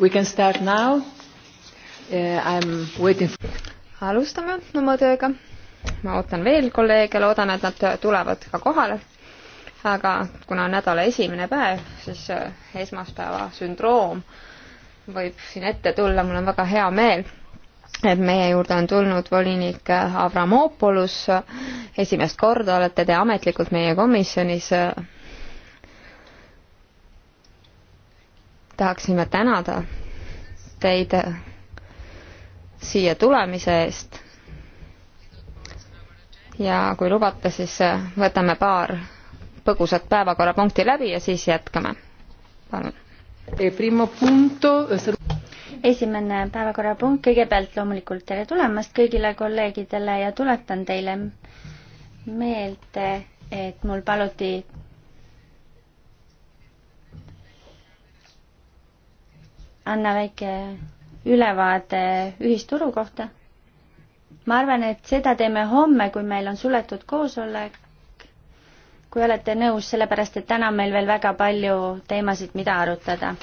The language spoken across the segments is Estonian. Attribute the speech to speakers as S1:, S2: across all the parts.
S1: We can start now uh,. I am waiting for... alustame oma tööga. ma ootan veel kolleege, loodan, et nad tulevad ka kohale. aga kuna on nädala esimene päev, siis äh, esmaspäeva sündroom võib siin ette tulla, mul on väga hea meel et meie juurde on tulnud volinik Avramopoulos. esimest korda olete te ametlikult meie komisjonis äh, tahaksime tänada teid siia tulemise eest. ja kui lubate, siis võtame paar põgusat päevakorrapunkti läbi ja siis jätkame. palun.
S2: Eh, eh, esimene päevakorrapunkt, kõigepealt loomulikult tere tulemast kõigile kolleegidele ja tuletan teile meelde, et mul paluti anna väike ülevaade ühisturu kohta. ma arvan, et seda teeme homme, kui meil on suletud koosolek. kui olete nõus, sellepärast et täna on meil veel väga palju teemasid, mida arutada.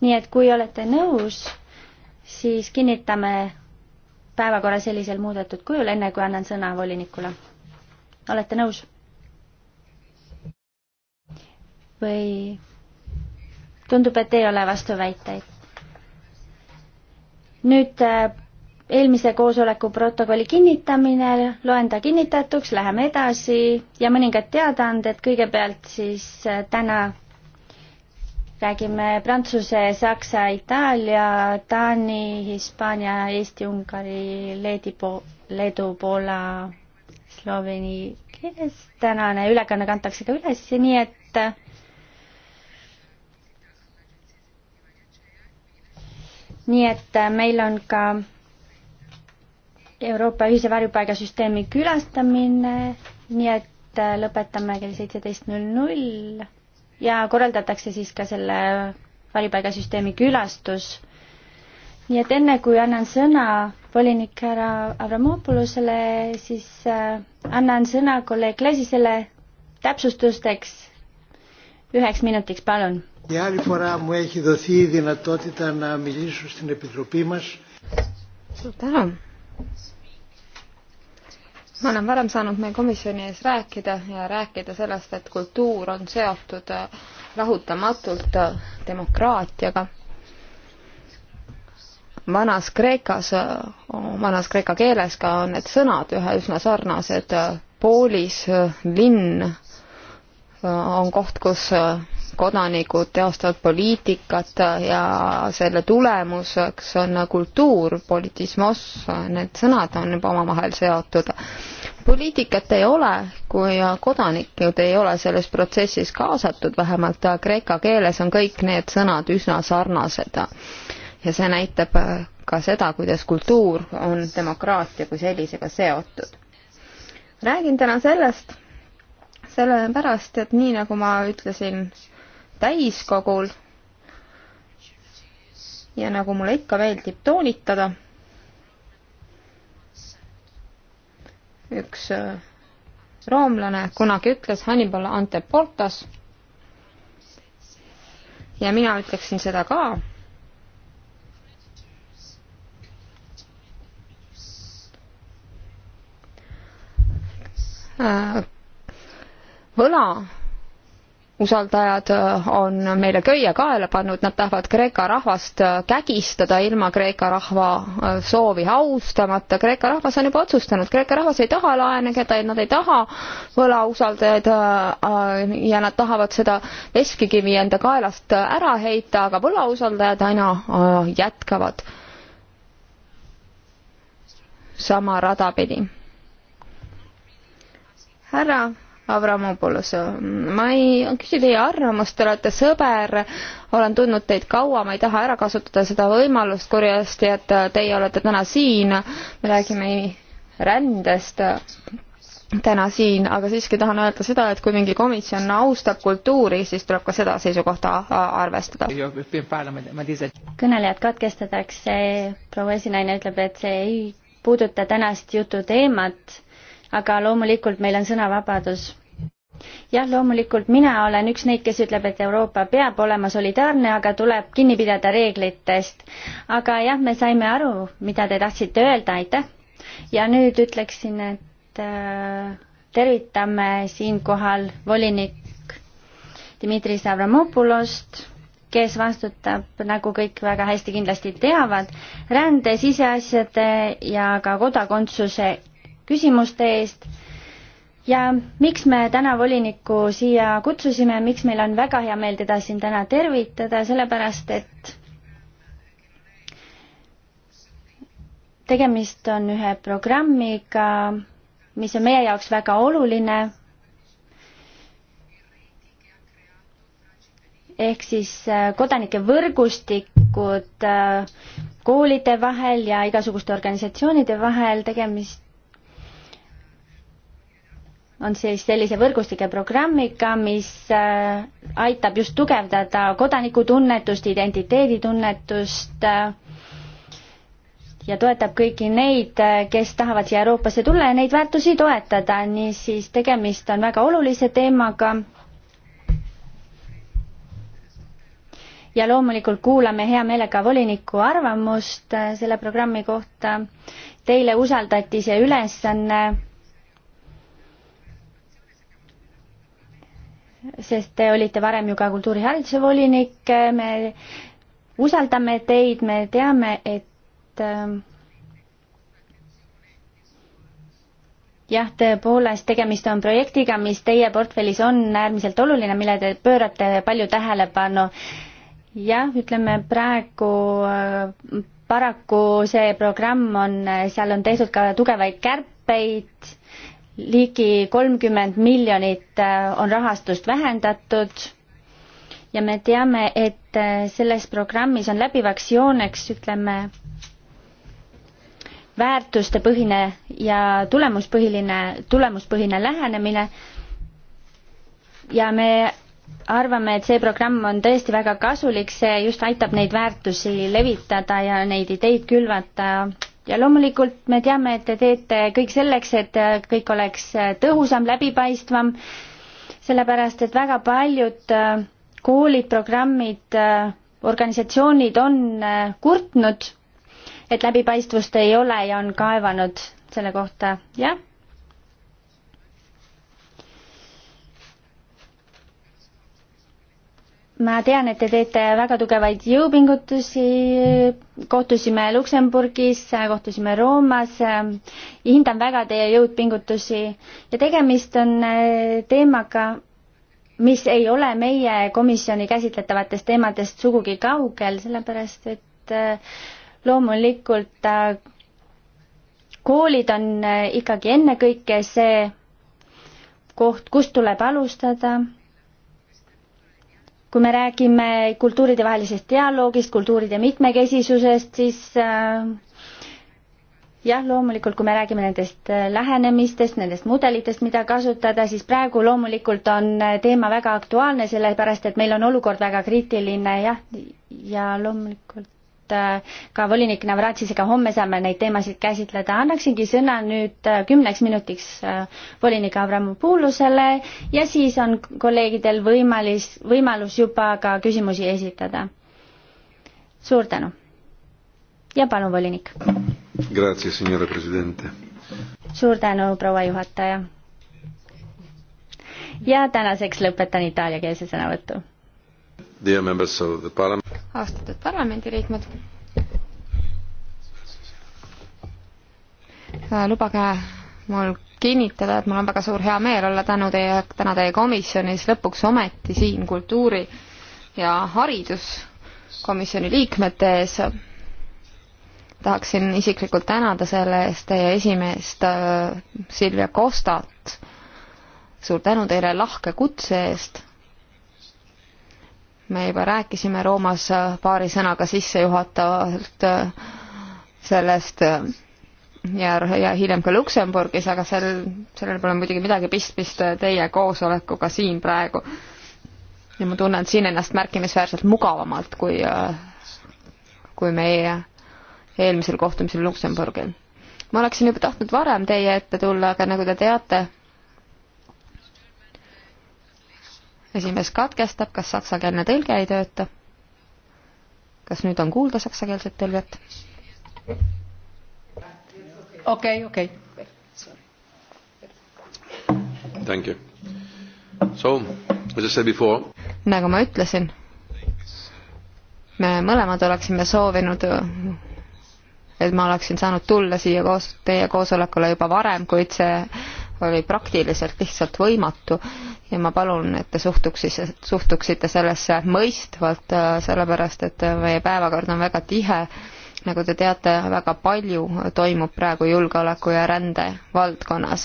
S2: nii et kui olete nõus, siis kinnitame päevakorra sellisel muudetud kujul, enne kui annan sõna volinikule. olete nõus? või tundub, et ei ole vastuväiteid. nüüd äh, eelmise koosoleku protokolli kinnitamine, loen ta kinnitatuks, läheme edasi ja mõningad teadaanded, kõigepealt siis äh, täna räägime Prantsuse, Saksa, Itaalia, Taani, Hispaania, Eesti, Ungari, Leedi, Leedu, Poola, Sloveeni keeles. tänane ülekanne kantakse ka üles, nii et nii et äh, meil on ka Euroopa ühise varjupaigasüsteemi külastamine, nii et äh, lõpetame kell seitseteist null null ja korraldatakse siis ka selle varjupaigasüsteemi külastus. nii et enne, kui annan sõna volinik härra Avramopoulosele, siis äh, annan sõna kolleeg Lesisele täpsustusteks. üheks minutiks, palun
S3: Για άλλη φορά μου έχει δοθεί η δυνατότητα να μιλήσω στην Επιτροπή μας.
S2: suur tänu!
S1: ma olen varem saanud meie komisjoni ees rääkida ja rääkida sellest, et kultuur on seotud lahutamatult äh, äh, demokraatiaga. vanas Kreekas, äh, vanas kreeka keeles ka on need sõnad ühe üsna sarnased. poolis, linn on koht, kus kodanikud teostavad poliitikat ja selle tulemuseks on kultuur, politismos, need sõnad on juba omavahel seotud. poliitikat ei ole, kui kodanikud ei ole selles protsessis kaasatud, vähemalt kreeka keeles on kõik need sõnad üsna sarnased. ja see näitab ka seda, kuidas kultuur on demokraatia kui sellisega seotud. räägin täna sellest, sellepärast, et nii nagu ma ütlesin täiskogul. ja nagu mulle ikka meeldib toonitada, üks äh, roomlane kunagi ütles Hannibal Anteportas ja mina ütleksin seda ka. Äh, võla usaldajad äh, on meile köie kaela pannud, nad tahavad Kreeka rahvast äh, kägistada ilma Kreeka rahva äh, soovi austamata. Kreeka rahvas on juba otsustanud, Kreeka rahvas ei taha laene, keda nad ei taha võlausaldajaid ja nad tahavad seda veskikivi enda kaelast ära heita, aga võlausaldajad aina jätkavad sama rada pidi. härra Avramopoulos, ma ei küsi teie arvamust, te olete sõber, olen tundnud teid kaua, ma ei taha ära kasutada seda võimalust kurjasti, et teie olete täna siin, me räägime rändest täna siin, aga siiski tahan öelda seda, et kui mingi komisjon austab kultuuri, siis tuleb ka seda seisukohta arvestada.
S2: kõnelejad katkestatakse, proua esinaine ütleb, et see ei puuduta tänast jutu teemat, aga loomulikult meil on sõnavabadus jah, loomulikult mina olen üks neid, kes ütleb, et Euroopa peab olema solidaarne, aga tuleb kinni pidada reeglitest. aga jah, me saime aru, mida te tahtsite öelda, aitäh. ja nüüd ütleksin, et äh, tervitame siinkohal volinik Dmitri Savramopulost, kes vastutab, nagu kõik väga hästi kindlasti teavad, rände, siseasjade ja ka kodakondsuse küsimuste eest ja miks me täna voliniku siia kutsusime, miks meil on väga hea meel teda siin täna tervitada, sellepärast et tegemist on ühe programmiga, mis on meie jaoks väga oluline. ehk siis äh, kodanike võrgustikud äh, koolide vahel ja igasuguste organisatsioonide vahel, tegemist on siis sellise võrgustike programmiga, mis äh, aitab just tugevdada kodanikutunnetust, identiteeditunnetust äh, ja toetab kõiki neid, äh, kes tahavad siia Euroopasse tulla ja neid väärtusi toetada, niisiis tegemist on väga olulise teemaga. ja loomulikult kuulame hea meelega voliniku arvamust selle programmi kohta. Teile usaldati see ülesanne sest te olite varem ju ka kultuurihariduse volinik, me usaldame teid, me teame, et ähm, jah, tõepoolest, tegemist on projektiga, mis teie portfellis on äärmiselt oluline, mille te pöörate palju tähelepanu. jah, ütleme praegu äh, paraku see programm on, seal on tehtud ka tugevaid kärpeid ligi kolmkümmend miljonit äh, on rahastust vähendatud ja me teame, et äh, selles programmis on läbivaks jooneks, ütleme, väärtustepõhine ja tulemuspõhiline, tulemuspõhine lähenemine. ja me arvame, et see programm on tõesti väga kasulik, see just aitab neid väärtusi levitada ja neid ideid külvata ja loomulikult me teame, et te teete kõik selleks, et kõik oleks tõhusam, läbipaistvam, sellepärast et väga paljud äh, koolid, programmid, äh, organisatsioonid on äh, kurtnud, et läbipaistvust ei ole ja on kaevanud selle kohta, jah ma tean, et te teete väga tugevaid jõupingutusi, kohtusime Luksemburgis, kohtusime Roomas, hindan väga teie jõudpingutusi ja tegemist on eh, teemaga, mis ei ole meie komisjoni käsitletavatest teemadest sugugi kaugel, sellepärast et eh, loomulikult eh, koolid on ikkagi ennekõike see koht, kust tuleb alustada kui me räägime kultuuridevahelisest dialoogist, kultuuride mitmekesisusest, siis äh, jah, loomulikult, kui me räägime nendest äh, lähenemistest, nendest mudelitest, mida kasutada, siis praegu loomulikult on äh, teema väga aktuaalne, sellepärast et meil on olukord väga kriitiline jah, ja loomulikult et äh, ka volinik Navratšisega homme saame neid teemasid käsitleda. annaksingi sõna nüüd äh, kümneks minutiks äh, volinik Avramopulusele ja siis on kolleegidel võimalis, võimalus juba ka küsimusi esitada. suur tänu. ja palun, volinik. suur tänu, proua juhataja. ja tänaseks lõpetan itaaliakeelse sõnavõtu.
S4: Dear members of the parliament
S2: austatud parlamendiliikmed.
S1: Äh, lubage mul kinnitada, et mul on väga suur hea meel olla tänu teie, täna teie komisjonis lõpuks ometi siin kultuuri ja hariduskomisjoni liikmete ees. tahaksin isiklikult tänada selle eest teie esimeest äh, Silvia Kostat. suur tänu teile lahke kutse eest me juba rääkisime Roomas äh, paari sõnaga sissejuhatavalt äh, sellest äh, ja, ja hiljem ka Luksemburgis, aga sel, sellel pole muidugi midagi pistmist teie koosolekuga siin praegu. ja ma tunnen siin ennast märkimisväärselt mugavamalt kui, kui meie eelmisel kohtumisel Luksemburgil. ma oleksin juba tahtnud varem teie ette tulla, aga nagu te teate, esimees katkestab, kas saksakeelne tõlge ei tööta? kas nüüd on kuulda saksakeelset tõlget? okei, okei.
S4: Thank you. So, as I said before.
S1: nagu ma ütlesin, me mõlemad oleksime soovinud, et ma oleksin saanud tulla siia koos, teie koosolekule juba varem, kuid see oli praktiliselt lihtsalt võimatu ja ma palun, et te suhtuksite, suhtuksite sellesse mõistvalt, äh, sellepärast et äh, meie päevakord on väga tihe. nagu te teate, väga palju toimub praegu julgeoleku ja rände valdkonnas.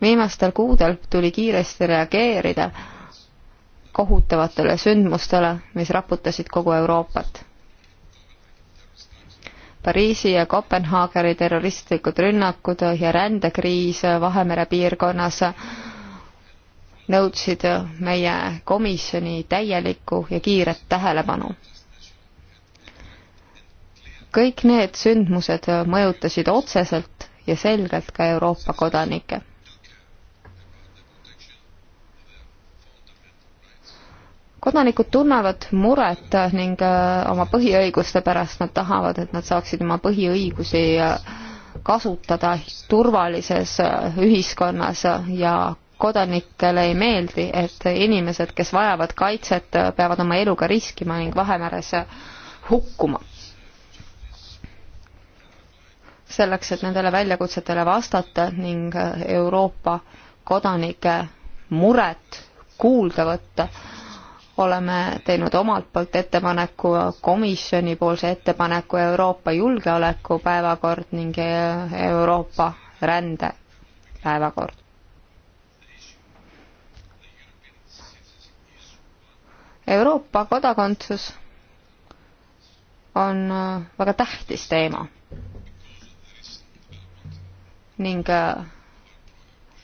S1: viimastel kuudel tuli kiiresti reageerida kohutavatele sündmustele, mis raputasid kogu Euroopat Pariisi ja Kopenhaageri terroristlikud rünnakud ja rändekriis Vahemere piirkonnas nõudsid meie komisjoni täielikku ja kiiret tähelepanu. kõik need sündmused mõjutasid otseselt ja selgelt ka Euroopa kodanikke. kodanikud tunnevad muret ning äh, oma põhiõiguste pärast, nad tahavad, et nad saaksid oma põhiõigusi äh, kasutada turvalises äh, ühiskonnas ja kodanikele ei meeldi, et inimesed, kes vajavad kaitset, peavad oma eluga riskima ning Vahemeres hukkuma. selleks, et nendele väljakutsetele vastata ning Euroopa kodanike muret kuulda võtta oleme teinud omalt poolt ettepaneku, komisjonipoolse ettepaneku Euroopa julgeoleku päevakord ning e, Euroopa rände päevakord. Euroopa kodakondsus on e, väga tähtis teema ning e,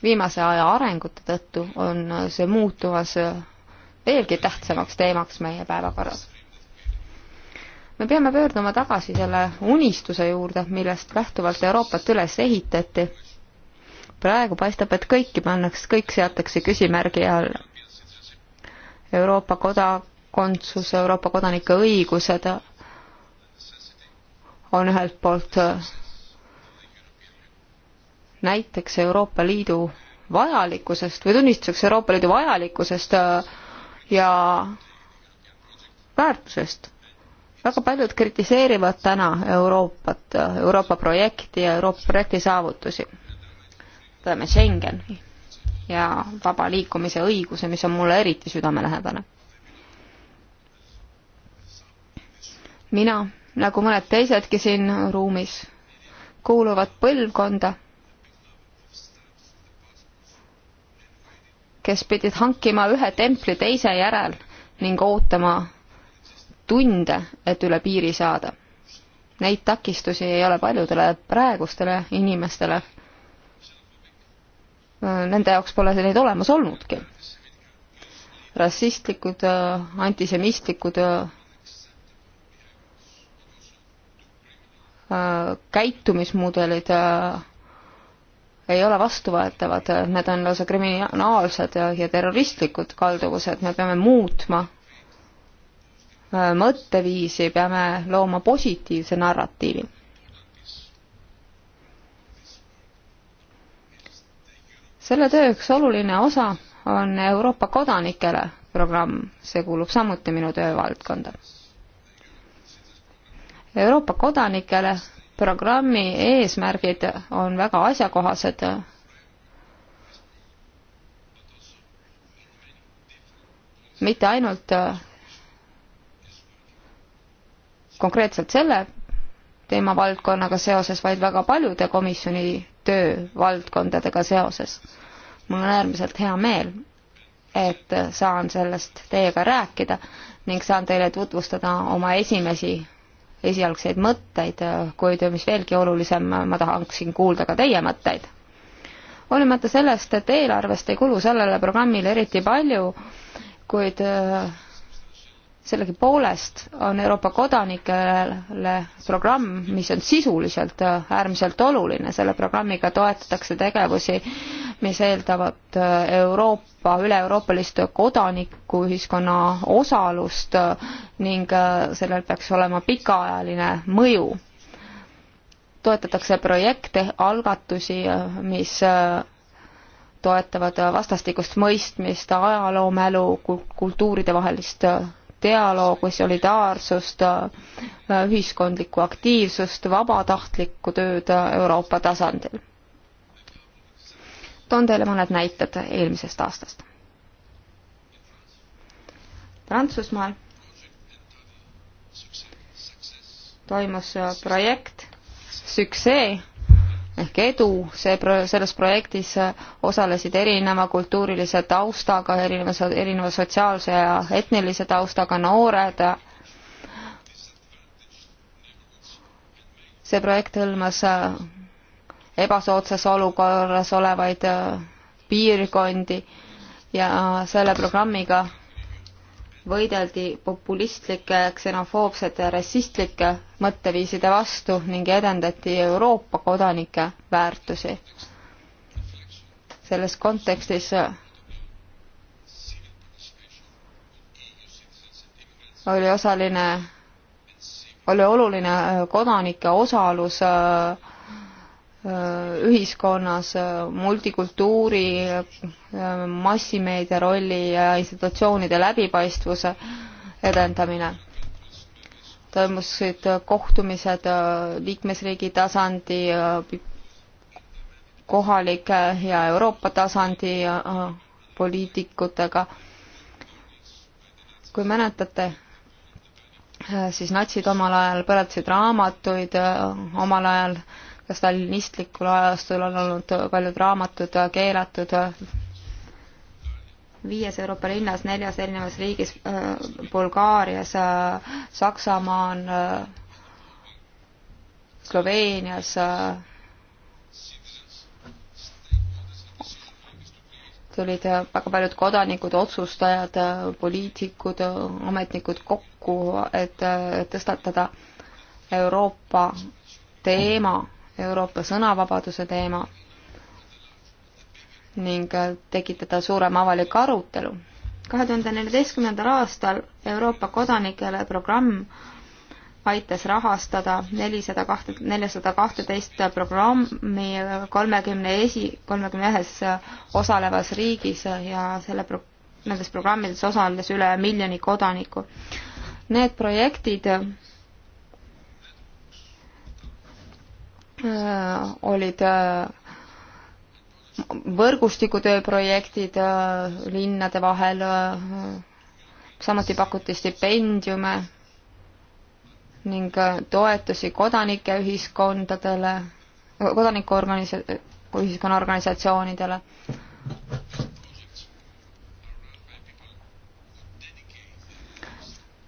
S1: viimase aja arengute tõttu on see muutumas veelgi tähtsamaks teemaks meie päevakorras. me peame pöörduma tagasi selle unistuse juurde, millest lähtuvalt Euroopat üles ehitati. praegu paistab, et kõiki pannakse, kõik seatakse küsimärgi alla. Euroopa kodakondsus, Euroopa kodanike õigused on ühelt poolt näiteks Euroopa Liidu vajalikkusest või tunnistuseks Euroopa Liidu vajalikkusest äh, ja väärtusest. väga paljud kritiseerivad täna Euroopat, Euroopa projekti ja Euroopa projekti saavutusi. võtame Schengeni ja vaba liikumise õiguse, mis on mulle eriti südamelähedane. mina, nagu mõned teisedki siin ruumis, kuuluvad põlvkonda kes pidid hankima ühe templi teise järel ning ootama tunde, et üle piiri saada. Neid takistusi ei ole paljudele praegustele inimestele. Nende jaoks pole neid olemas olnudki. rassistlikud, antisemistlikud käitumismudelid ei ole vastuvõetavad, need on lausa kriminaalsed ja, ja terroristlikud kalduvused, me peame muutma äh, mõtteviisi, peame looma positiivse narratiivi. selle töö üks oluline osa on Euroopa kodanikele programm, see kuulub samuti minu töövaldkonda. Euroopa kodanikele programmi eesmärgid on väga asjakohased. mitte ainult äh, konkreetselt selle teemavaldkonnaga seoses, vaid väga paljude komisjoni töövaldkondadega seoses. mul on äärmiselt hea meel, et saan sellest teiega rääkida ning saan teile tutvustada oma esimesi esialgseid mõtteid, kuid mis veelgi olulisem, ma tahaksin kuulda ka teie mõtteid. hoolimata sellest, et eelarvest ei kulu sellele programmile eriti palju, kuid äh, sellegipoolest on Euroopa kodanikele programm, mis on sisuliselt äh, äärmiselt oluline, selle programmiga toetatakse tegevusi, mis eeldavad äh, Euroopa, üle-euroopalist kodanikuühiskonna osalust äh, ning äh, sellel peaks olema pikaajaline mõju. toetatakse projekte, algatusi, mis toetavad vastastikust mõistmist, ajaloomälu, kultuuridevahelist dialoogi, solidaarsust, ühiskondlikku aktiivsust, vabatahtlikku tööd Euroopa tasandil toon teile mõned näited eelmisest aastast. Prantsusmaal toimus projekt Succee ehk edu, see pro-, selles projektis osalesid erineva kultuurilise taustaga, erineva, erineva sotsiaalse ja etnilise taustaga noored. see projekt hõlmas ebasoodsas olukorras olevaid äh, piirkondi ja selle programmiga võideldi populistlike, ksenofoobsete ja rassistlike mõtteviiside vastu ning edendati Euroopa kodanike väärtusi. selles kontekstis äh, oli osaline, oli oluline kodanike osalus äh, Äh, ühiskonnas äh, multikultuuri, äh, massimeedia rolli ja institutsioonide läbipaistvuse edendamine. toimusid kohtumised liikmesriigi tasandi, kohalike ja Euroopa tasandi poliitikutega. kui mäletate, siis natsid omal ajal põletasid raamatuid, omal ajal äh, ka stalinistlikul ajastul on olnud paljud raamatud keelatud. viies Euroopa linnas, neljas erinevas riigis, äh, Bulgaarias, äh, Saksamaal, äh, Sloveenias, tulid väga paljud kodanikud, otsustajad, poliitikud, ametnikud kokku, et tõstatada Euroopa teema Euroopa sõnavabaduse teema ning tekitada suurem avalik arutelu. kahe tuhande neljateistkümnendal aastal Euroopa kodanikele programm aitas rahastada nelisada kahte, neljasada kahteteist programmi kolmekümne esi, kolmekümne ühes osalevas riigis ja selle pro-, nendes programmides osales üle miljoni kodaniku. Need projektid Äh, olid äh, võrgustikutöö projektid äh, linnade vahel, samuti pakuti stipendiume ning toetusi kodanike ühiskondadele, kodanikuorganisa-, ühiskonna organisatsioonidele.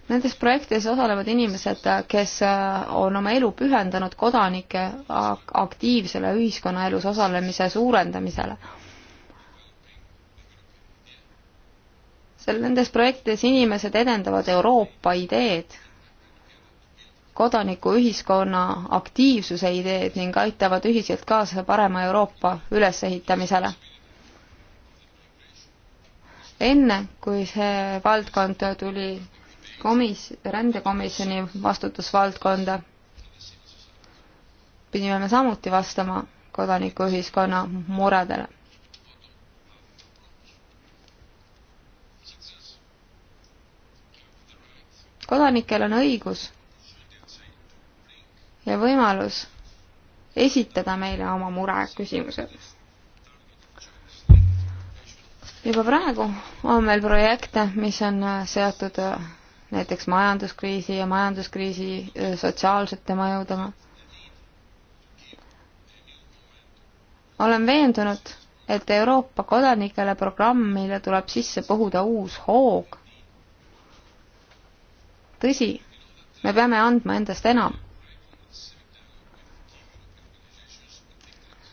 S1: Nendes projektides osalevad inimesed, kes äh, on oma elu pühendanud kodanike aktiivsele ühiskonnaelus osalemise suurendamisele. seal nendes projektides inimesed edendavad Euroopa ideed, kodanikuühiskonna aktiivsuse ideed ning aitavad ühiselt kaasa parema Euroopa ülesehitamisele enne, kui see valdkond tuli komis-, rändekomisjoni vastutusvaldkonda pidime me samuti vastama kodanikuühiskonna muredele. kodanikel on õigus ja võimalus esitada meile oma mureküsimused. juba praegu on meil projekte, mis on seotud näiteks majanduskriisi ja majanduskriisi sotsiaalsete mõjudega. olen veendunud, et Euroopa kodanikele programmile tuleb sisse puhuda uus hoog. tõsi, me peame andma endast enam.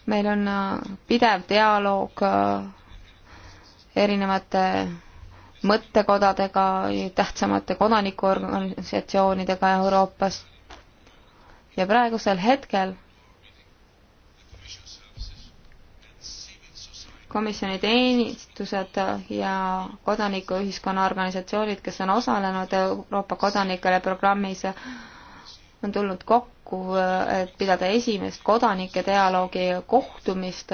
S1: meil on pidev dialoog erinevate mõttekodadega, tähtsamate kodanikuorganisatsioonidega Euroopas. ja praegusel hetkel komisjoni teenistused ja kodanikuühiskonna organisatsioonid, kes on osalenud Euroopa kodanikele programmis, on tulnud kokku, et pidada esimest kodanike dialoogi kohtumist.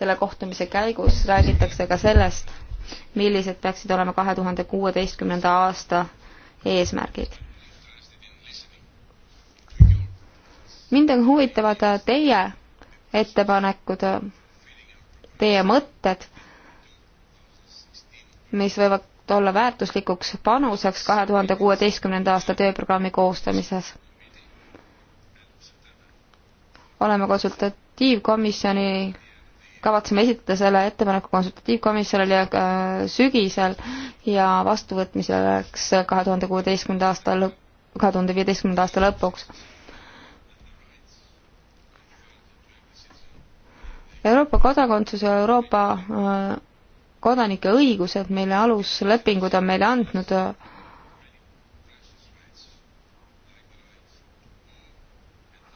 S1: selle kohtumise käigus räägitakse ka sellest, millised peaksid olema kahe tuhande kuueteistkümnenda aasta eesmärgid. mind on huvitavad teie ettepanekud, teie mõtted, mis võivad olla väärtuslikuks panuseks kahe tuhande kuueteistkümnenda aasta tööprogrammi koostamises. oleme konsultatiivkomisjoni kavatseme esitada selle ettepaneku konsultatiivkomisjonile äh, sügisel ja vastuvõtmisel oleks kahe tuhande kuueteistkümnenda aasta lõpp, kahe tuhande viieteistkümnenda aasta lõpuks. Euroopa kodakondsus ja Euroopa äh, kodanike õigused, mille aluslepingud on meile andnud,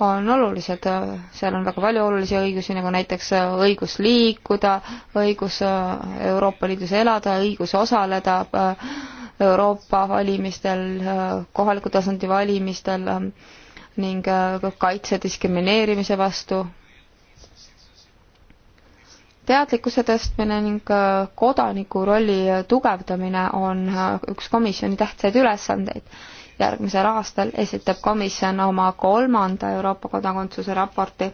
S1: on olulised, seal on väga palju olulisi õigusi, nagu näiteks äh, õigus liikuda, õigus äh, Euroopa Liidus elada, õigus osaleda äh, Euroopa valimistel, kohaliku tasandi valimistel ning kaitse diskrimineerimise vastu. teadlikkuse tõstmine ning kodaniku rolli tugevdamine on üks komisjoni tähtsaid ülesandeid järgmisel aastal esitab komisjon oma kolmanda Euroopa kodakondsuse raporti.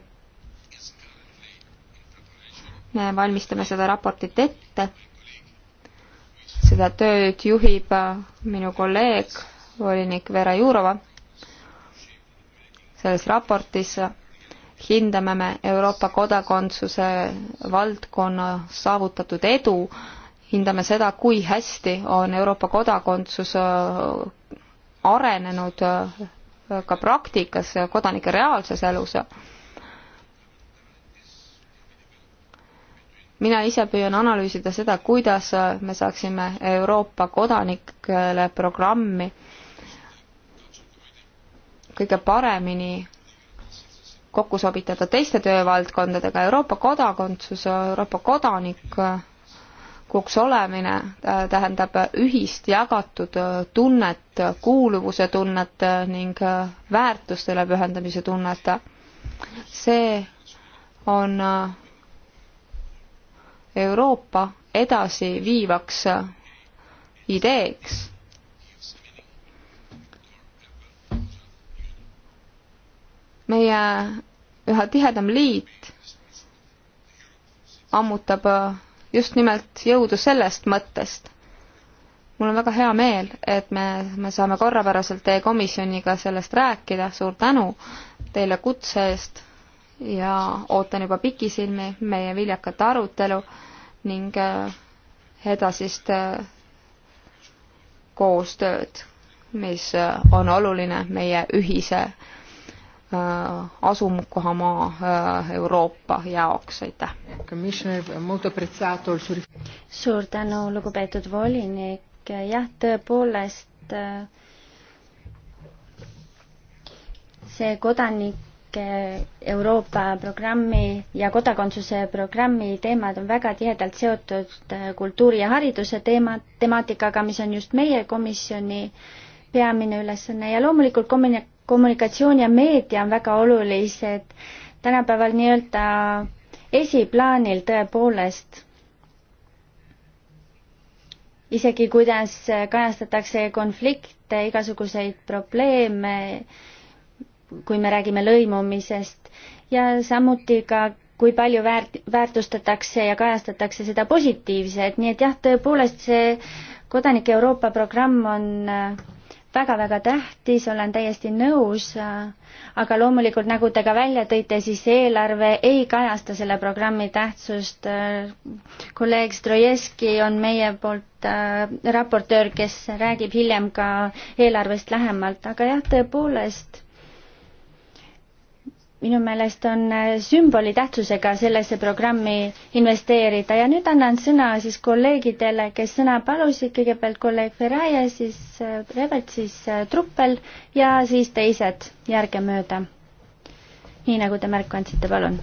S1: me valmistame seda raportit ette. seda tööd juhib äh, minu kolleeg, volinik Vera Jurova. selles raportis hindame me Euroopa kodakondsuse valdkonna saavutatud edu, hindame seda, kui hästi on Euroopa kodakondsus äh, arenenud äh, ka praktikas, äh, kodanike reaalses elus. mina ise püüan analüüsida seda, kuidas äh, me saaksime Euroopa kodanikele programmi kõige paremini kokku sobitada teiste töövaldkondadega, Euroopa kodakondsus, Euroopa kodanik kuks olemine äh, tähendab äh, ühist jagatud äh, tunnet, kuuluvuse tunnet ning väärtustele pühendamise tunnet. see on Euroopa edasiviivaks ideeks. meie üha tihedam liit ammutab just nimelt jõudu sellest mõttest. mul on väga hea meel, et me, me saame korrapäraselt teie komisjoniga sellest rääkida, suur tänu teile kutse eest ja ootan juba pikisilmi meie viljakat arutelu ning äh, edasist äh, koostööd, mis äh, on oluline meie ühise Äh, asukohamaa äh, Euroopa jaoks, aitäh!
S2: suur tänu, lugupeetud volinik, jah, tõepoolest äh, see kodanike Euroopa programmi ja kodakondsuse programmi teemad on väga tihedalt seotud kultuuri ja hariduse teema, temaatikaga, mis on just meie komisjoni peamine ülesanne ja loomulikult kommunik-, kommunikatsioon ja meedia on väga olulised tänapäeval nii-öelda esiplaanil tõepoolest. isegi kuidas kajastatakse konflikte, igasuguseid probleeme, kui me räägime lõimumisest ja samuti ka kui palju väärt-, väärtustatakse ja kajastatakse seda positiivset, nii et jah, tõepoolest see kodanike Euroopa programm on väga-väga tähtis, olen täiesti nõus, aga loomulikult, nagu te ka välja tõite, siis eelarve ei kajasta selle programmi tähtsust. kolleeg Strojevski on meie poolt äh, raportöör, kes räägib hiljem ka eelarvest lähemalt, aga jah, tõepoolest minu meelest on äh, sümboli tähtsusega sellesse programmi investeerida ja nüüd annan sõna siis kolleegidele, kes sõna palusid, kõigepealt kolleeg Ferraja, siis äh, Rebet, siis äh, Truppel ja siis teised järgemööda nii nagu te märku andsite, palun.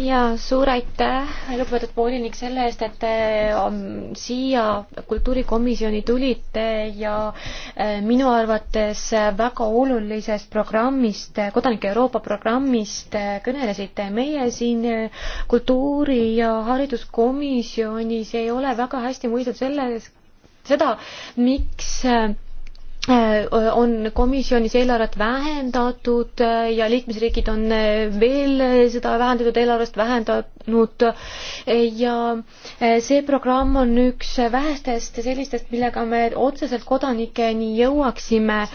S2: ja suur aitäh, lugupeetud volinik, selle eest, et te ähm,
S5: siia kultuurikomisjoni tulite ja äh, minu arvates väga olulisest programmist, Kodanike Euroopa programmist äh, kõnelesite. meie siin äh, kultuuri- ja hariduskomisjonis ei ole väga hästi mõistnud selles, seda, miks Äh, on komisjonis eelarvet vähendatud äh, ja liikmesriigid on äh, veel seda vähendatud eelarvest vähendanud ja see programm on üks vähestest sellistest, millega me otseselt kodanikeni jõuaksime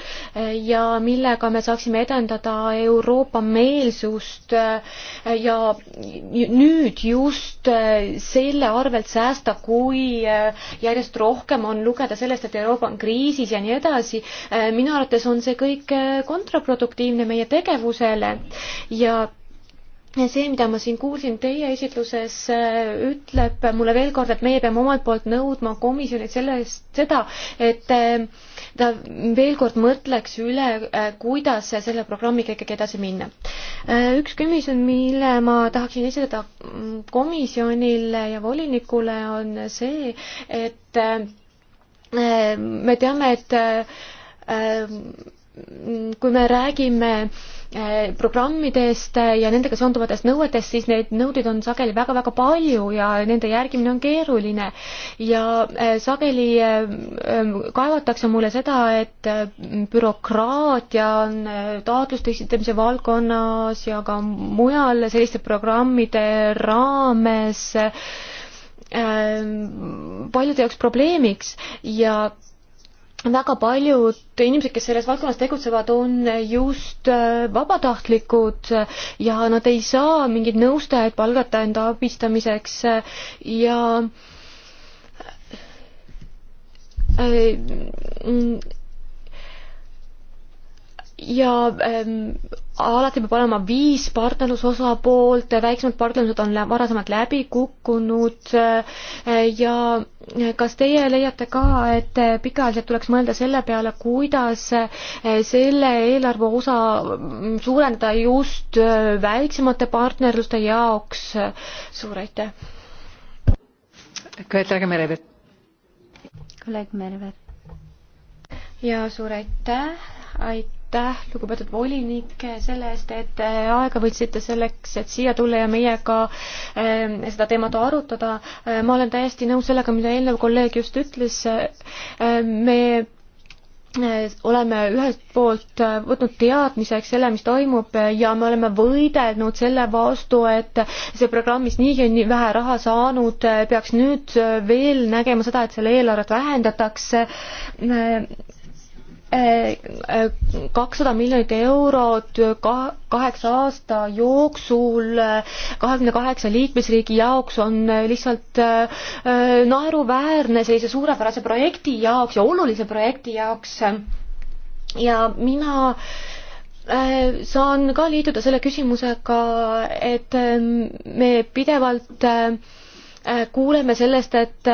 S5: ja millega me saaksime edendada Euroopa meelsust ja nüüd just selle arvelt säästa, kui järjest rohkem on lugeda sellest, et Euroopa on kriisis ja nii edasi, naisi. Äh, minu arvates on see kõik äh, kontraproduktiivne meie tegevusele ja see, mida ma siin kuulsin teie esitluses, äh, ütleb mulle veel kord, et meie peame omalt poolt nõudma komisjonilt selle eest seda, et ta veel kord mõtleks üle, kuidas selle programmiga ikkagi edasi minna. üks küsimus, mille ma tahaksin esitada mm, komisjonile ja volinikule, on see, et me teame, et ähm, kui me räägime äh, programmidest ja nendega seonduvatest nõuetest, siis neid nõudeid on sageli väga-väga palju ja nende järgimine on keeruline. ja äh, sageli äh, ähm, kaevatakse mulle seda, et bürokraatia on taotluste esitamise valdkonnas ja ka mujal selliste programmide raames äh, Ähm, paljude jaoks probleemiks ja väga paljud inimesed, kes selles valdkonnas tegutsevad, on just äh, vabatahtlikud ja nad ei saa mingeid nõustajaid palgata enda abistamiseks ja äh, ja ähm, alati peab olema viis partnerlusosapoolt, väiksemad partnerlused on varasemalt läbi kukkunud äh, ja kas teie leiate ka, et pikaajaliselt tuleks mõelda selle peale, kuidas äh, selle eelarve osa mm, suurendada just äh, väiksemate partnerluste jaoks? suur aitäh!
S2: kolleeg Merve.
S5: ja suur aitäh, aitäh! aitäh, lugupeetud volinik, selle eest, et äh, aega võtsite selleks, et siia tulla ja meiega äh, seda teemat arutada. Äh, ma olen täiesti nõus sellega, mida eelnev kolleeg just ütles. me oleme ühelt poolt võtnud teadmiseks selle, mis toimub ja me oleme võidelnud selle vastu, et see programm, mis niigi on nii vähe raha saanud, peaks nüüd veel nägema seda, et selle eelarvet vähendatakse kakssada miljonit eurot kaheksa aasta jooksul kahekümne kaheksa liikmesriigi jaoks on lihtsalt äh, naeruväärne sellise suurepärase projekti jaoks ja olulise projekti jaoks. ja mina äh, saan ka liituda selle küsimusega, et äh, me pidevalt kuuleme sellest, et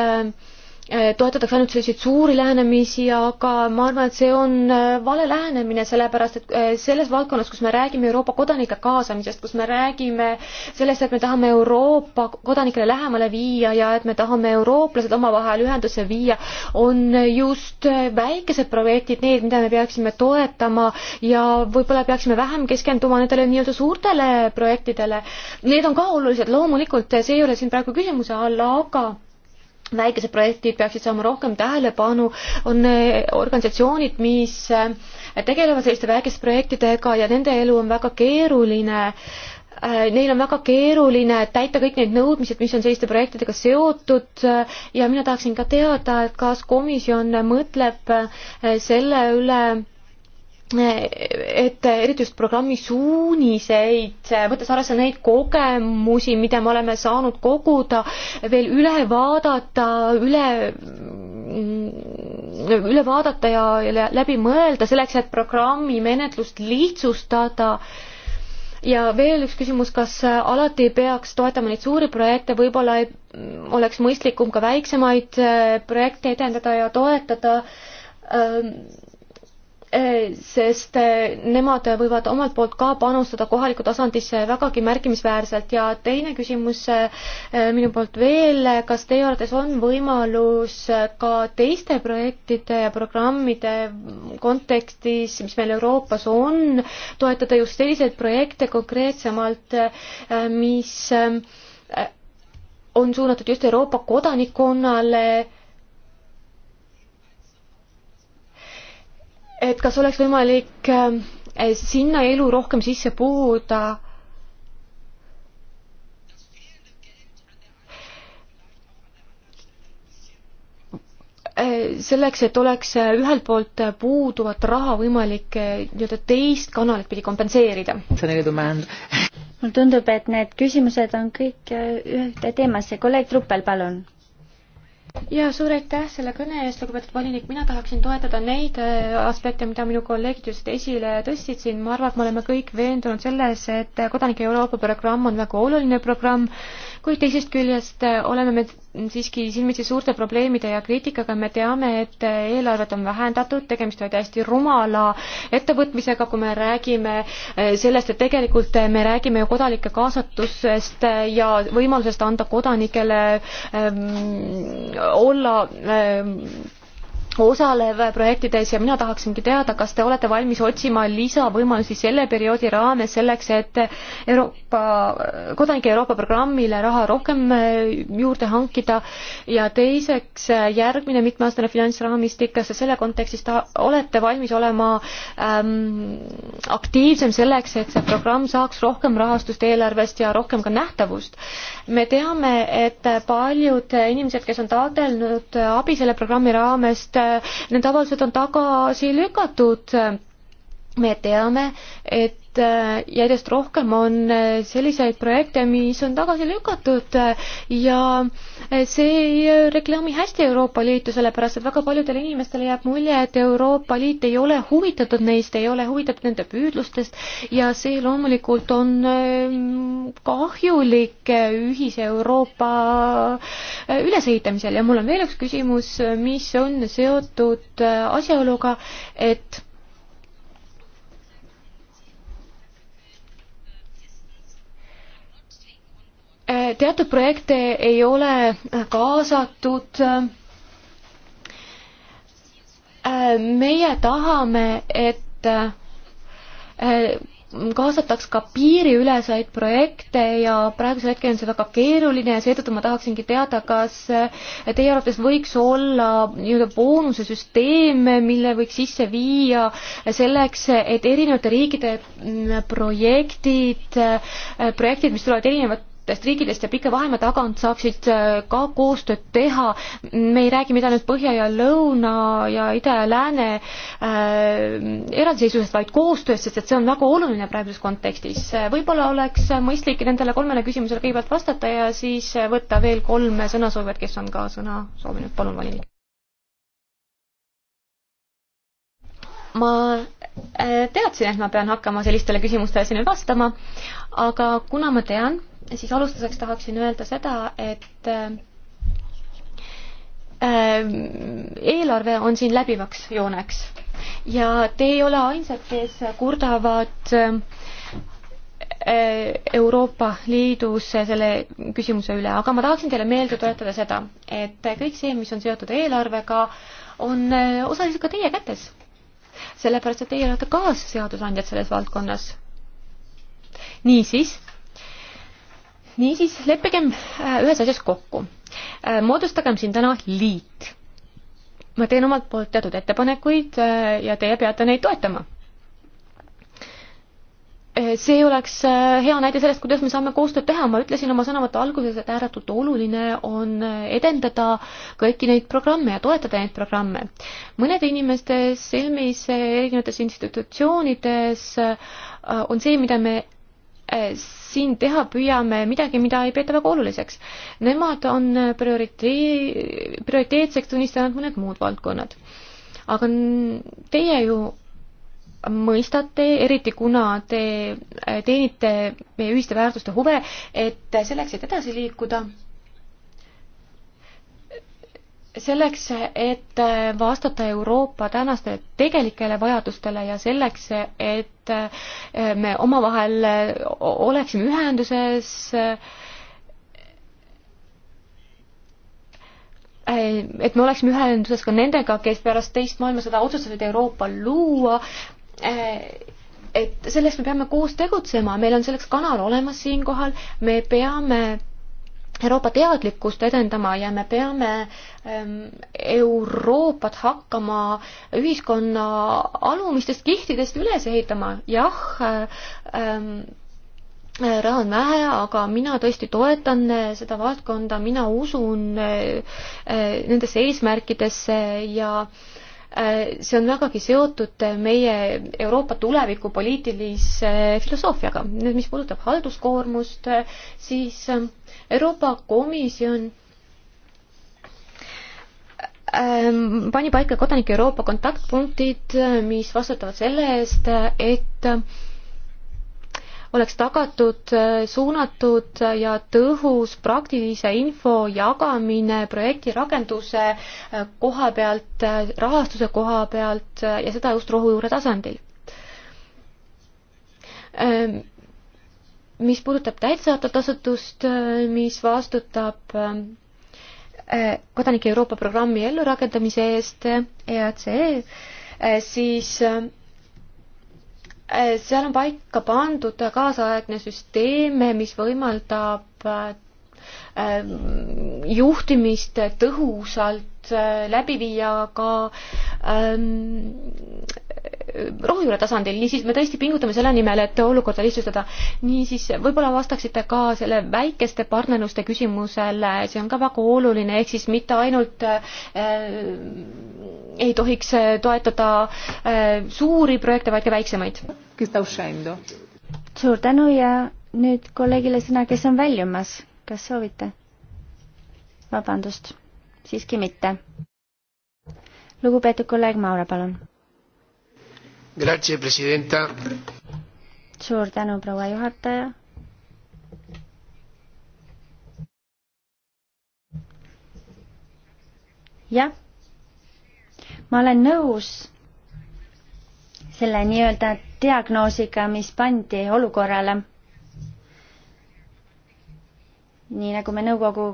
S5: Äh, toetatakse ainult selliseid suuri lähenemisi, aga ma arvan, et see on äh, vale lähenemine, sellepärast et äh, selles valdkonnas, kus me räägime Euroopa kodanike kaasamisest, kus me räägime sellest, et me tahame Euroopa kodanikele lähemale viia ja et me tahame eurooplased omavahel ühendusse viia, on just väikesed projektid need, mida me peaksime toetama ja võib-olla peaksime vähem keskenduma nendele nii-öelda suurtele projektidele. Need on ka olulised, loomulikult, see ei ole siin praegu küsimuse all, aga väikesed projektid peaksid saama rohkem tähelepanu, on eh, organisatsioonid, mis eh, tegelevad selliste väikeste projektidega ja nende elu on väga keeruline. Eh, neil on väga keeruline täita kõik need nõudmised, mis on selliste projektidega seotud ja mina tahaksin ka teada, et kas komisjon mõtleb selle üle, et eriti just programmi suuniseid, võttes arvesse neid kogemusi, mida me oleme saanud koguda, veel üle vaadata, üle, üle vaadata ja läbi mõelda selleks, et programmi menetlust lihtsustada. ja veel üks küsimus, kas alati peaks toetama neid suuri projekte, võib-olla oleks mõistlikum ka väiksemaid eh, projekte edendada ja toetada sest eh, nemad võivad omalt poolt ka panustada kohalikku tasandisse vägagi märkimisväärselt ja teine küsimus eh, minu poolt veel, kas teie arvates on võimalus ka teiste projektide ja programmide kontekstis, mis meil Euroopas on, toetada just selliseid projekte konkreetsemalt, eh, mis on suunatud just Euroopa kodanikkonnale et kas oleks võimalik ähm, eh, sinna elu rohkem sisse puhuda. Eh, selleks, et oleks eh, ühelt poolt puuduvat raha võimalik
S2: nii-öelda teist kanalit pidi kompenseerida.
S5: mulle
S2: tundub, et need küsimused on kõik ühte teemasse. kolleeg Truppel, palun
S5: ja suur aitäh selle kõne eest, lugupeetud volinik, mina tahaksin toetada neid äh, aspekte, mida minu kolleegid just esile tõstsid siin, ma arvan, et me oleme kõik veendunud selles, et kodanike Euroopa programm on väga oluline programm kuid teisest küljest äh, oleme me siiski silmitsi suurte probleemide ja kriitikaga, me teame, et äh, eelarvet on vähendatud, tegemist on täiesti rumala ettevõtmisega, kui me räägime äh, sellest, et tegelikult me räägime ju kodanike kaasatusest ja võimalusest anda kodanikele ähm, olla ähm, osalev projektides ja mina tahaksingi teada, kas te olete valmis otsima lisavõimalusi selle perioodi raames selleks, et Euroopa, kodanike Euroopa programmile raha rohkem eh, juurde hankida ja teiseks eh, järgmine mitmeaastane finantsraamistik, kas te selle kontekstis ta, olete valmis olema ähm, aktiivsem selleks, et see programm saaks rohkem rahastust eelarvest ja rohkem ka nähtavust? me teame, et paljud inimesed, kes on taotlenud abi selle programmi raamest, Äh, need avaldused on tagasi lükatud me teame, et et äh, järjest rohkem on äh, selliseid projekte, mis on tagasi lükatud äh, ja see ei reklaami hästi Euroopa Liitu, sellepärast et väga paljudele inimestele jääb mulje, et Euroopa Liit ei ole huvitatud neist, ei ole huvitatud nende püüdlustest ja see loomulikult on ähm, kahjulik ühise Euroopa ülesehitamisel ja mul on veel üks küsimus, mis on seotud asjaoluga, et teatud projekte ei ole äh, kaasatud. Äh, meie tahame, et äh, kaasataks ka piiriüleseid projekte ja praegusel hetkel on see väga keeruline ja seetõttu ma tahaksingi teada, kas teie arvates võiks olla nii-öelda boonusesüsteem, mille võiks sisse viia selleks, et erinevate riikide mm, projektid, projektid, mis tulevad erinevat erinevatest riikidest ja pika vahemaa tagant saaksid äh, ka koostööd teha. me ei räägi mitte ainult põhja ja lõuna ja ida ja lääne äh, eraldiseisvusest, vaid koostööst, sest et see on väga oluline praeguses kontekstis. võib-olla oleks mõistlik nendele kolmele küsimusele kõigepealt vastata ja siis võtta veel kolm sõnasoovijat, kes on ka sõna
S1: soovinud. palun, volinik. ma
S5: äh, teadsin, et ma pean hakkama sellistele küsimustele siin vastama, aga kuna ma tean, siis alustuseks tahaksin öelda seda, et ähm, eelarve on siin läbivaks jooneks ja te ei ole ainsad, kes kurdavad äh, Euroopa Liidus selle küsimuse üle, aga ma tahaksin teile meelde tuletada seda, et kõik see, mis on seotud eelarvega, on äh, osaliselt ka teie kätes. sellepärast, et teie olete kaasseadusandjad selles valdkonnas. niisiis niisiis, leppigem äh, ühes asjas kokku. Äh, moodustagem siin täna liit. ma teen omalt poolt teatud ettepanekuid äh, ja teie peate neid toetama. see oleks hea näide sellest, kuidas me saame koostööd teha, ma ütlesin oma sõnavõtu alguses, et ääretult oluline on edendada kõiki neid programme ja toetada neid programme. mõnede inimeste silmis erinevates institutsioonides on see, mida me Eh, siin teha püüame midagi, mida ei peeta väga oluliseks. Nemad on eh, prioriteet, prioriteetseks tunnistanud mõned muud valdkonnad. aga teie ju mõistate, eriti kuna te eh, teenite meie ühiste väärtuste huve, et selleks, et edasi liikuda, selleks, et vastata Euroopa tänaste tegelikele vajadustele ja selleks, et me omavahel oleksime ühenduses, et me oleksime ühenduses ka nendega, kes pärast teist maailmasõda otsustasid Euroopa luua, et selleks me peame koos tegutsema, meil on selleks kanal olemas siinkohal, me peame Euroopa teadlikkust edendama ja me peame ähm, Euroopat hakkama ühiskonna alumistest kihtidest üles ehitama. jah ähm,, raha on vähe, aga mina tõesti toetan äh, seda valdkonda, mina usun äh, äh, nendesse eesmärkidesse ja see on vägagi seotud meie Euroopa tuleviku poliitilise filosoofiaga. nüüd, mis puudutab halduskoormust, siis Euroopa Komisjon ähm, pani paika kodanike Euroopa kontaktpunktid, mis vastutavad selle eest, et oleks tagatud äh, suunatud ja tõhus praktilise info jagamine projekti rakenduse äh, koha pealt, äh, rahastuse koha pealt ja seda just rohujuure tasandil ähm, mis puudutab täitsaatvat asutust, mis vastutab äh, kodanike Euroopa programmi ellurakendamise eest, EACE, e, äh, siis äh, seal on paika pandud kaasaegne süsteem, mis võimaldab Ähm, juhtimist tõhusalt äh, läbi viia ka ähm, rohujuure tasandil, niisiis me tõesti pingutame selle nimel, et olukorda lihtsustada. niisiis, võib-olla vastaksite ka selle väikeste partnerluste küsimusele, see on ka väga oluline, ehk siis mitte ainult äh, ei tohiks toetada äh, suuri projekte, vaid ka väiksemaid.
S2: suur tänu ja nüüd kolleegile sõna, kes on väljumas kas soovite? vabandust, siiski mitte. lugupeetud kolleeg Maure, palun. suur tänu, proua juhataja. jah, ma olen nõus selle nii-öelda diagnoosiga, mis pandi olukorrale nii nagu me nõukogu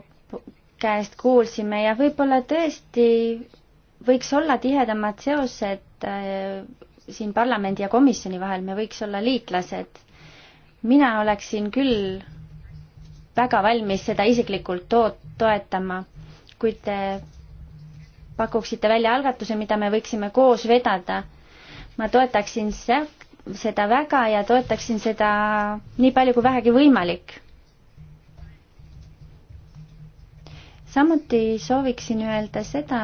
S2: käest kuulsime ja võib-olla tõesti võiks olla tihedamad seosed äh, siin parlamendi ja komisjoni vahel, me võiks olla liitlased. mina oleksin küll väga valmis seda isiklikult toot-, toetama, kuid te pakuksite välja algatuse, mida me võiksime koos vedada. ma toetaksin seda väga ja toetaksin seda nii palju kui vähegi võimalik samuti sooviksin öelda seda,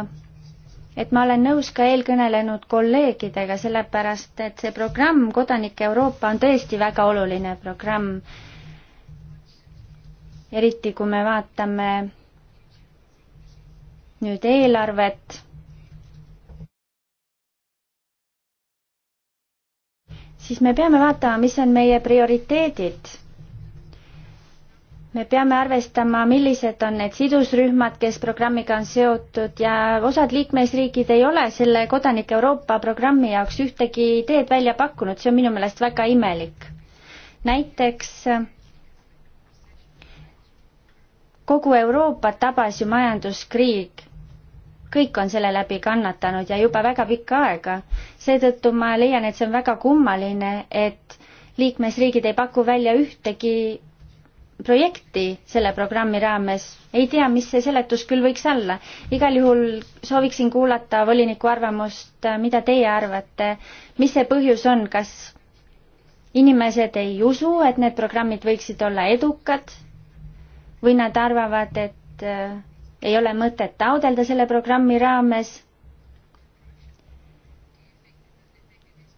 S2: et ma olen nõus ka eelkõnelenud kolleegidega, sellepärast et see programm Kodanik Euroopa on tõesti väga oluline programm. eriti kui me vaatame nüüd eelarvet. siis me peame vaatama, mis on meie prioriteedid me peame arvestama, millised on need sidusrühmad, kes programmiga on seotud ja osad liikmesriigid ei ole selle Kodanik Euroopa programmi jaoks ühtegi ideed välja pakkunud, see on minu meelest väga imelik. näiteks kogu Euroopat tabas ju majanduskriig. kõik on selle läbi kannatanud ja juba väga pikka aega. seetõttu ma leian, et see on väga kummaline, et liikmesriigid ei paku välja ühtegi projekti selle programmi raames, ei tea, mis see seletus küll võiks olla. igal juhul sooviksin kuulata voliniku arvamust, mida teie arvate, mis see põhjus on, kas inimesed ei usu, et need programmid võiksid olla edukad või nad arvavad, et äh, ei ole mõtet taodelda selle programmi raames.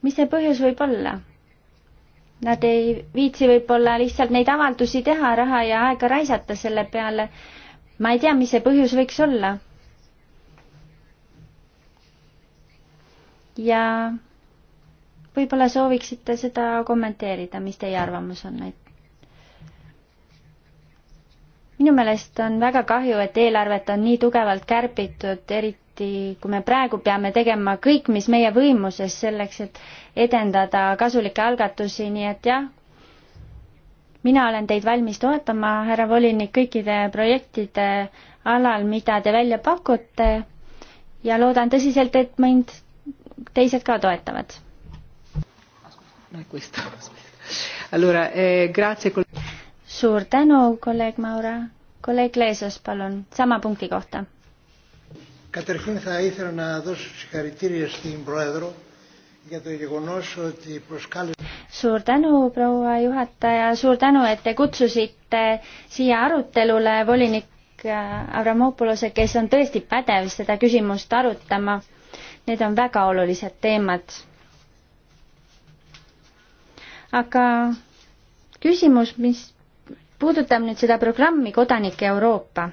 S2: mis see põhjus võib olla? Nad ei viitsi võib-olla lihtsalt neid avaldusi teha, raha ja aega raisata selle peale. ma ei tea, mis see põhjus võiks olla. ja võib-olla sooviksite seda kommenteerida, mis teie arvamus on, et minu meelest on väga kahju, et eelarvet on nii tugevalt kärbitud, eriti eriti kui me praegu peame tegema kõik, mis meie võimuses selleks, et edendada kasulikke algatusi, nii et jah, mina olen teid valmis toetama, härra volinik, kõikide projektide alal, mida te välja pakute ja loodan tõsiselt, et mind teised ka toetavad. Eh, suur tänu, kolleeg Maura. kolleeg Leesos, palun, sama punkti kohta
S3: Καταρχήν θα ήθελα να δώσω συγχαρητήρια στην Πρόεδρο για το γεγονός ότι προσκάλεσε...
S2: Suur tänu, proua juhataja, suur tänu, et te kutsusite siia arutelule volinik äh, Avramopolose, kes on tõesti pädev seda küsimust arutama. Need on väga olulised teemad. aga küsimus, mis puudutab nüüd seda programmi Kodanike Euroopa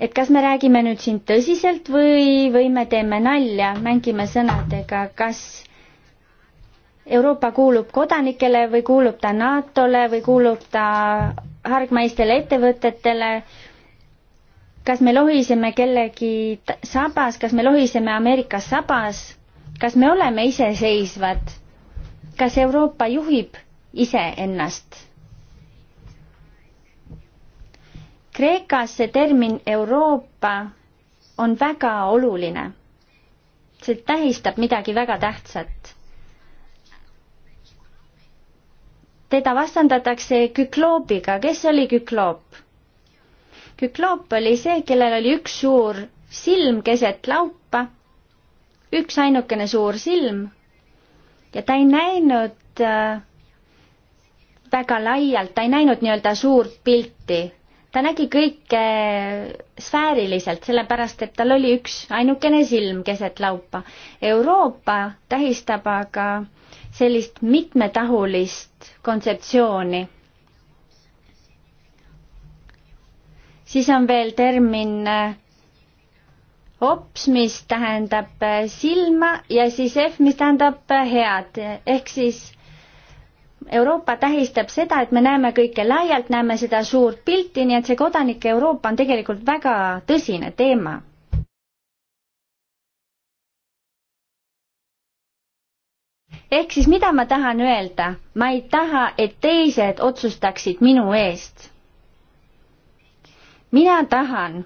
S2: et kas me räägime nüüd siin tõsiselt või, või me teeme nalja, mängime sõnadega, kas Euroopa kuulub kodanikele või kuulub ta NATO-le või kuulub ta hargmaistele ettevõtetele, kas me lohiseme kellegi sabas, kas me lohiseme Ameerika sabas, kas me oleme iseseisvad, kas Euroopa juhib iseennast Kreekas see termin Euroopa on väga oluline. see tähistab midagi väga tähtsat. teda vastandatakse Kükloobiga, kes oli Kükloop? Kükloop oli see, kellel oli üks suur silm keset laupa, üksainukene suur silm ja ta ei näinud äh, väga laialt, ta ei näinud nii-öelda suurt pilti ta nägi kõike sfääriliselt, sellepärast et tal oli üks ainukene silm keset laupa. Euroopa tähistab aga sellist mitmetahulist kontseptsiooni. siis on veel termin äh, ops, mis tähendab äh, silma ja siis F, mis tähendab äh, head, ehk siis Euroopa tähistab seda, et me näeme kõike laialt, näeme seda suurt pilti, nii et see kodanike Euroopa on tegelikult väga tõsine teema ehk siis mida ma tahan öelda, ma ei taha, et teised otsustaksid minu eest. mina tahan,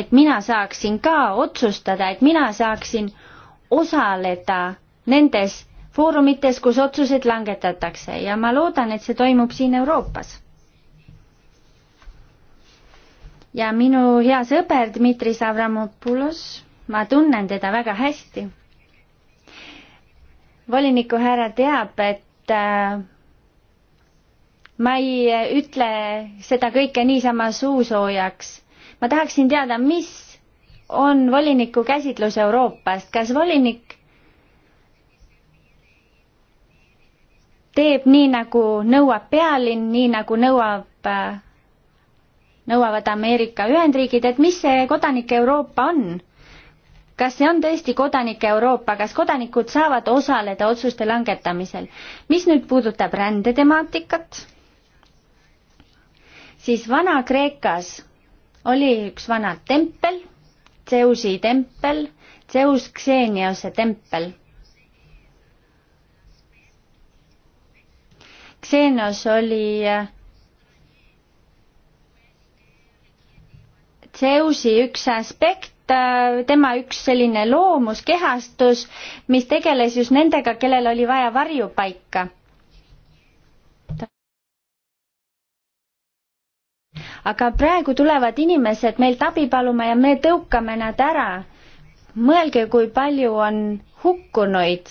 S2: et mina saaksin ka otsustada, et mina saaksin osaleda nendes foorumites, kus otsuseid langetatakse ja ma loodan, et see toimub siin Euroopas. ja minu hea sõber Dmitri Savramopoulos, ma tunnen teda väga hästi. voliniku härra teab, et äh, ma ei äh, ütle seda kõike niisama suusoojaks. ma tahaksin teada, mis on voliniku käsitlus Euroopast, kas volinik teeb nii, nagu nõuab pealinn, nii nagu nõuab, nõuavad Ameerika Ühendriigid, et mis see kodanike Euroopa on? kas see on tõesti kodanike Euroopa, kas kodanikud saavad osaleda otsuste langetamisel? mis nüüd puudutab rändetemaatikat, siis Vana-Kreekas oli üks vana tempel, Zeusi tempel, Zeus Xeniose tempel Xenos oli äh, Zeusi üks aspekt, äh, tema üks selline loomus, kehastus, mis tegeles just nendega, kellel oli vaja varjupaika aga praegu tulevad inimesed meilt abi paluma ja me tõukame nad ära. mõelge, kui palju on hukkunuid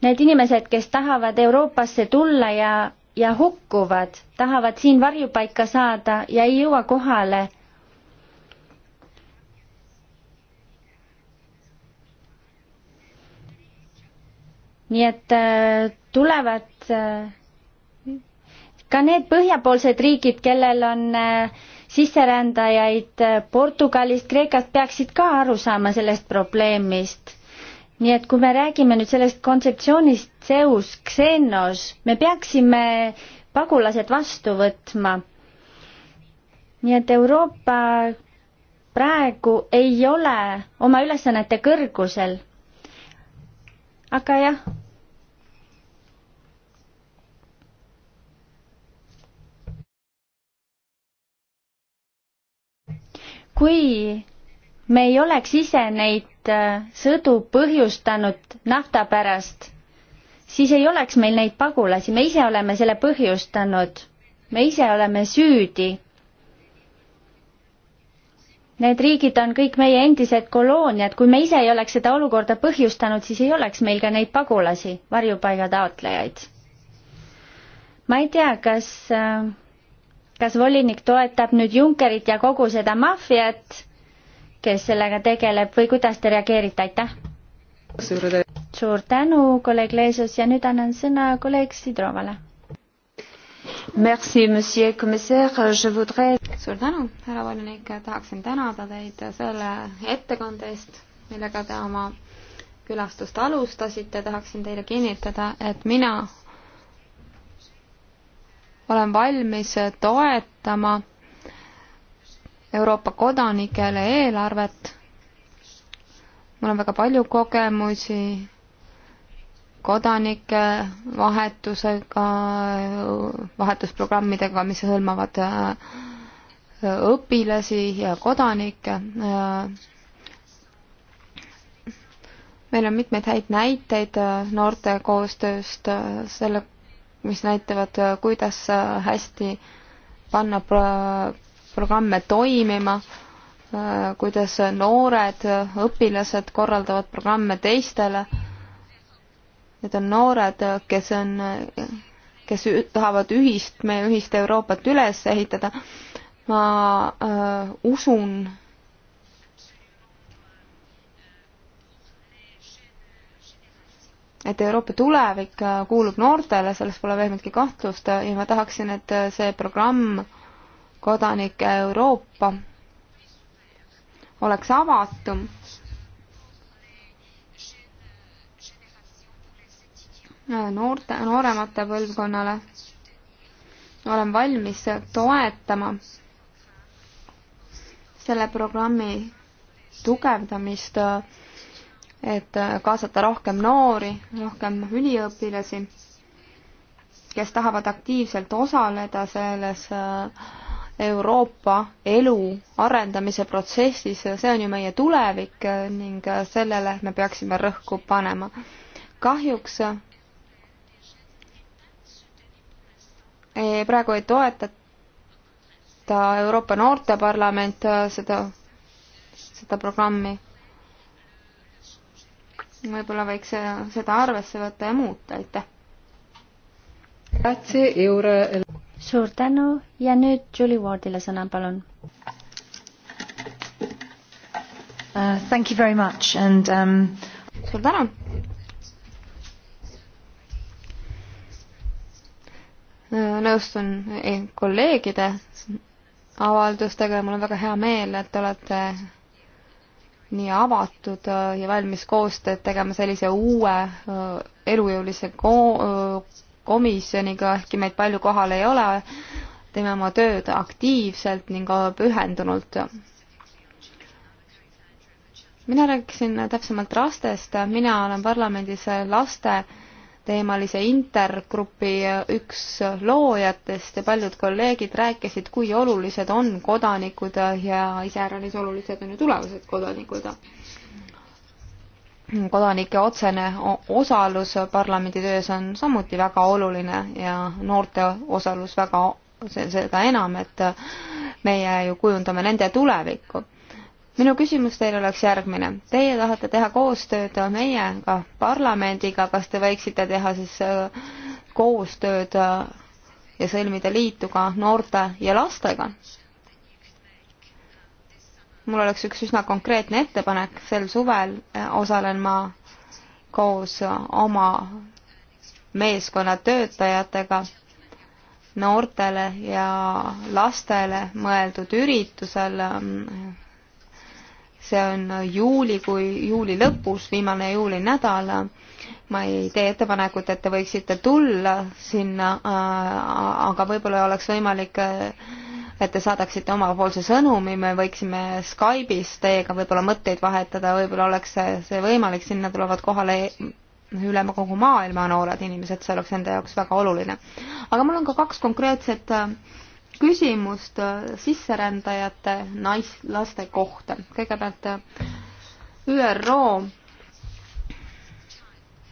S2: Need inimesed, kes tahavad Euroopasse tulla ja, ja hukkuvad, tahavad siin varjupaika saada ja ei jõua kohale nii et äh, tulevad äh, ka need põhjapoolsed riigid, kellel on äh, sisserändajaid Portugalist, Kreekast, peaksid ka aru saama sellest probleemist nii et kui me räägime nüüd sellest kontseptsioonist Zeus, Xenos, me peaksime pagulased vastu võtma. nii et Euroopa praegu ei ole oma ülesannete kõrgusel. aga jah. kui me ei oleks ise neid äh, sõdu põhjustanud nafta pärast, siis ei oleks meil neid pagulasi, me ise oleme selle põhjustanud, me ise oleme süüdi. Need riigid on kõik meie endised kolooniad, kui me ise ei oleks seda olukorda põhjustanud, siis ei oleks meil ka neid pagulasi, varjupaiga taotlejaid. ma ei tea, kas, äh, kas volinik toetab nüüd Junckerit ja kogu seda maffiat kes sellega tegeleb või kuidas te reageerite, aitäh! suur tänu, kolleeg Leesus ja nüüd annan sõna kolleeg Sidrovale.
S1: Merci, monsieur commissaire, je voudrais. suur tänu, härra volinik, tahaksin tänada teid selle ettekande eest, millega te oma külastust alustasite, tahaksin teile kinnitada, et mina olen valmis toetama Euroopa kodanikele eelarvet. mul on väga palju kogemusi kodanike vahetusega, vahetusprogrammidega, mis hõlmavad äh, õpilasi ja kodanikke. Äh, meil on mitmeid häid näiteid äh, noorte koostööst, selle, mis näitavad, kuidas hästi panna programme toimima, äh, kuidas noored õpilased korraldavad programme teistele. Need on noored, kes on, kes tahavad ühist, meie ühist Euroopat üles ehitada. ma äh, usun et Euroopa tulevik äh, kuulub noortele, selles pole vähimatki kahtlust ja ma tahaksin, et äh, see programm äh, kodanike Euroopa oleks avatum. noorte, nooremate põlvkonnale olen valmis toetama selle programmi tugevdamist, et kaasata rohkem noori, rohkem üliõpilasi, kes tahavad aktiivselt osaleda selles äh, Euroopa elu arendamise protsessis, see on ju meie tulevik ning sellele me peaksime rõhku panema. kahjuks eh, praegu ei toetata Euroopa Noorteparlament eh, seda, seda programmi. võib-olla võiks eh, seda arvesse võtta ja muuta, aitäh
S2: suur tänu ja nüüd Julie Wardile sõna, palun uh,. Thank you very much and um...
S1: suur tänu. Uh, nõustun eh, kolleegide avaldustega ja mul on väga hea meel, et te olete nii avatud uh, ja valmis koostööd tegema sellise uue uh, elujõulise ko-, komisjoniga, ehkki meid palju kohal ei ole, teeme oma tööd aktiivselt ning pühendunult. mina rääkisin täpsemalt lastest, mina olen parlamendis laste teemalise intergrupi üks loojatest ja paljud kolleegid rääkisid, kui olulised on kodanikud ja iseäranis olulised on ju tulevased kodanikud kodanike otsene osalus parlamendi töös on samuti väga oluline ja noorte osalus väga, seda enam, et meie ju kujundame nende tulevikku. minu küsimus teile oleks järgmine. Teie tahate teha koostööd meiega, parlamendiga, kas te võiksite teha siis äh, koostööd äh, ja sõlmida liitu ka noorte ja lastega? mul oleks üks üsna konkreetne ettepanek, sel suvel eh, osalen ma koos eh, oma meeskonna töötajatega noortele ja lastele mõeldud üritusel. Eh, see on juulikui, juuli lõpus, viimane juulinädal. ma ei tee ettepanekut, et te võiksite tulla sinna, aga võib-olla oleks võimalik et te saadaksite omapoolse sõnumi, me võiksime Skype'is teiega võib-olla mõtteid vahetada, võib-olla oleks see, see võimalik, sinna tulevad kohale üle kogu maailma noored inimesed, see oleks enda jaoks väga oluline. aga mul on ka kaks konkreetset äh, küsimust äh, sisserändajate nais-, laste kohta. kõigepealt äh, ÜRO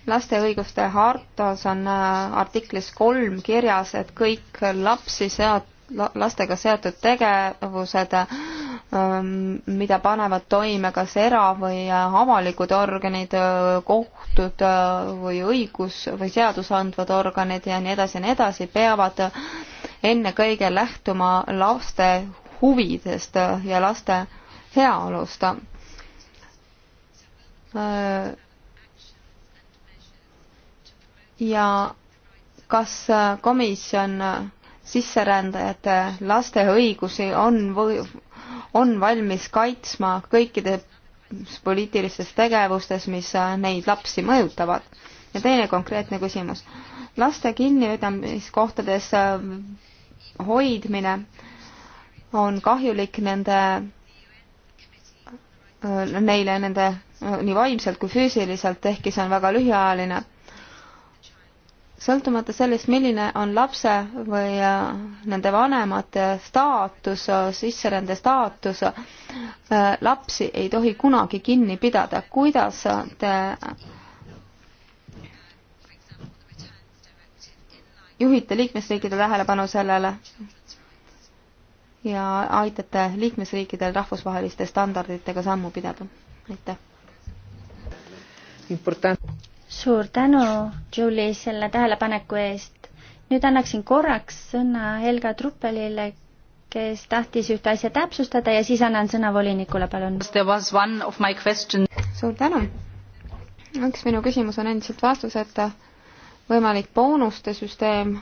S1: laste õiguste hartas on artiklis kolm kirjas, et kõik lapsi seot-, lastega seotud tegevused, ähm, mida panevad toime kas era- või äh, avalikud organid, äh, kohtud äh, või õigus- või seadusandvad organid ja nii edasi ja nii edasi, peavad ennekõike lähtuma laste huvidest ja laste heaolust ja kas komisjon sisserändajate laste õigusi on või, on valmis kaitsma kõikides poliitilistes tegevustes, mis äh, neid lapsi mõjutavad. ja teine konkreetne küsimus. laste kinnihoidamiskohtades äh, hoidmine on kahjulik nende, äh, neile nende nii vaimselt kui füüsiliselt, ehkki see on väga lühiajaline sõltumata sellest, milline on lapse või äh, nende vanemate staatus, sisserände staatus, äh, lapsi ei tohi kunagi kinni pidada. kuidas te juhite liikmesriikide tähelepanu sellele ja aitate liikmesriikidel rahvusvaheliste standarditega sammu pidada? aitäh!
S2: suur tänu, Julie, selle tähelepaneku eest. nüüd annaksin korraks sõna Helga Truppelile, kes tahtis ühte asja täpsustada ja siis annan sõna volinikule, palun. suur tänu.
S1: üks minu küsimus on endiselt vastuseta. võimalik boonuste süsteem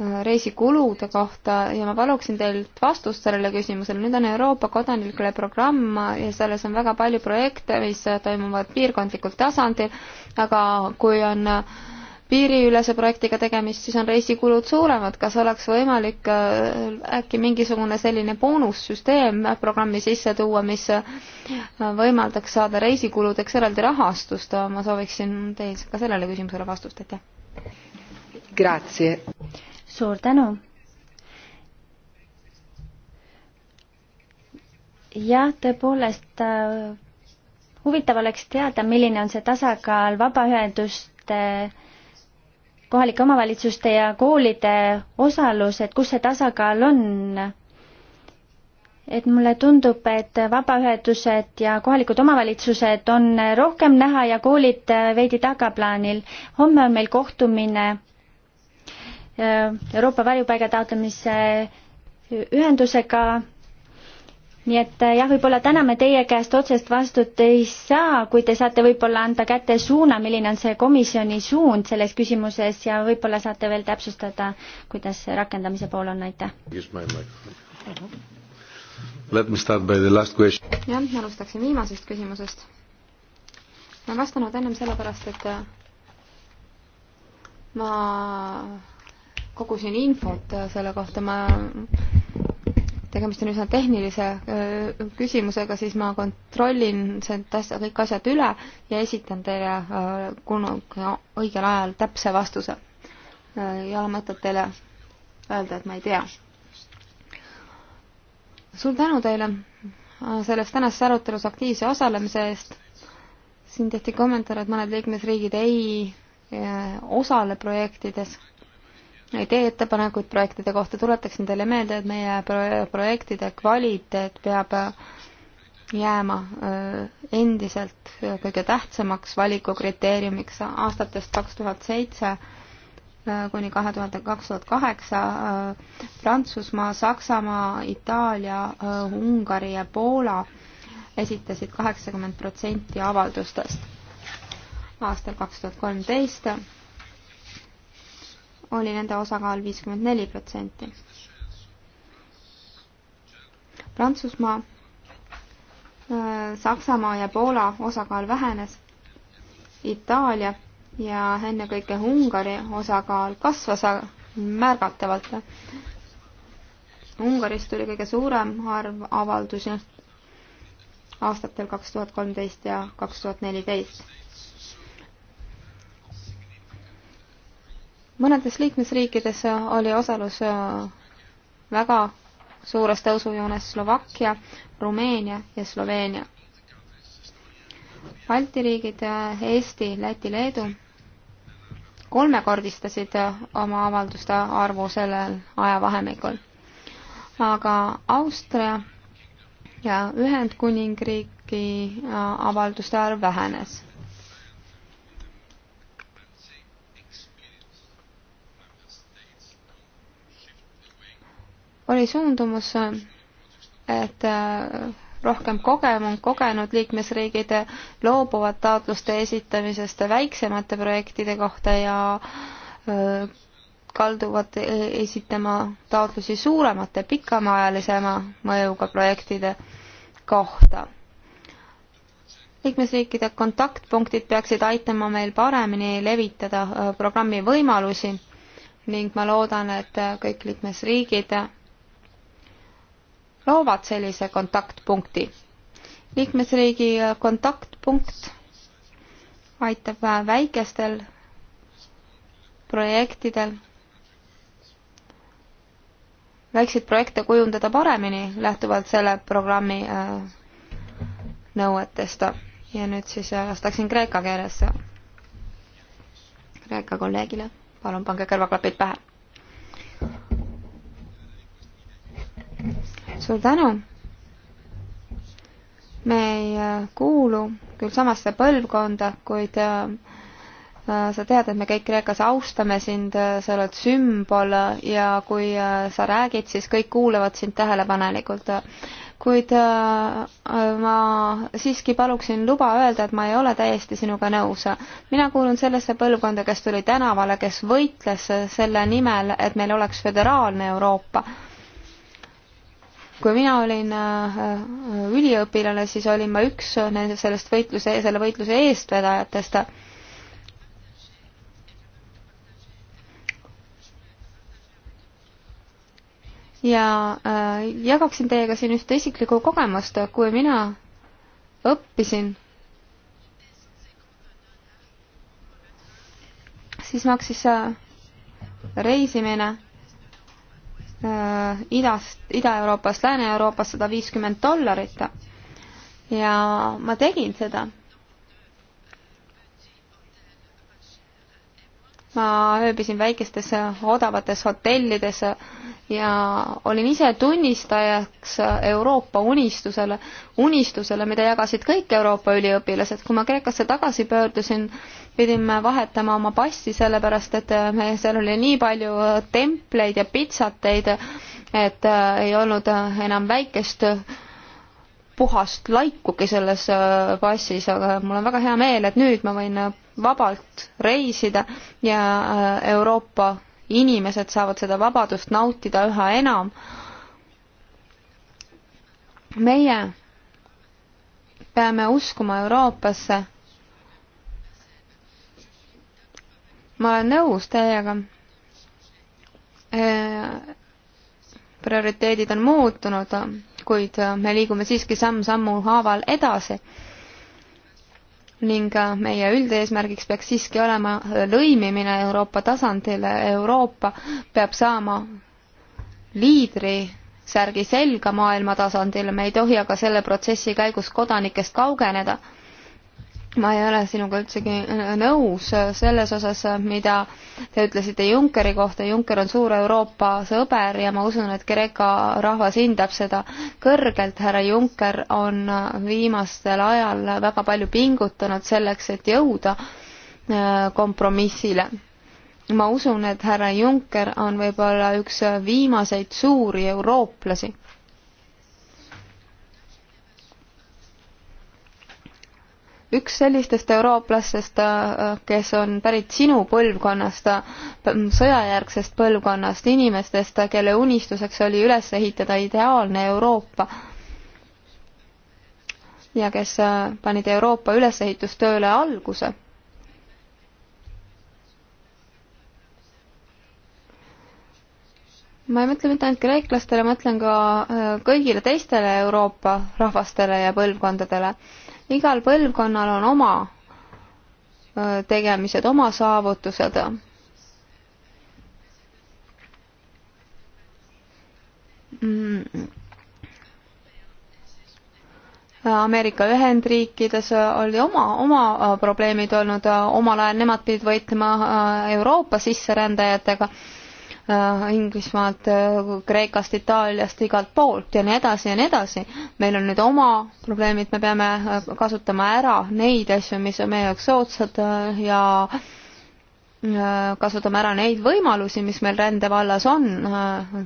S1: Äh, reisikulude kohta ja ma paluksin teilt vastust sellele küsimusele. nüüd on Euroopa kodanikele programm ja selles on väga palju projekte, mis toimuvad piirkondlikul tasandil, aga kui on äh, piiriülese projektiga tegemist, siis on reisikulud suuremad. kas oleks võimalik äh, äkki mingisugune selline boonussüsteem programmi sisse tuua, mis võimaldaks saada reisikuludeks eraldi rahastust? ma sooviksin teil ka sellele küsimusele vastust, aitäh.
S2: Grazie suur tänu. jah, tõepoolest äh, huvitav oleks teada, milline on see tasakaal vabaühenduste, kohalike omavalitsuste ja koolide osalus, et kus see tasakaal on? et mulle tundub, et vabaühendused ja kohalikud omavalitsused on rohkem näha ja koolid äh, veidi tagaplaanil. homme on meil kohtumine Äh, Euroopa varjupaiga taotlemise ühendusega. nii et äh, jah, võib-olla täna me teie käest otsest vastut ei saa, kuid te saate võib-olla anda kätte suuna, milline on see komisjoni suund selles küsimuses ja võib-olla saate veel täpsustada, kuidas rakendamise pool on, aitäh.
S4: Let me start by the last question.
S2: jah, alustaksin viimasest küsimusest.
S1: ma ei vastanud ennem sellepärast, et äh, ma kogusin infot äh, selle kohta, ma, tegemist on üsna tehnilise äh, küsimusega, siis ma kontrollin seda kõik asjad üle ja esitan teile äh, kunagi no, õigel ajal täpse vastuse. ei ole mõtet teile öelda, et ma ei tea. suur tänu teile selles tänases arutelus aktiivse osalemise eest. siin tehti kommentaare, et mõned liikmesriigid ei osale projektides ei tee ettepanekuid projektide kohta, tuletaksin teile meelde, et meie pro projektide kvaliteet peab äh, jääma äh, endiselt äh, kõige tähtsamaks valikukriteeriumiks aastatest kaks tuhat seitse kuni kahe tuhande, kaks tuhat kaheksa Prantsusmaa, Saksamaa, Itaalia, Ungari ja Poola esitasid kaheksakümmend protsenti avaldustest aastal kaks tuhat kolmteist oli nende osakaal viiskümmend neli protsenti. Prantsusmaa, äh, Saksamaa ja Poola osakaal vähenes, Itaalia ja ennekõike Ungari osakaal kasvas märgatavalt. Ungaris tuli kõige suurem arv avaldusi aastatel kaks tuhat kolmteist ja kaks tuhat neliteist. mõnedes liikmesriikides oli osalus äh, väga suures tõusujoones Slovakkia, Rumeenia ja Sloveenia. Balti riigid äh, Eesti, Läti, Leedu kolmekordistasid äh, oma avalduste arvu sellel ajavahemikul. aga Austria ja Ühendkuningriigi avalduste arv vähenes. oli suundumus, et äh, rohkem kogenud, kogenud liikmesriigid loobuvad taotluste esitamisest väiksemate projektide kohta ja äh, kalduvad e-, esitama taotlusi suuremate, pikamaajalisema mõjuga projektide kohta. liikmesriikide kontaktpunktid peaksid aitama meil paremini levitada äh, programmi võimalusi ning ma loodan, et kõik liikmesriigid loovad sellise kontaktpunkti. liikmesriigi kontaktpunkt aitab väikestel projektidel väikseid projekte kujundada paremini lähtuvalt selle programmi äh, nõuetest. ja nüüd siis äh, vastaksin kreeka keeles Kreeka kolleegile. palun pange kõrvaklapid pähe suur tänu! me ei äh, kuulu küll samasse põlvkonda, kuid äh, äh, sa tead, et me kõik Kreekas austame sind, sa oled sümbol ja kui sa räägid, siis kõik kuulavad sind tähelepanelikult. kuid ma siiski paluksin luba öelda, et ma ei ole täiesti sinuga nõus. mina kuulun sellesse põlvkonda, kes tuli tänavale, kes võitles selle nimel, et meil oleks föderaalne Euroopa kui mina olin äh, üliõpilane, siis olin ma üks nende sellest võitluse, selle võitluse eestvedajatest ja äh, jagaksin teiega siin ühte isiklikku kogemust, kui mina õppisin, siis maksis äh, reisimine Äh, idast, Ida-Euroopast Lääne-Euroopast sada viiskümmend dollarit. ja ma tegin seda ma ööbisin väikestes odavates hotellides ja olin ise tunnistajaks Euroopa unistusele, unistusele, mida jagasid kõik Euroopa üliõpilased. kui ma Kreekasse tagasi pöördusin, pidime vahetama oma passi, sellepärast et me, seal oli nii palju templeid ja pitsateid, et ei olnud enam väikest puhast laikugi selles passis, aga mul on väga hea meel, et nüüd ma võin vabalt reisida ja äh, Euroopa inimesed saavad seda vabadust nautida üha enam. meie peame uskuma Euroopasse. ma olen nõus teiega. Äh, prioriteedid on muutunud, kuid äh, me liigume siiski samm-sammu haaval edasi ning meie üldeesmärgiks peaks siiski olema lõimimine Euroopa tasandil. Euroopa peab saama liidri särgi selga maailma tasandil, me ei tohi aga selle protsessi käigus kodanikest kaugeneda ma ei ole sinuga üldsegi nõus selles osas, mida te ütlesite Junckeri kohta. Juncker on suur Euroopa sõber ja ma usun, et Kreeka rahvas hindab seda kõrgelt. härra Juncker on viimastel ajal väga palju pingutanud selleks, et jõuda äh, kompromissile. ma usun, et härra Juncker on võib-olla üks viimaseid suuri eurooplasi üks sellistest eurooplastest, äh, kes on pärit sinu põlvkonnast, ähm, sõjajärgsest põlvkonnast, inimestest, kelle unistuseks oli üles ehitada ideaalne Euroopa ja kes äh, panid Euroopa ülesehitustööle alguse. ma ei mõtle mitte ainult kreeklastele, ma mõtlen ka äh, kõigile teistele Euroopa rahvastele ja põlvkondadele igal põlvkonnal on oma tegemised, oma saavutused. Mm. Ameerika Ühendriikides oli oma, oma probleemid olnud, omal ajal nemad pidid võitlema Euroopa sisserändajatega Äh, Inglismaalt, äh, Kreekast, Itaaliast, igalt poolt ja nii edasi ja nii edasi. meil on nüüd oma probleemid, me peame äh, kasutama ära neid asju, mis on meie jaoks soodsad ja kasutame ära neid võimalusi, mis meil rände vallas on,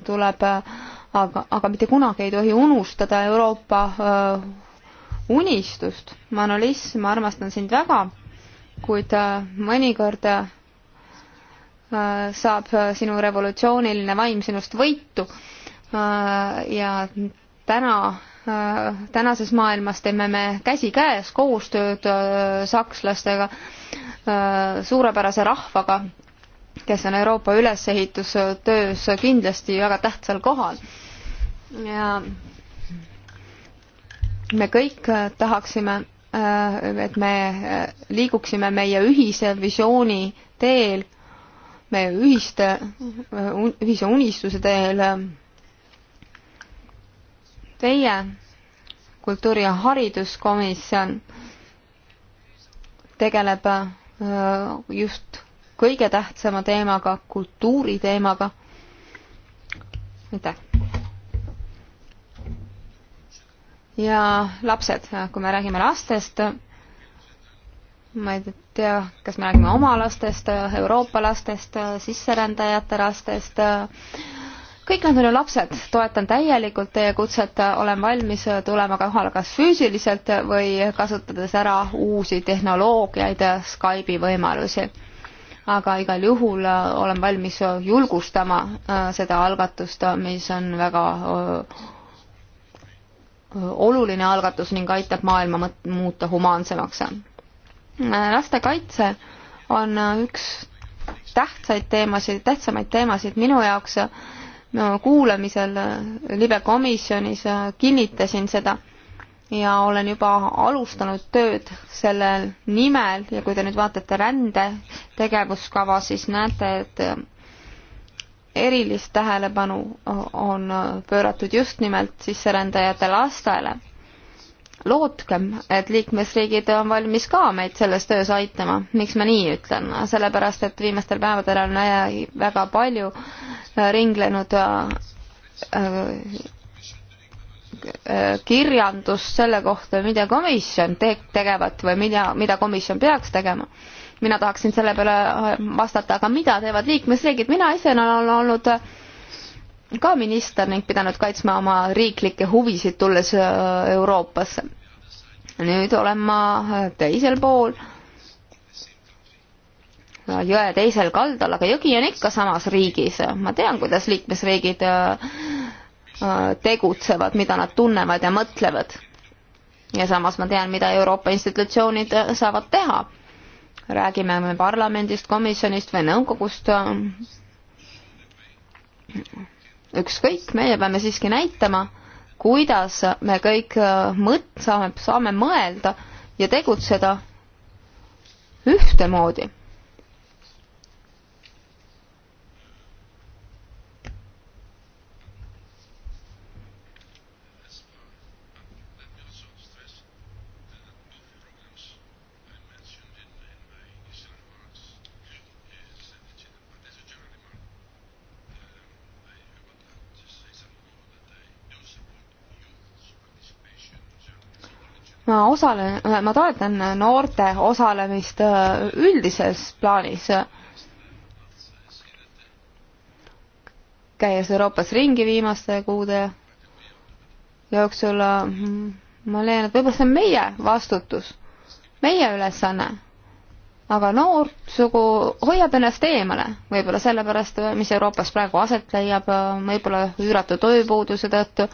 S1: tuleb aga, aga mitte kunagi ei tohi unustada Euroopa unistust. Manolis, ma armastan sind väga, kuid mõnikord Äh, saab äh, sinu revolutsiooniline vaim sinust võitu äh, ja täna tänases maailmas teeme me käsikäes koostööd sakslastega, suurepärase rahvaga, kes on Euroopa ülesehitustöös kindlasti väga tähtsal kohal. ja me kõik tahaksime, et me liiguksime meie ühise visiooni teel meie ühiste, ühise unistuse teel. Teie, kultuuri- ja hariduskomisjon, tegeleb just kõige tähtsama teemaga, kultuuri teemaga. aitäh! ja lapsed, kui me räägime lastest, ma ei tea, kas me räägime oma lastest, Euroopa lastest, sisserändajate lastest, kõik nad on ju lapsed, toetan täielikult teie kutset, olen valmis tulema kohale kas füüsiliselt või kasutades ära uusi tehnoloogiaid, Skype'i võimalusi. aga igal juhul olen valmis julgustama äh, seda algatust, mis on väga äh, oluline algatus ning aitab maailma muuta humaansemaks lastekaitse on üks tähtsaid teemasid, tähtsamaid teemasid minu jaoks no, kuulamisel libekomisjonis kinnitasin seda ja olen juba alustanud tööd sellel nimel ja kui te nüüd vaatate rände tegevuskava, siis näete, et erilist tähelepanu on pööratud just nimelt sisserändajate lastele lootkem, et liikmesriigid on valmis ka meid selles töös aitama. miks ma nii ütlen? sellepärast, et viimastel päevadel on väga palju äh, ringlenud äh, äh, kirjandust selle kohta, mida komisjon te-, tegevat või mida, mida komisjon peaks tegema. mina tahaksin selle peale vastata, aga mida teevad liikmesriigid, mina ise olen olnud äh, ka minister ning pidanud kaitsma oma riiklikke huvisid, tulles äh, Euroopasse. nüüd olen ma äh, teisel pool, jõe teisel kaldal, aga jõgi on ikka samas riigis. ma tean, kuidas liikmesriigid äh, tegutsevad, mida nad tunnevad ja mõtlevad. ja samas ma tean, mida Euroopa institutsioonid saavad teha. räägime me parlamendist, komisjonist või nõukogust ükskõik, meie peame siiski näitama, kuidas me kõik äh, mõt-, saame, saame mõelda ja tegutseda ühtemoodi ma osalen, ma toetan noorte osalemist äh, üldises plaanis. käies Euroopas ringi viimaste kuude jooksul, äh, ma leian, et võib-olla see on meie vastutus, meie ülesanne. aga noorsugu hoiab ennast eemale, võib-olla sellepärast, mis Euroopas praegu aset leiab, äh, võib-olla üüratu tööpuuduse tõttu,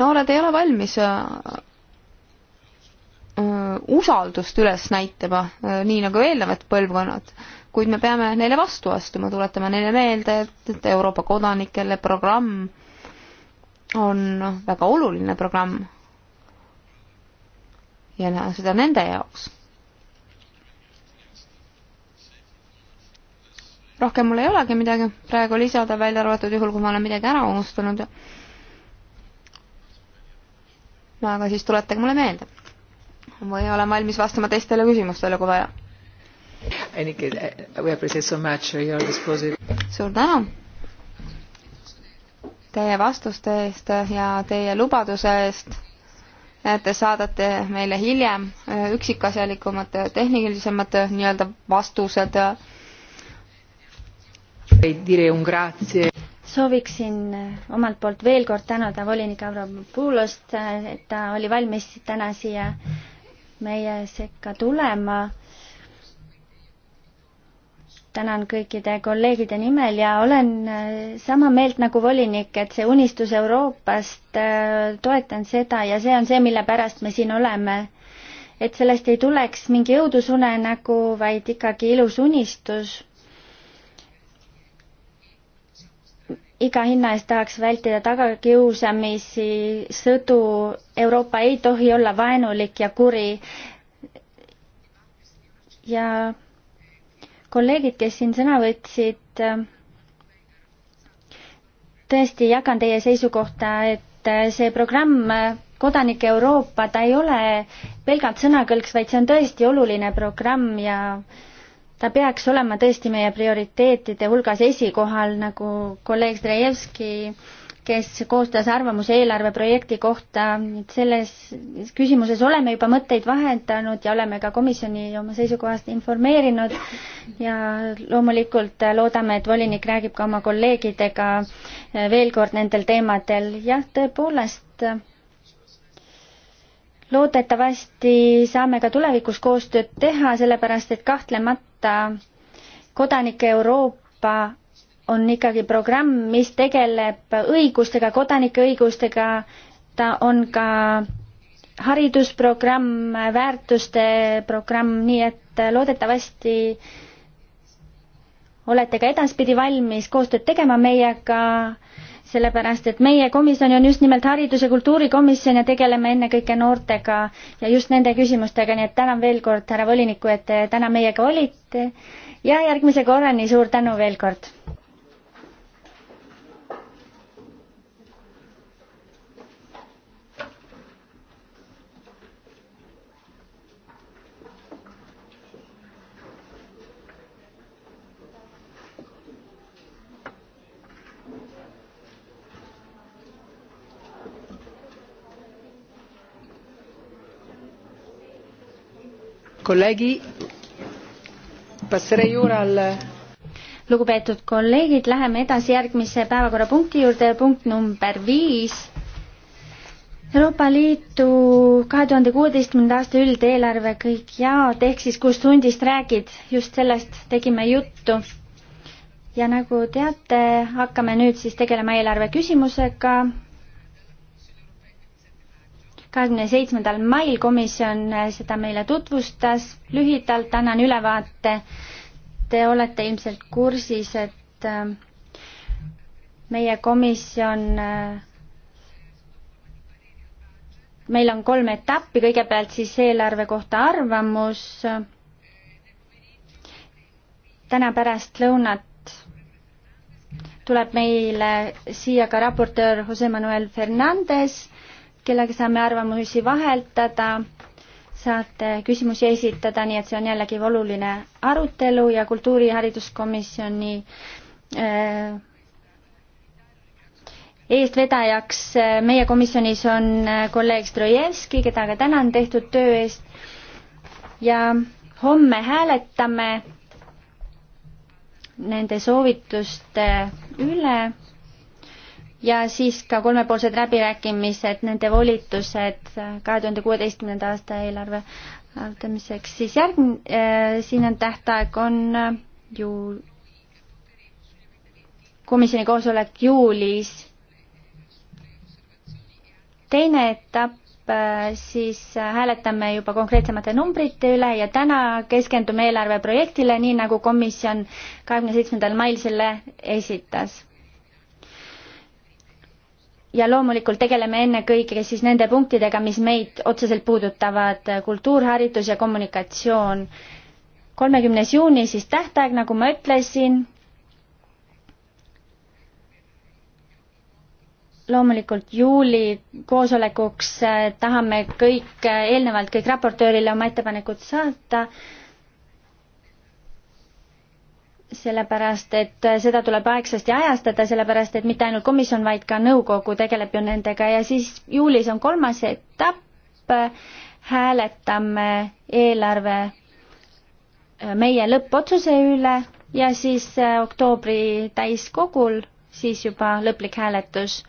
S1: noored ei ole valmis äh, äh, usaldust üles näitama, äh, nii nagu eelnevad põlvkonnad, kuid me peame neile vastu astuma, tuletame neile meelde, et Euroopa kodanikele programm on väga oluline programm. ja seda nende jaoks. rohkem mul ei olegi midagi praegu lisada, välja arvatud juhul, kui ma olen midagi ära unustanud ja no aga siis tuletage mulle meelde. või olen valmis vastama teistele küsimustele, kui vaja.
S3: Eh,
S1: suur tänu teie vastuste eest ja teie lubaduse eest, et te saadate meile hiljem eh, üksikasjalikumad, eh, tehnilisemad nii-öelda vastused
S2: sooviksin omalt poolt veel kord tänada volinik Avramopulost, et ta oli valmis täna siia meie sekka tulema. tänan kõikide kolleegide nimel ja olen äh, sama meelt nagu volinik, et see unistus Euroopast, äh, toetan seda ja see on see, mille pärast me siin oleme. et sellest ei tuleks mingi õudusunenägu, vaid ikkagi ilus unistus iga hinna eest tahaks vältida tagakiusamisi, sõdu, Euroopa ei tohi olla vaenulik ja kuri. ja kolleegid, kes siin sõna võtsid, tõesti jagan teie seisukohta, et see programm Kodanike Euroopa, ta ei ole pelgalt sõnakõlks, vaid see on tõesti oluline programm ja äh, ta peaks olema tõesti meie prioriteetide hulgas esikohal, nagu kolleeg Zdrajevski, kes koostas arvamuse eelarveprojekti kohta, et selles küsimuses oleme juba mõtteid vahendanud ja oleme ka komisjoni oma seisukohast informeerinud ja loomulikult loodame, et volinik räägib ka oma kolleegidega veel kord nendel teemadel, jah, tõepoolest loodetavasti saame ka tulevikus koostööd teha, sellepärast et kahtlemata kodanike Euroopa on ikkagi programm, mis tegeleb õigustega, kodanike õigustega, ta on ka haridusprogramm, väärtuste programm, nii et loodetavasti olete ka edaspidi valmis koostööd tegema meiega sellepärast et meie komisjon on just nimelt haridus- ja kultuurikomisjon ja tegeleme ennekõike noortega ja just nende küsimustega, nii et tänan veel kord, härra volinikku, et te täna meiega olite ja järgmise korrani suur tänu veel kord! kolleegi, passerei juural. lugupeetud kolleegid, läheme edasi järgmise päevakorrapunkti juurde, punkt number viis. Euroopa Liidu kahe tuhande kuueteistkümnenda aasta üldeelarve kõik jaod ehk siis kust hundist räägid, just sellest tegime juttu. ja nagu teate, hakkame nüüd siis tegelema eelarve küsimusega kahekümne seitsmendal mail komisjon seda meile tutvustas. lühidalt annan ülevaate. Te olete ilmselt kursis, et äh, meie komisjon äh, meil on kolm etappi, kõigepealt siis eelarve kohta arvamus. täna pärastlõunat tuleb meile siia ka raportöör Jose Manuel Fernandez kellega saame arvamusi vaheldada, saate küsimusi esitada, nii et see on jällegi oluline arutelu ja kultuuri- ja hariduskomisjoni äh, eestvedajaks äh, meie komisjonis on äh, kolleeg Strojevski, keda ka tänan tehtud töö eest ja homme hääletame nende soovituste üle ja siis ka kolmepoolsed läbirääkimised, nende volitused kahe tuhande kuueteistkümnenda aasta eelarve arutamiseks, siis järgmine äh,, siin on tähtaeg, on äh, ju komisjoni koosolek juulis. teine etapp äh, siis äh, hääletame juba konkreetsemate numbrite üle ja täna keskendume eelarveprojektile, nii nagu komisjon kahekümne seitsmendal mail selle esitas ja loomulikult tegeleme ennekõike siis nende punktidega, mis meid otseselt puudutavad, kultuur, haridus ja kommunikatsioon. kolmekümnes juuni siis tähtaeg, nagu ma ütlesin. loomulikult juuli koosolekuks eh, tahame kõik, eh, eelnevalt kõik raportöörile oma ettepanekud saata sellepärast, et seda tuleb aegsasti ajastada, sellepärast et mitte ainult komisjon, vaid ka nõukogu tegeleb ju nendega ja siis juulis on kolmas etapp, hääletame eelarve äh, meie lõppotsuse üle ja siis äh, oktoobri täiskogul siis juba lõplik hääletus.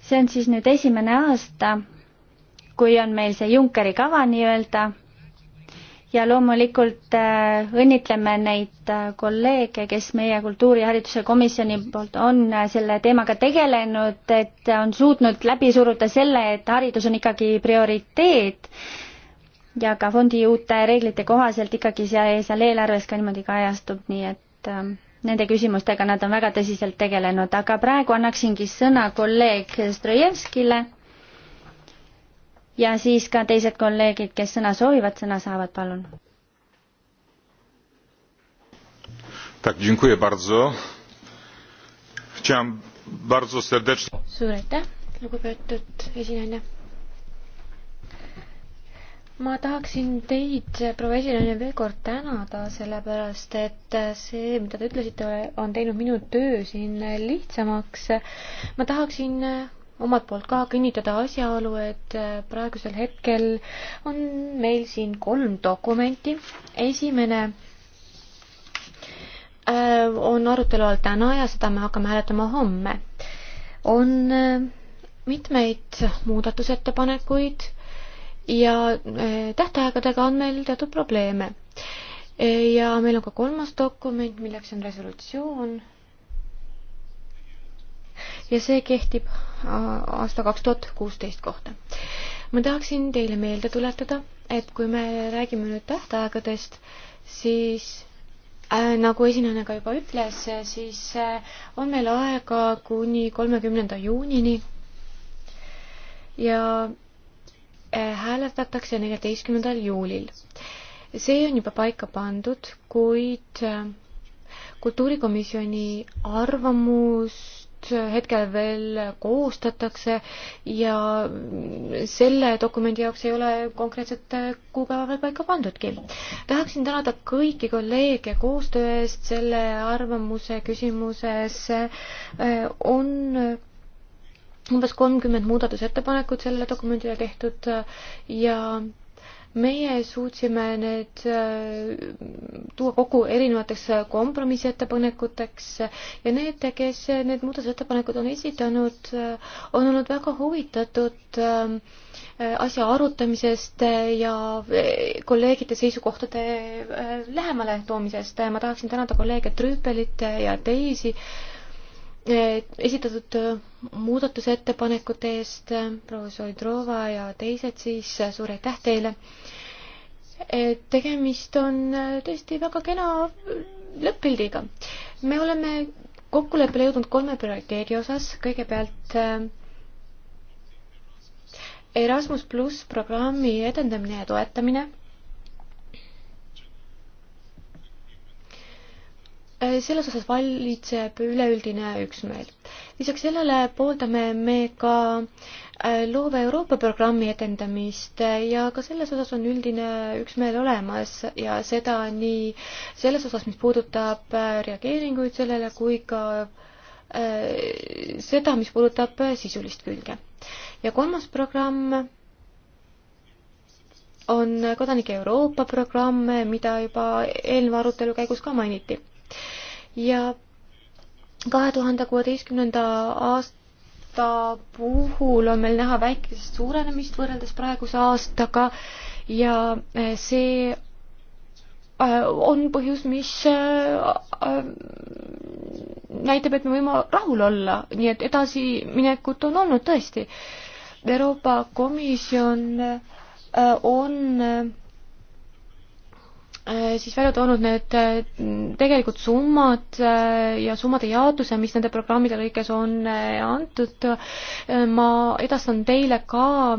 S2: see on siis nüüd esimene aasta, kui on meil see Junckeri kava nii-öelda ja loomulikult äh, õnnitleme neid äh, kolleege, kes meie kultuuri- ja haridusekomisjoni poolt on äh, selle teemaga tegelenud, et on suutnud läbi suruda selle, et haridus on ikkagi prioriteet ja ka fondi uute reeglite kohaselt ikkagi seal, seal eelarves ka niimoodi kajastub, nii et nende küsimustega nad on väga tõsiselt tegelenud, aga praegu annaksingi sõna kolleeg Strojevskile ja siis ka teised kolleegid, kes sõna soovivad, sõna saavad, palun.
S5: suur aitäh, lugupeetud esinaine. ma tahaksin teid, proua esinaine, veel kord tänada, sellepärast et see, mida te ütlesite, on teinud minu töö siin lihtsamaks. ma tahaksin omalt poolt ka kinnitada asjaolu, et äh, praegusel hetkel on meil siin kolm dokumenti. esimene äh, on arutelu all täna ja seda me hakkame hääletama homme. on äh, mitmeid muudatusettepanekuid ja tähtaegadega on meil teatud probleeme. ja meil on ka kolmas dokument, milleks on resolutsioon. ja see kehtib aasta kaks tuhat kuusteist kohta. ma tahaksin teile meelde tuletada, et kui me räägime nüüd tähtaegadest, siis äh, nagu esinejana ka juba ütles, siis äh, on meil aega kuni kolmekümnenda juunini ja äh, hääletatakse neljateistkümnendal juulil. see on juba paika pandud, kuid äh, kultuurikomisjoni arvamus hetkel veel koostatakse ja selle dokumendi jaoks ei ole konkreetset kuupäeva veel paika pandudki. tahaksin tänada kõiki kolleege koostöö eest selle arvamuse küsimuses. on umbes kolmkümmend muudatusettepanekut sellele dokumendile tehtud ja meie suutsime need äh, tuua kokku erinevateks äh, kompromissettepanekuteks ja need, kes need muudatusettepanekud on esitanud, äh, on olnud väga huvitatud ähm, asja arutamisest ja kolleegide seisukohtade lähemale toomisest. ma tahaksin tänada kolleege Trüüpelit ja teisi Eh, esitatud eh, muudatusettepanekute eest, eh, proua Soidrova ja teised siis, suur aitäh teile. tegemist on tõesti väga kena lõpp-pildiga. me oleme kokkuleppele jõudnud kolme prioriteedi osas, kõigepealt Erasmus pluss programmi edendamine ja toetamine Äh, selles osas valitseb üleüldine üksmeel. lisaks sellele pooldame me ka äh, loove Euroopa programmi etendamist äh, ja ka selles osas on üldine üksmeel olemas ja seda nii selles osas, mis puudutab reageeringuid sellele, kui ka seda, mis puudutab sisulist külge. ja kolmas programm on Kodanike Euroopa programm, mida juba eelneva arutelu käigus ka mainiti ja kahe tuhande kuueteistkümnenda aasta puhul on meil näha väikest suurenemist võrreldes praeguse aastaga ja eh, see eh, on põhjus, mis eh, näitab, et me võime rahul olla, nii et edasiminekut on olnud tõesti. Euroopa Komisjon on Äh, siis välja toonud need äh, tegelikult summad äh, ja summade jaotuse, mis nende programmide lõikes on antud. ma edastan teile ka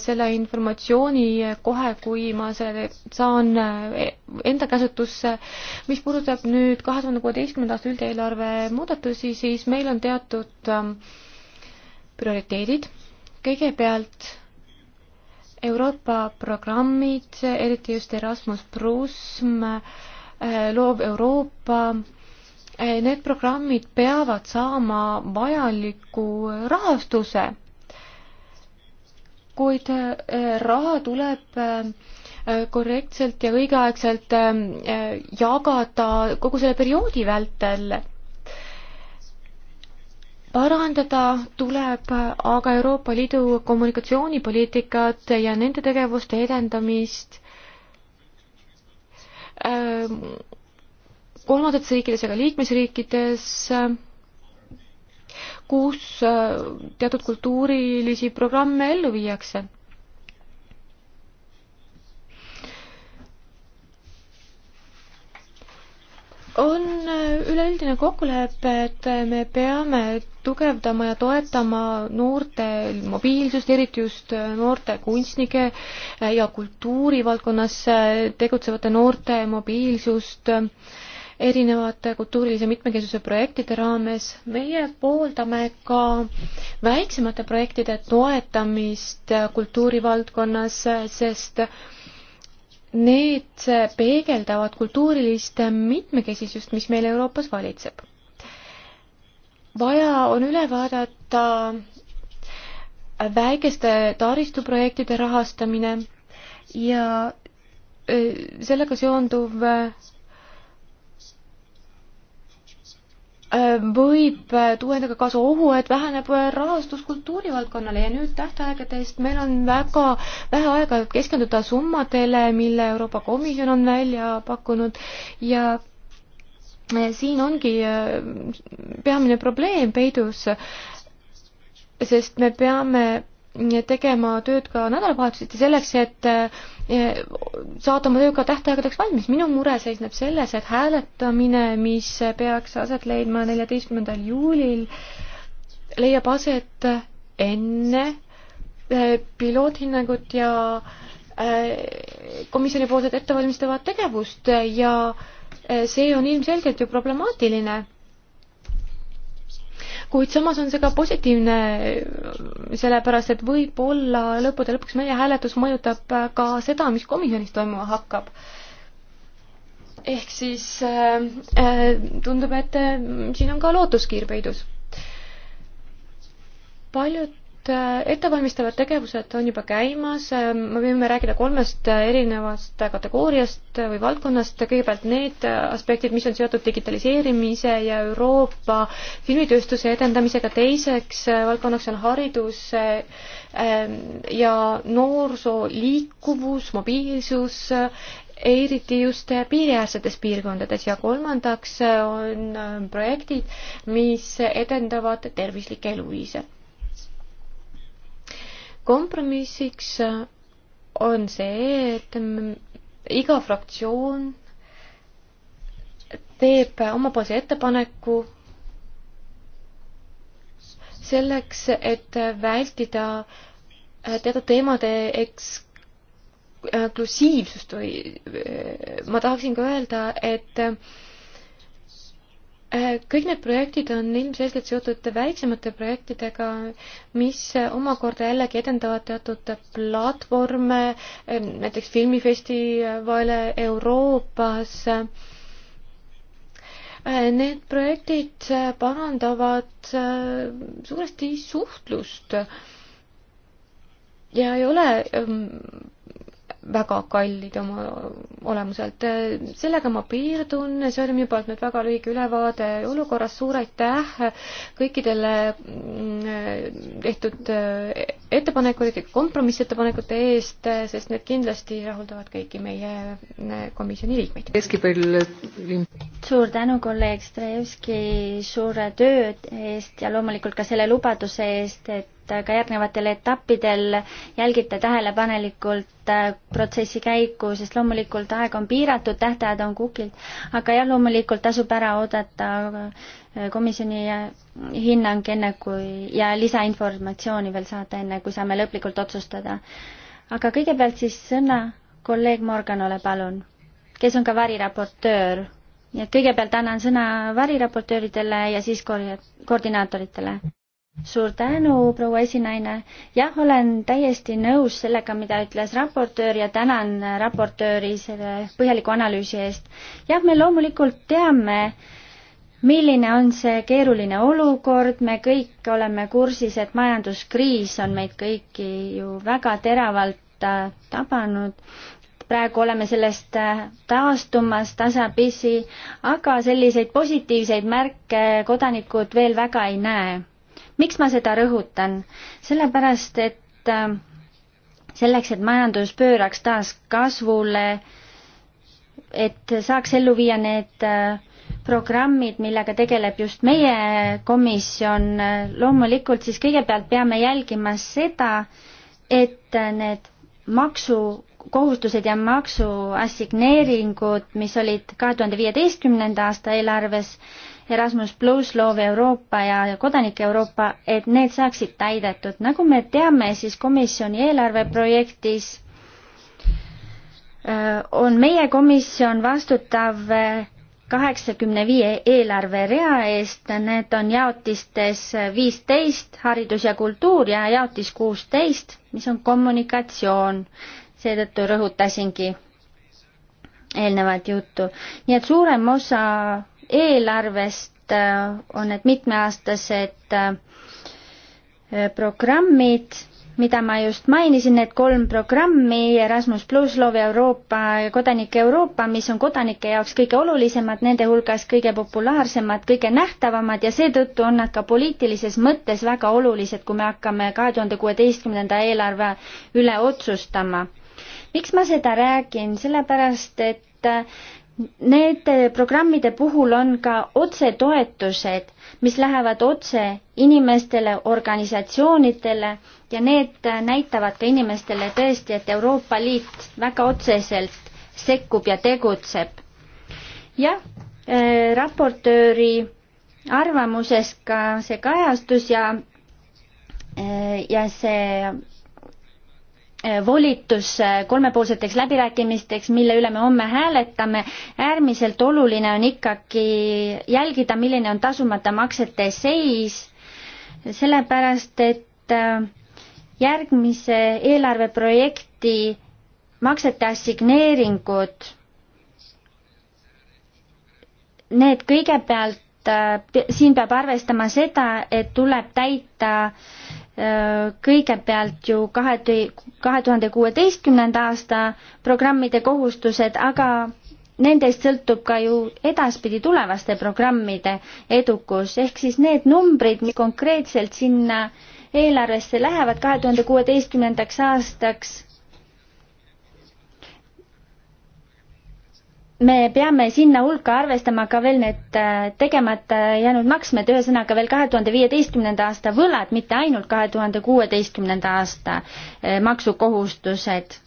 S5: selle informatsiooni kohe, kui ma selle saan enda käsutusse. mis puudutab nüüd kahe tuhande kuueteistkümnenda aasta üldeelarve muudatusi, siis meil on teatud ähm, prioriteedid. kõigepealt Euroopa programmid, eriti just Erasmus Prusm, eh, loov Euroopa, eh, need programmid peavad saama vajaliku rahastuse, kuid eh, raha tuleb korrektselt ja õigeaegselt jagada kogu selle perioodi vältel parandada tuleb aga Euroopa Liidu kommunikatsioonipoliitikat ja nende tegevuste edendamist ähm, kolmandates riikides ja ka liikmesriikides, kus äh, teatud kultuurilisi programme ellu viiakse. on äh, üleüldine kokkulepe, et me peame tugevdama ja toetama noorte mobiilsust, eriti just noorte kunstnike äh, ja kultuurivaldkonnas äh, tegutsevate noorte mobiilsust äh, erinevate kultuurilise mitmekesisuse projektide raames. meie pooldame ka väiksemate projektide toetamist kultuurivaldkonnas, sest need peegeldavad kultuurilist mitmekesisust, mis meil Euroopas valitseb vaja on üle vaadata väikeste taristuprojektide rahastamine ja sellega seonduv võib tuua endaga kaasa ohu, et väheneb rahastus kultuurivaldkonnale ja nüüd tähtaegadest meil on väga vähe aega keskenduda summadele, mille Euroopa Komisjon on välja pakkunud ja Eh, siin ongi eh, peamine probleem peidus, sest me peame eh, tegema tööd ka nädalavahetuseti selleks, et saada oma tööga tähtaegadeks valmis. minu mure seisneb selles, et hääletamine, mis peaks aset leidma neljateistkümnendal juulil, leiab aset enne piloothinnangut ja komisjonipoolset ettevalmistavat tegevust ja äh, Eh, see on ilmselgelt ju problemaatiline. kuid samas on see ka positiivne, sellepärast et võib-olla lõppude lõpuks meie hääletus mõjutab ka seda, mis komisjonis toimuma hakkab ehk siis äh, tundub, et äh, siin on ka lootuskiir peidus. paljud Äh, ettevalmistavad tegevused on juba käimas, ähm, me võime rääkida kolmest äh, erinevast kategooriast äh, või valdkonnast, kõigepealt need aspektid, mis on seotud digitaliseerimise ja Euroopa filmitööstuse edendamisega, teiseks valdkonnaks on haridus ähm, ja noorsoo liikuvus, mobiilsus, eriti just piiriäärsetes piirkondades ja kolmandaks on projektid, mis edendavad tervislikke eluviise kompromissiks äh, on see, et iga fraktsioon teeb omapoolse ettepaneku selleks, et vältida äh, teatud teemade eksklusiivsust äh, või ma tahaksin ka öelda, et Äh, kõik need projektid on ilmselgelt seotud väiksemate projektidega, mis äh, omakorda jällegi edendavad teatud platvorme, äh, näiteks filmifestivale Euroopas. Need projektid parandavad suuresti suhtlust ja ei ole ähm, väga kallid oma olemuselt. sellega ma piirdun, see oli minu poolt nüüd väga lühike ülevaade olukorrast, suur aitäh kõikidele mm, tehtud ettepanekute, kompromissettepanekute eest, eh, sest need kindlasti
S2: rahuldavad kõiki meie
S5: eh, komisjoni liikmeid. Eh,
S2: suur tänu, kolleeg Strejevski, suure töö eest ja loomulikult ka selle lubaduse eest, et ka järgnevatel etappidel jälgite tähelepanelikult protsessi käiku, sest loomulikult aeg on piiratud, tähtajad on kukil, aga jah, loomulikult tasub ära oodata komisjoni hinnang enne kui ja lisainformatsiooni veel saata, enne kui saame lõplikult otsustada. aga kõigepealt siis sõna kolleeg Morganole, palun, kes on ka variraportöör. nii et kõigepealt annan sõna variraportööridele ja siis ko koordinaatoritele. suur tänu, proua esinaine. jah, olen täiesti nõus sellega, mida ütles raportöör ja tänan raportööri selle põhjaliku analüüsi eest. jah, me loomulikult teame, milline on see keeruline olukord, me kõik oleme kursis, et majanduskriis on meid kõiki ju väga teravalt äh, tabanud. praegu oleme sellest äh, taastumas tasapisi, aga selliseid positiivseid märke kodanikud veel väga ei näe. miks ma seda rõhutan? sellepärast, et äh, selleks, et majandus pööraks taas kasvule, et saaks ellu viia need äh, programmid, millega tegeleb just meie komisjon, loomulikult siis kõigepealt peame jälgima seda, et need maksukohustused ja maksuassigneeringud, mis olid kahe tuhande viieteistkümnenda aasta eelarves, Erasmus pluss, loov Euroopa ja kodanik Euroopa, et need saaksid täidetud. nagu me teame, siis komisjoni eelarveprojektis äh, on meie komisjon vastutav äh, kaheksakümne viie eelarverea eest, need on jaotistes viisteist, haridus ja kultuur ja jaotis kuusteist, mis on kommunikatsioon. seetõttu rõhutasingi eelnevat juttu. nii et suurem osa eelarvest äh, on need mitmeaastased äh, programmid mida ma just mainisin, need kolm programmi, Erasmus pluss, Loov Euroopa ja Kodanik Euroopa, mis on kodanike jaoks kõige olulisemad, nende hulgas kõige populaarsemad, kõige nähtavamad ja seetõttu on nad ka poliitilises mõttes väga olulised, kui me hakkame kahe tuhande kuueteistkümnenda eelarve üle otsustama. miks ma seda räägin, sellepärast et Nende programmide puhul on ka otsetoetused mis lähevad otse inimestele, organisatsioonidele ja need näitavad ka inimestele tõesti, et Euroopa Liit väga otseselt sekkub ja tegutseb. jah äh,, raportööri arvamuses ka see kajastus ja äh, ja see Eh, volitus eh, kolmepoolseteks läbirääkimisteks, mille üle me homme hääletame, äärmiselt oluline on ikkagi jälgida, milline on tasumata maksete seis, sellepärast et eh, järgmise eelarveprojekti maksete assigneeringud, need kõigepealt, siin peab arvestama seda, et tuleb täita äh, kõigepealt ju kahe, kahe tuhande kuueteistkümnenda aasta programmide kohustused, aga nendest sõltub ka ju edaspidi tulevaste programmide edukus, ehk siis need numbrid, mis konkreetselt sinna eelarvesse lähevad kahe tuhande kuueteistkümnendaks aastaks me peame sinna hulka arvestama ka veel need äh, tegemata jäänud maksmed, ühesõnaga veel kahe tuhande viieteistkümnenda aasta võlad, mitte ainult kahe tuhande kuueteistkümnenda aasta äh, maksukohustused.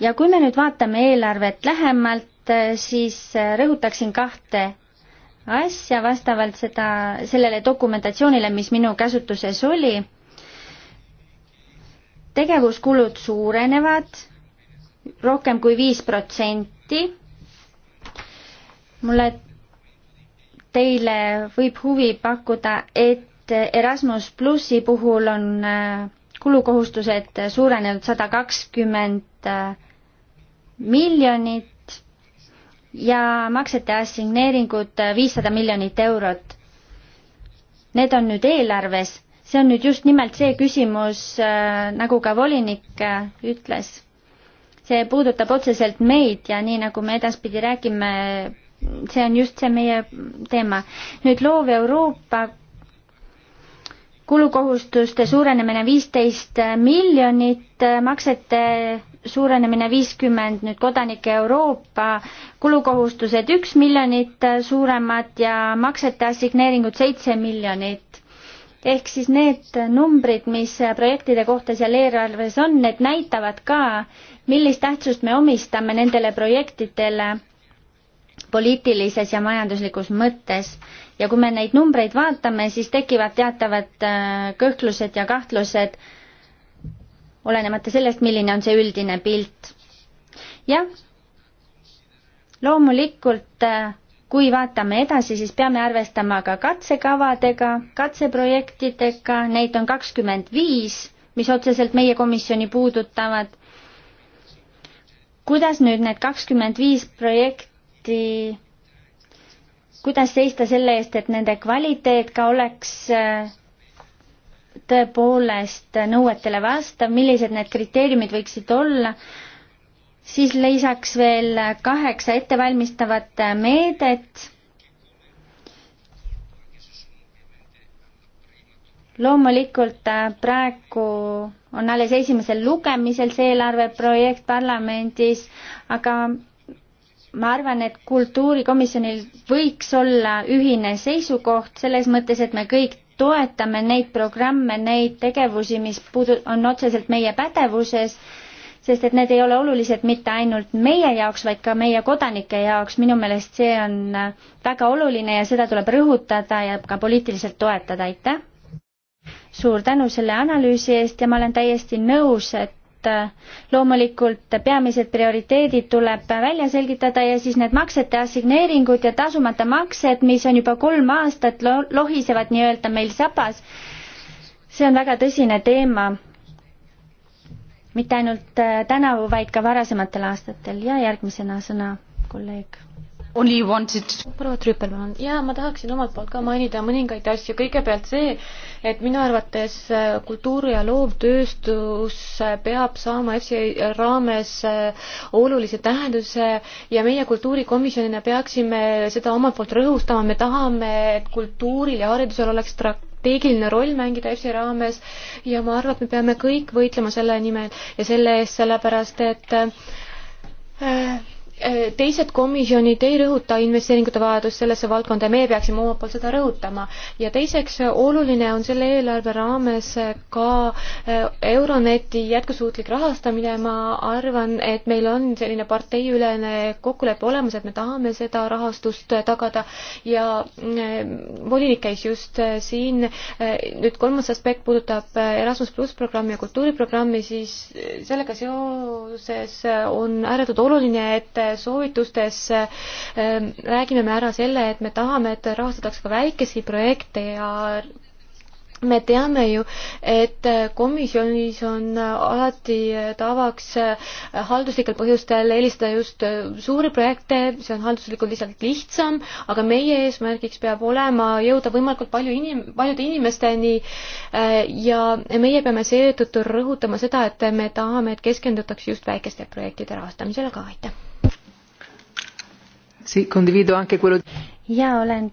S2: ja kui me nüüd vaatame eelarvet lähemalt, äh, siis rõhutaksin kahte asja vastavalt seda, sellele dokumentatsioonile, mis minu käsutuses oli. tegevuskulud suurenevad rohkem kui viis protsenti. mulle, teile võib huvi pakkuda, et Erasmus plussi puhul on äh, kulukohustused suurenenud sada kakskümmend äh, miljonit ja maksete assigneeringud äh, viissada miljonit eurot. Need on nüüd eelarves see on nüüd just nimelt see küsimus, nagu ka volinik ütles see puudutab otseselt meid ja nii, nagu me edaspidi räägime, see on just see meie teema. nüüd loov Euroopa kulukohustuste suurenemine viisteist miljonit, maksete suurenemine viiskümmend, nüüd kodanike Euroopa kulukohustused üks miljonit suuremad ja maksete assigneeringud seitse miljonit ehk siis need numbrid, mis projektide kohta seal eelarves on, need näitavad ka, millist tähtsust me omistame nendele projektidele poliitilises ja majanduslikus mõttes. ja kui me neid numbreid vaatame, siis tekivad teatavad äh, kõhklused ja kahtlused, olenemata sellest, milline on see üldine pilt. jah, loomulikult äh, kui vaatame edasi, siis peame arvestama ka katsekavadega, katseprojektidega, neid on kakskümmend viis, mis otseselt meie komisjoni puudutavad. kuidas nüüd need kakskümmend viis projekti, kuidas seista selle eest, et nende kvaliteet ka oleks tõepoolest nõuetele vastav, millised need kriteeriumid võiksid olla siis lisaks veel kaheksa ettevalmistavat meedet. loomulikult äh, praegu on alles esimesel lugemisel see eelarveprojekt parlamendis, aga ma arvan, et kultuurikomisjonil võiks olla ühine seisukoht selles mõttes, et me kõik toetame neid programme, neid tegevusi, mis puudu-, on otseselt meie pädevuses sest et need ei ole olulised mitte ainult meie jaoks, vaid ka meie kodanike jaoks, minu meelest see on äh, väga oluline ja seda tuleb rõhutada ja ka poliitiliselt toetada, aitäh! suur tänu selle analüüsi eest ja ma olen täiesti nõus, et äh, loomulikult peamised prioriteedid tuleb välja selgitada ja siis need maksete assigneeringud ja tasumata maksed, mis on juba kolm aastat lo lohisevad nii-öelda meil sabas. see on väga tõsine teema mitte ainult äh, tänavu, vaid ka varasematel aastatel ja järgmisena sõna kolleeg. Only wanted proua Trüppel, palun.
S5: jaa, ma tahaksin omalt poolt ka mainida mõningaid asju. kõigepealt see, et minu arvates äh, kultuur- ja loovtööstus äh, peab saama EFSI raames olulise tähenduse ja meie kultuurikomisjonina peaksime seda omalt poolt rõhustama. me tahame, et kultuuril ja haridusel oleks tra-, strateegiline roll mängida EFSI raames ja ma arvan, et me peame kõik võitlema selle nimel ja selle eest, sellepärast et äh, Äh, teised komisjonid ei rõhuta investeeringute vajadust sellesse valdkonda ja meie peaksime omalt poolt seda rõhutama. ja teiseks, äh, oluline on selle eelarve raames äh, ka Euroneti jätkusuutlik rahastamine, ma arvan, et meil on selline parteiülene kokkulepe olemas, et me tahame seda rahastust tagada ja volinik käis just siin, nüüd kolmas aspekt puudutab Erasmus pluss programmi ja kultuuriprogrammi, siis sellega seoses on ääretult oluline, et soovitustes ähm, räägime me ära selle, et me tahame, et rahastataks ka väikesi projekte ja me teame ju, et komisjonis on alati tavaks halduslikel põhjustel eelistada just suuri projekte, see on halduslikult lihtsalt lihtsam, aga meie eesmärgiks peab olema jõuda võimalikult palju inim-, paljude inimesteni äh, ja meie peame seetõttu rõhutama seda, et me tahame, et
S2: keskendutaks just väikeste projektide rahastamisele ka, aitäh! ja olen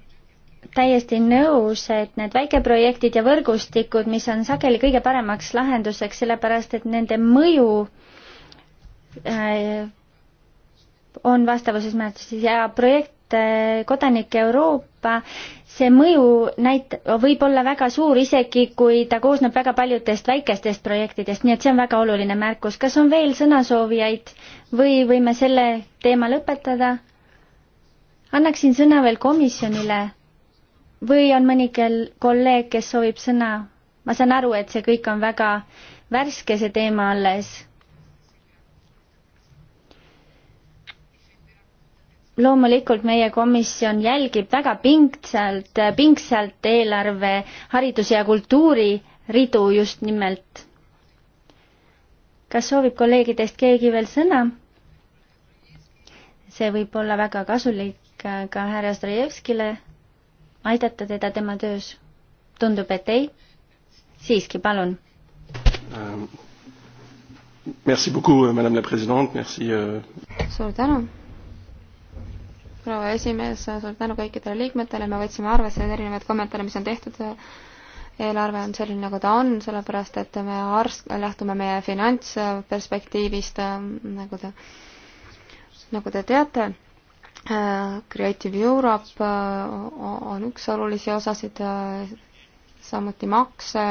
S2: täiesti nõus, et need väikeprojektid ja võrgustikud, mis on sageli kõige paremaks lahenduseks, sellepärast et nende mõju äh, on vastavuses määratluses ja projekt äh, Kodanike Euroopa, see mõju näit-, võib olla väga suur, isegi kui ta koosneb väga paljudest väikestest projektidest, nii et see on väga oluline märkus. kas on veel sõnasoovijaid või võime selle teema lõpetada? annaksin sõna veel komisjonile või on mõni kel-, kolleeg, kes soovib sõna? ma saan aru, et see kõik on väga värske, see teema alles. loomulikult meie komisjon jälgib väga pingsalt, pingsalt eelarve, hariduse ja kultuuri ridu just nimelt. kas soovib kolleegidest keegi veel sõna? see võib olla väga kasulik ka härra Strojevskile aidata teda tema töös? tundub, et ei. siiski, palun
S4: ähm,. Merci beaucoup, euh, madame la president, merci äh....
S2: suur tänu, proua
S1: esimees, suur tänu kõikidele liikmetele, me võtsime arvesse need erinevad kommentaare, mis on tehtud eelarve on selline, nagu ta on, sellepärast et me ars-, lähtume meie finantsperspektiivist, nagu te, nagu te teate Äh, Creative Europe äh, on üks olulisi osasid, äh, samuti makse,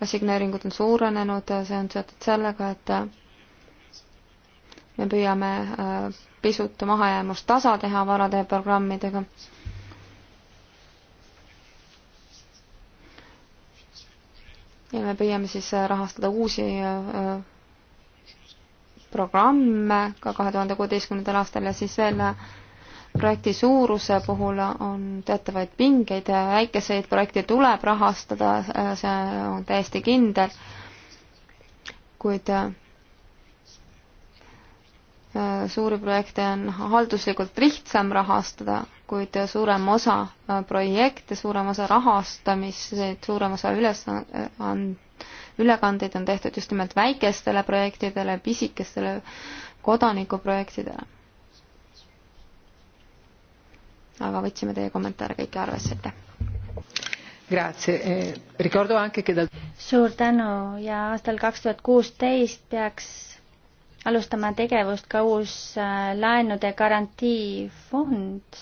S1: assigneeringud on suurenenud, see on seotud sellega, et me püüame pisut mahajäämust tasa teha varade programmidega. ja me püüame siis rahastada uusi programme ka kahe tuhande kuueteistkümnendal aastal ja siis veel projekti suuruse puhul on teatavaid pingeid, väikeseid projekte tuleb rahastada, see on täiesti kindel, kuid äh, suuri projekte on halduslikult lihtsam rahastada, kuid suurem osa äh, projekte, suurem osa rahastamiseid, suurem osa üles-, ülekandeid on tehtud just nimelt väikestele projektidele, pisikestele kodanikuprojektidele
S2: aga võtsime teie kommentaare kõiki arvesse, aitäh!
S3: Eh,
S2: suur tänu ja aastal kaks tuhat kuusteist peaks alustama tegevust ka uus äh, laenude garantiifond,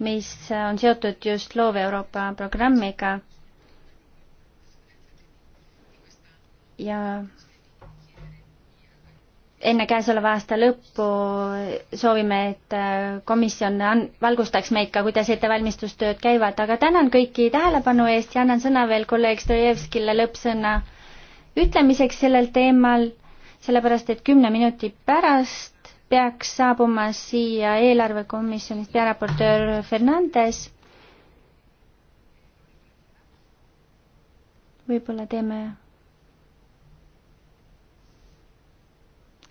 S2: mis on seotud just Loov Euroopa programmiga. ja enne käesoleva aasta lõppu soovime, et äh, komisjon valgustaks meid ka, kuidas ettevalmistustööd käivad, aga tänan kõiki tähelepanu eest ja annan sõna veel kolleeg Stojevskile lõppsõna ütlemiseks sellel teemal, sellepärast et kümne minuti pärast peaks saabuma siia eelarvekomisjonist pearaportöör Fernandes. võib-olla teeme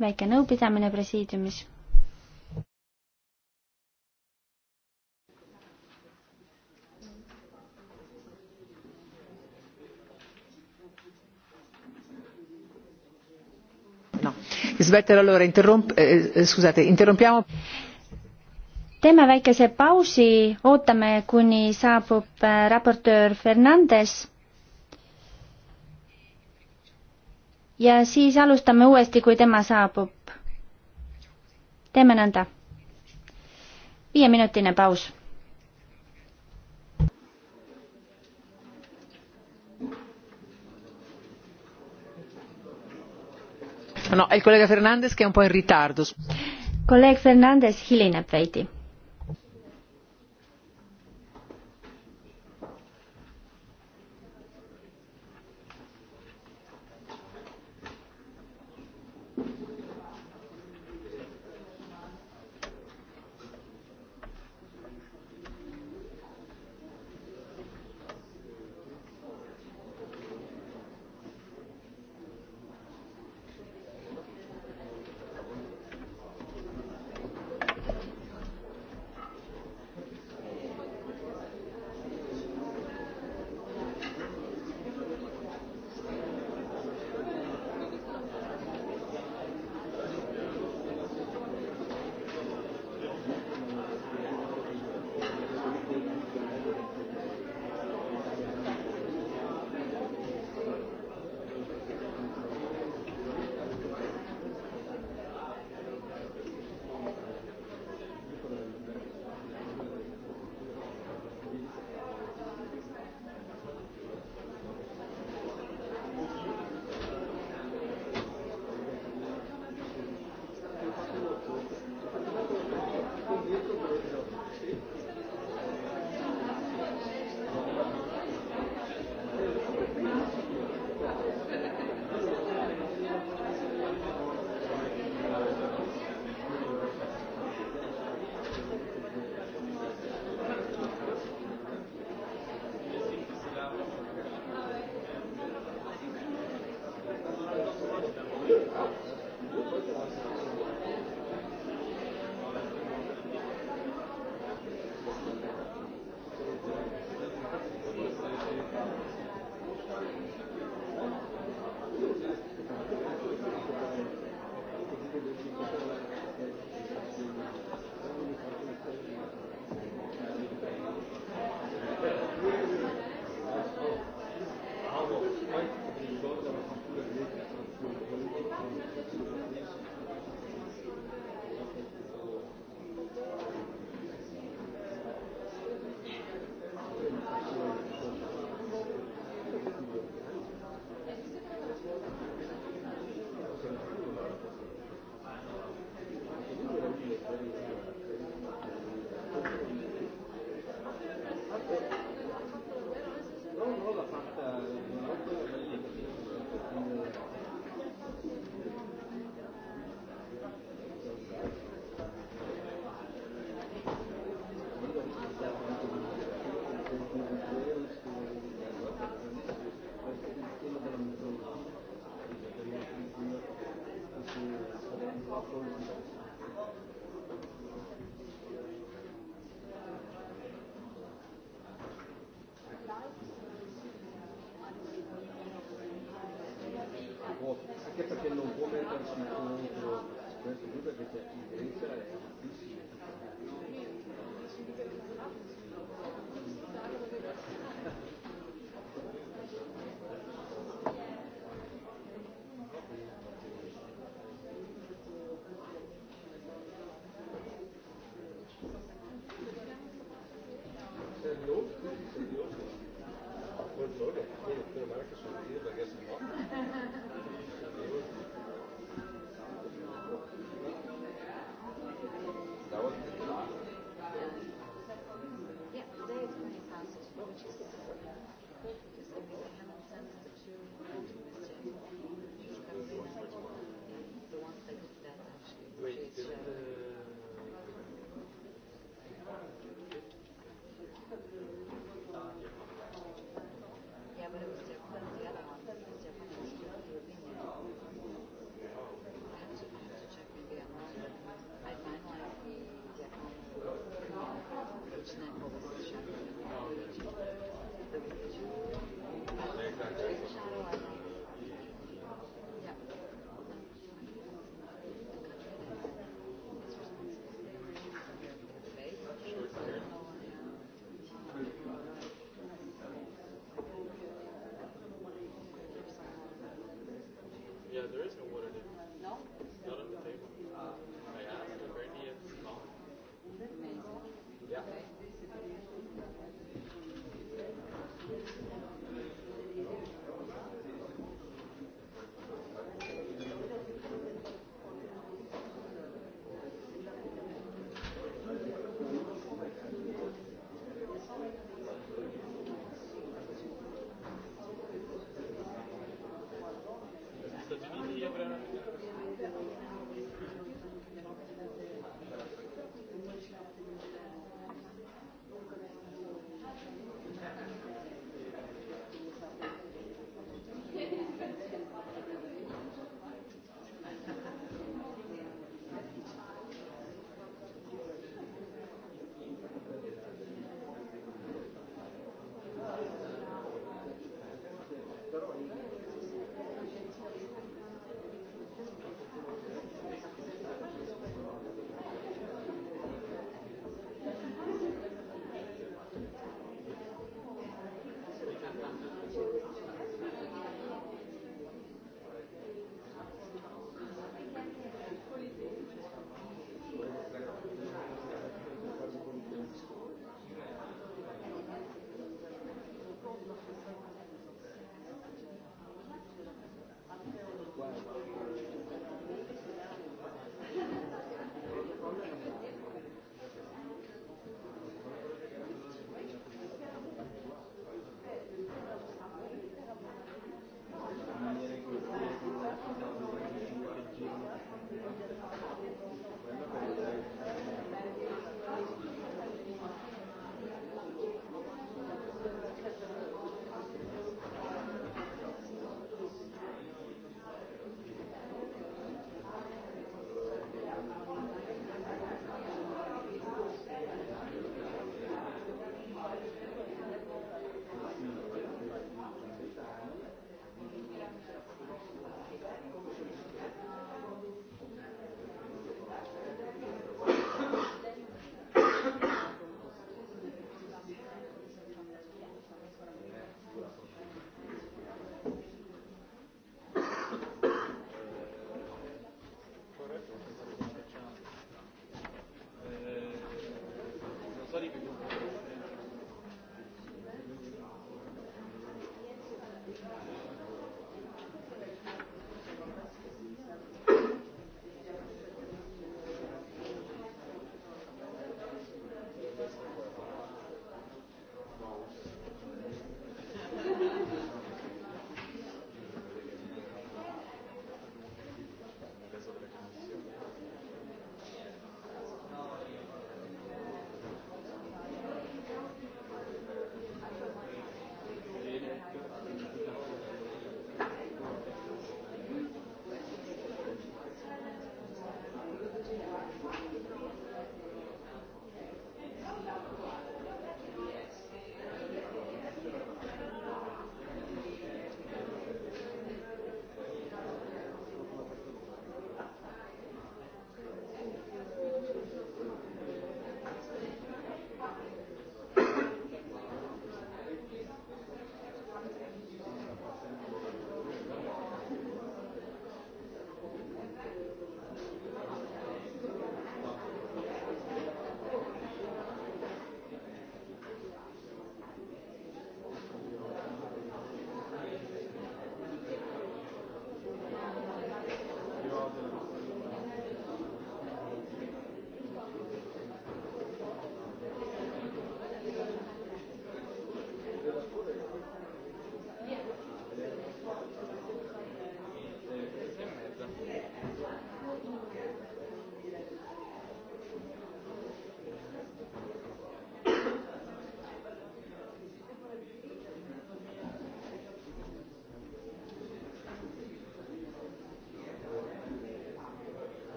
S2: väike nõupidamine presiidiumis svedter allora interromp- eh, eh, scusate interrompiamo teeme väikese pausi ootame kuni saabub eh, raportöör Fernandes ja siis alustame uuesti, kui tema saabub. teeme nõnda. viieminutine paus no il collega fernandes che è un po' in ritardo. kolleeg fernandes hilineb veidi.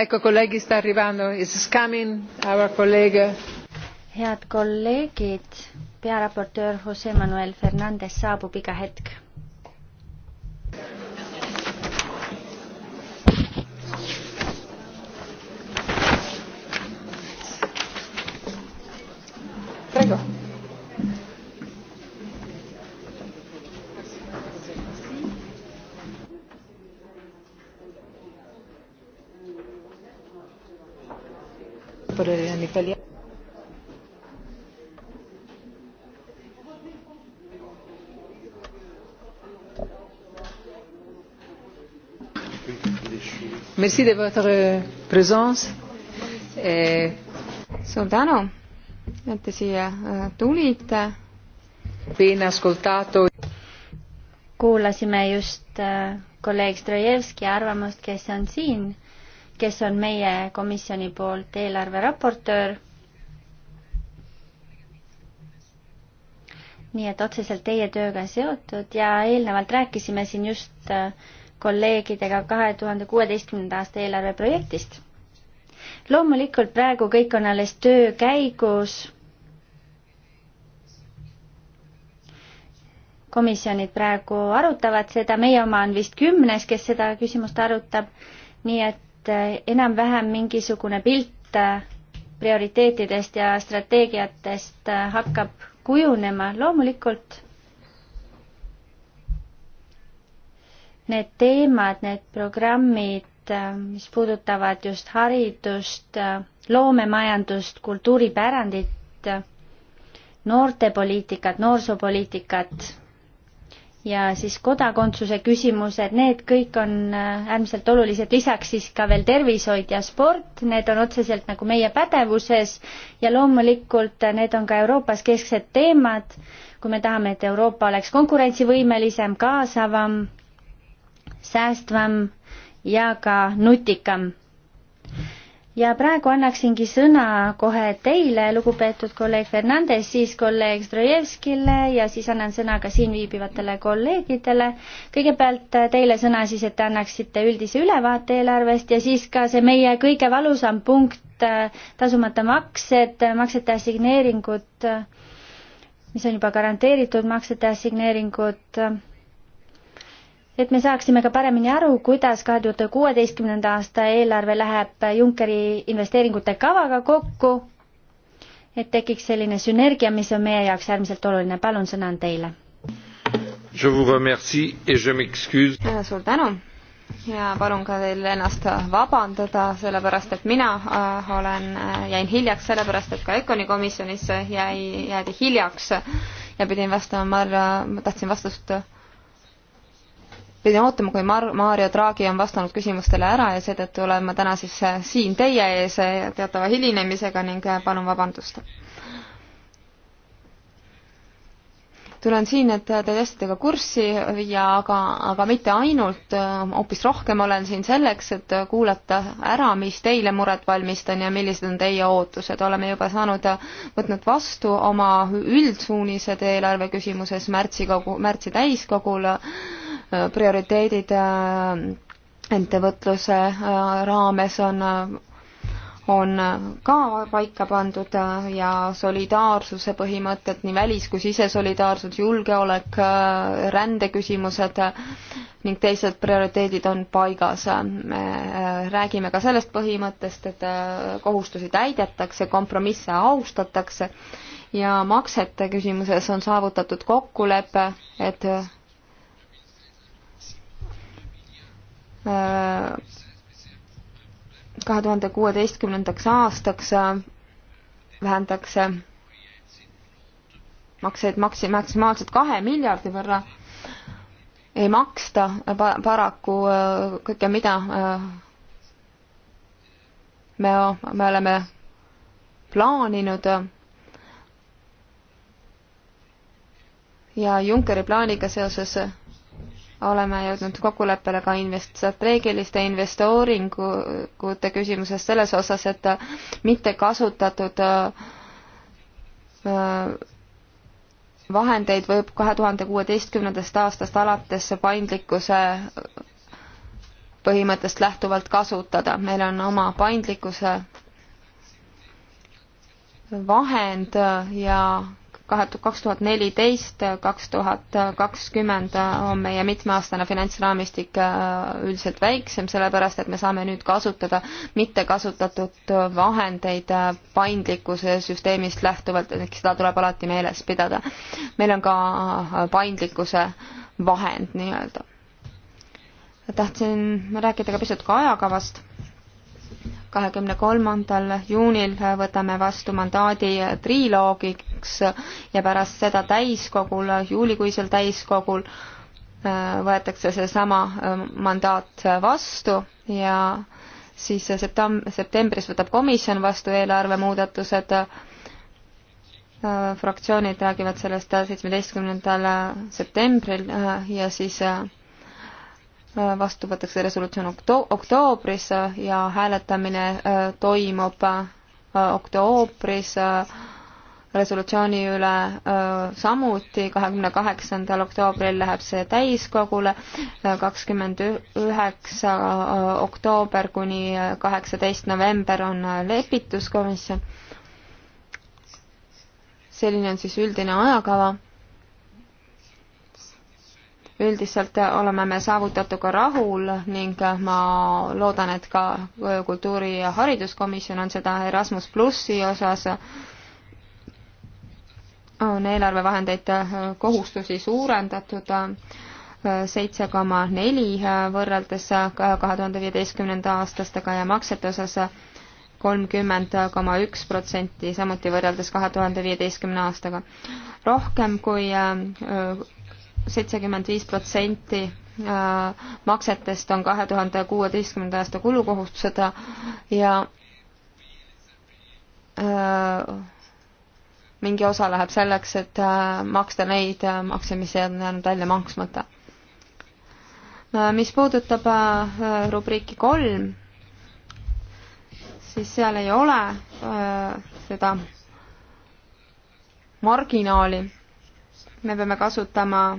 S2: ecco colleghi sta arrivando is coming our colleague head kolleegid pearaportöör Jose Manuel Fernandez saabub iga hetk
S3: Merci de
S1: votre euh, présence. suur tänu, et te siia äh,
S2: tulite. kuulasime just äh, kolleeg Strojevski arvamust, kes on siin, kes on meie komisjoni poolt eelarve raportöör nii et otseselt teie tööga seotud ja eelnevalt rääkisime siin just äh, kolleegidega kahe tuhande kuueteistkümnenda aasta eelarve projektist. loomulikult praegu kõik on alles töö käigus. komisjonid praegu arutavad seda, meie oma on vist kümnes, kes seda küsimust arutab, nii et eh, enam-vähem mingisugune pilt eh, prioriteetidest ja strateegiatest eh, hakkab kujunema, loomulikult need teemad, need programmid, äh, mis puudutavad just haridust, äh, loomemajandust, kultuuripärandit, äh, noortepoliitikat, noorsoopoliitikat ja siis kodakondsuse küsimused, need kõik on äärmiselt olulised, lisaks siis ka veel tervishoid ja sport, need on otseselt nagu meie pädevuses ja loomulikult need on ka Euroopas kesksed teemad, kui me tahame, et Euroopa oleks konkurentsivõimelisem, kaasavam säästvam ja ka nutikam. ja praegu annaksingi sõna kohe teile, lugupeetud kolleeg Fernandes, siis kolleeg Zdrojevskile ja siis annan sõna ka siin viibivatele kolleegidele. kõigepealt teile sõna siis, et te annaksite üldise ülevaate eelarvest ja siis ka see meie kõige valusam punkt, tasumata maksed, maksete assigneeringud, mis on juba garanteeritud maksete assigneeringud et me saaksime ka paremini aru, kuidas kahe tuhande kuueteistkümnenda aasta eelarve läheb Junckeri investeeringute kavaga kokku, et tekiks selline sünergia, mis on meie jaoks äärmiselt oluline. palun, sõna on teile.
S1: suur tänu ja palun ka teil ennast vabandada, sellepärast et mina äh, olen äh,, jäin hiljaks, sellepärast et ka Econi komisjonis jäi, jäädi hiljaks ja pidin vastama, ma tahtsin vastust äh, pidin ootama, kui Mar-, Mario Draghi on vastanud küsimustele ära ja seetõttu olen ma täna siis äh, siin teie ees äh, teatava hilinemisega ning äh, palun vabandust. tulen siin, et teid asjadega kurssi viia, aga, aga mitte ainult, hoopis rohkem olen siin selleks, et kuulata ära, mis teile muret valmistan ja millised on teie ootused. oleme juba saanud, võtnud vastu oma üldsuunised eelarve küsimuses märtsikogu, märtsi täiskogul prioriteedid äh, ettevõtluse äh, raames on äh, on ka paika pandud ja solidaarsuse põhimõtted, nii välis- kui sisesolidaarsus, julgeolek, rändeküsimused ning teised prioriteedid on paigas. me räägime ka sellest põhimõttest, et kohustusi täidetakse, kompromisse austatakse ja maksete küsimuses on saavutatud kokkulepe, et kahe tuhande kuueteistkümnendaks aastaks äh, vähendaks makseid maksi-, maksimaalselt kahe miljardi võrra ei maksta pa-, paraku äh, kõike, mida äh, me, me oleme plaaninud ja Junckeri plaaniga seoses oleme jõudnud kokkuleppele ka invest-, strateegiliste investeeringute küsimuses selles osas, et mitte kasutatud äh, vahendeid võib kahe tuhande kuueteistkümnendast aastast alates paindlikkuse põhimõttest lähtuvalt kasutada. meil on oma paindlikkuse vahend ja kaks tuhat neliteist, kaks tuhat kakskümmend on meie mitmeaastane finantsraamistik äh, üldiselt väiksem, sellepärast et me saame nüüd kasutada mittekasutatud vahendeid äh, paindlikkuse süsteemist lähtuvalt, ehk seda tuleb alati meeles pidada. meil on ka äh, paindlikkuse vahend nii-öelda. tahtsin rääkida ka pisut ka ajakavast kahekümne kolmandal juunil võtame vastu mandaadi triloogiks ja pärast seda täiskogul, juulikuisel täiskogul äh, võetakse seesama äh, mandaat vastu ja siis septem-, septembris võtab komisjon vastu eelarvemuudatused, äh, fraktsioonid räägivad sellest seitsmeteistkümnendal septembril ja siis vastu võetakse resolutsioon okto-, oktoobris ja hääletamine äh, toimub äh, oktoobris äh, resolutsiooni üle samuti, kahekümne kaheksandal oktoobril läheb see täiskogule, kakskümmend üheksa oktoober kuni kaheksateist november on lepituskomisjon. selline on siis üldine ajakava üldiselt oleme me saavutatuga rahul ning ma loodan, et ka kultuuri- ja hariduskomisjon on seda Erasmus plussi osas on eelarvevahendeid äh, kohustusi suurendatud äh, seitse koma neli äh, võrreldes kahe tuhande viieteistkümnenda aastastega ja maksete osas kolmkümmend koma üks protsenti, samuti võrreldes kahe tuhande viieteistkümne aastaga. rohkem kui seitsekümmend viis protsenti äh, maksetest on kahe tuhande kuueteistkümnenda aasta kulukohustused ja äh, mingi osa läheb selleks, et äh, maksta neid makse, mis on jäänud välja maksmata. mis puudutab rubriiki kolm, siis seal ei ole seda marginaali. me peame kasutama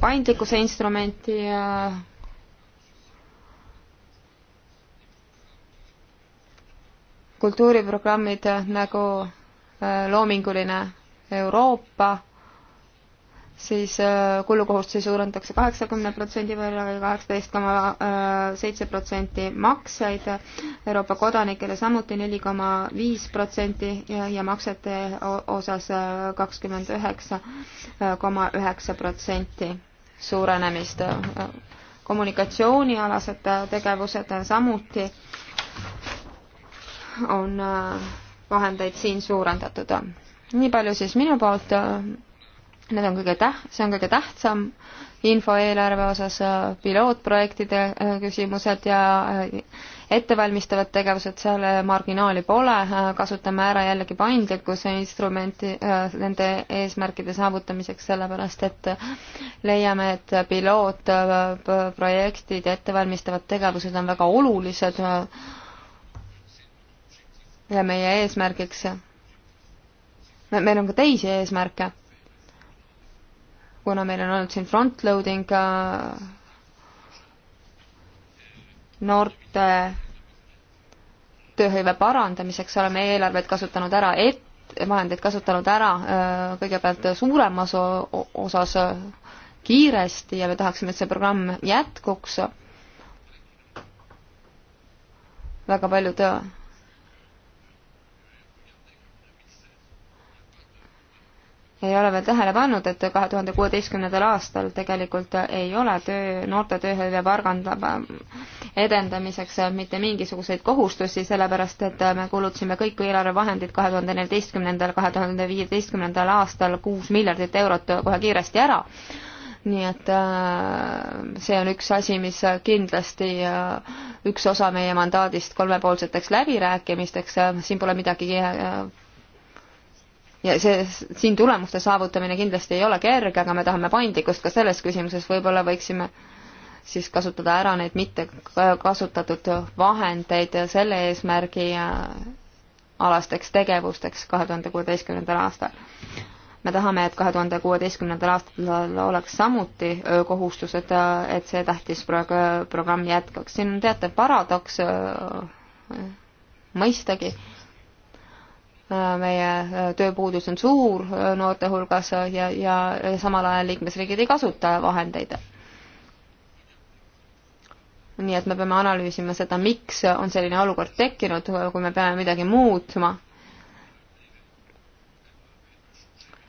S1: paindlikkuse instrumenti ja kultuuriprogrammid nagu äh, Loominguline Euroopa siis äh, kulukohustusi suurendatakse kaheksakümne protsendi võrra või kaheksateist koma seitse protsenti makseid Euroopa kodanikele samuti neli koma viis protsenti ja maksete osas äh, kakskümmend üheksa koma üheksa protsenti suurenemist. kommunikatsioonialased tegevused samuti on äh, vahendeid siin suurendatud. nii palju siis minu poolt Need on kõige täh-, see on kõige tähtsam info eelarve osas, äh, pilootprojektide äh, küsimused ja äh, ettevalmistavad tegevused, seal marginaali pole, kasutame ära jällegi paindlikkuse instrumenti nende eesmärkide saavutamiseks, sellepärast et leiame, et pilootprojektid ja ettevalmistavad tegevused on väga olulised ja meie eesmärgiks, meil on ka teisi eesmärke kuna meil on olnud siin front-loading äh, noorte tööhõive parandamiseks, oleme eelarvet kasutanud ära, et, vahendeid kasutanud ära äh, kõigepealt suuremas osas äh, kiiresti ja me tahaksime, et see programm jätkuks. väga paljud ei ole veel tähele pannud, et kahe tuhande kuueteistkümnendal aastal tegelikult ei ole töö, noorte tööhõive pargandava edendamiseks mitte mingisuguseid kohustusi, sellepärast et me kulutasime kõik eelarvevahendid kahe tuhande neljateistkümnendal, kahe tuhande viieteistkümnendal aastal kuus miljardit eurot kohe kiiresti ära. nii et äh, see on üks asi, mis kindlasti äh, üks osa meie mandaadist kolmepoolseteks läbirääkimisteks, siin pole midagi äh, ja see, siin tulemuste saavutamine kindlasti ei ole kerge, aga me tahame paindlikkust ka selles küsimuses, võib-olla võiksime siis kasutada ära neid mitte kasutatud vahendeid selle eesmärgi alasteks tegevusteks kahe tuhande kuueteistkümnendal aastal. me tahame, et kahe tuhande kuueteistkümnendal aastal oleks samuti kohustused, et see tähtis prog-, programm jätkaks. siin on teatav paradoks mõistagi Äh, meie äh, tööpuudus on suur äh, noorte hulgas ja, ja samal ajal liikmesriigid ei kasuta vahendeid. nii et me peame analüüsima seda, miks on selline olukord tekkinud, kui me peame midagi muutma.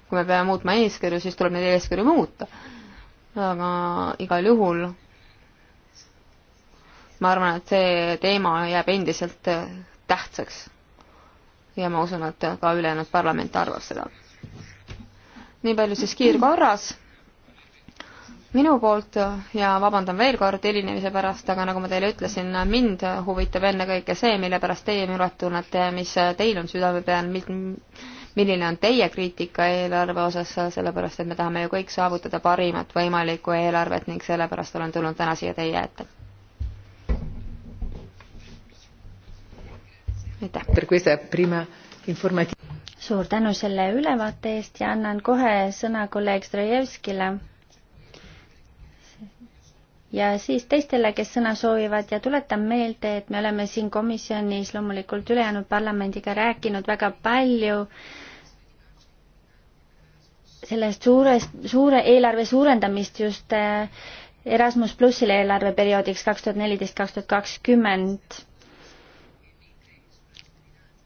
S1: kui me peame muutma eeskirju, siis tuleb neid eeskirju muuta. aga igal juhul ma arvan, et see teema jääb endiselt tähtsaks ja ma usun, et ka ülejäänud parlament arvab seda. nii palju siis kiirkorras minu poolt ja vabandan veel kord hilinemise pärast, aga nagu ma teile ütlesin, mind huvitab ennekõike see, mille pärast teie muret tunnete ja mis teil on südame peal, milline on teie kriitika eelarve osas, sellepärast et me tahame ju kõik saavutada parimat võimalikku eelarvet ning sellepärast olen tulnud täna siia teie ette aitäh!
S2: suur tänu selle ülevaate eest ja annan kohe sõna kolleeg Strojevskile ja siis teistele, kes sõna soovivad ja tuletan meelde, et me oleme siin komisjonis loomulikult ülejäänud parlamendiga rääkinud väga palju sellest suurest, suure eelarve suurendamist just eh, Erasmus plussile eelarveperioodiks kaks tuhat neliteist, kaks tuhat kakskümmend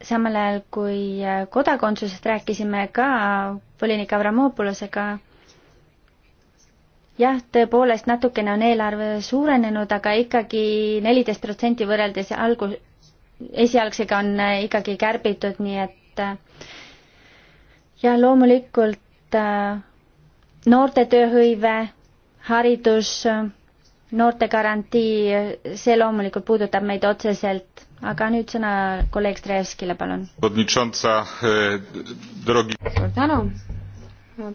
S2: samal ajal kui äh, kodakondsusest rääkisime ka volinik Avramopolosega, jah, tõepoolest natukene on eelarve suurenenud, aga ikkagi neliteist protsenti võrreldes algu-, esialgsega on äh, ikkagi kärbitud, nii et äh, ja loomulikult noorte tööhõive, haridus, noortegarantii, see loomulikult puudutab meid otseselt, aga nüüd sõna kolleeg Strejevskile, palun.
S3: Eh, suur
S2: tänu,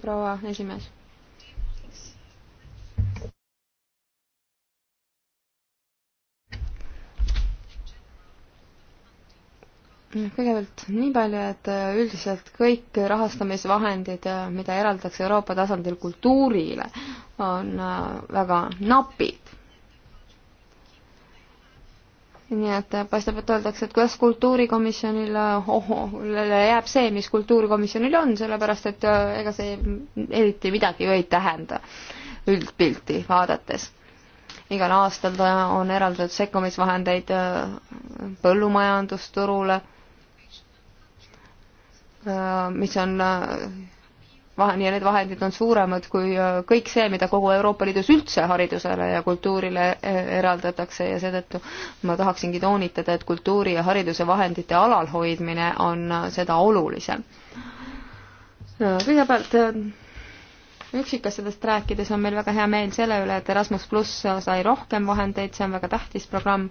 S2: proua esimees.
S1: kõigepealt nii palju, et üldiselt kõik rahastamisvahendid, mida eraldatakse Euroopa tasandil kultuurile, on äh, väga napid. nii et äh, paistab, et öeldakse, et kuidas kultuurikomisjonile oh,, jääb see, mis kultuurikomisjonil on, sellepärast et äh, ega see eriti midagi ju ei tähenda üldpilti vaadates igal aastal on eraldatud sekkumisvahendeid põllumajandusturule, mis on ja need vahendid on suuremad kui äh, kõik see, mida kogu Euroopa Liidus üldse haridusele ja kultuurile äh, eraldatakse ja seetõttu ma tahaksingi toonitada, et kultuuri ja hariduse vahendite alalhoidmine on äh, seda olulisem. kõigepealt üksikasjadest rääkides on meil väga hea meel selle üle, et Erasmus pluss sai rohkem vahendeid, see on väga tähtis programm.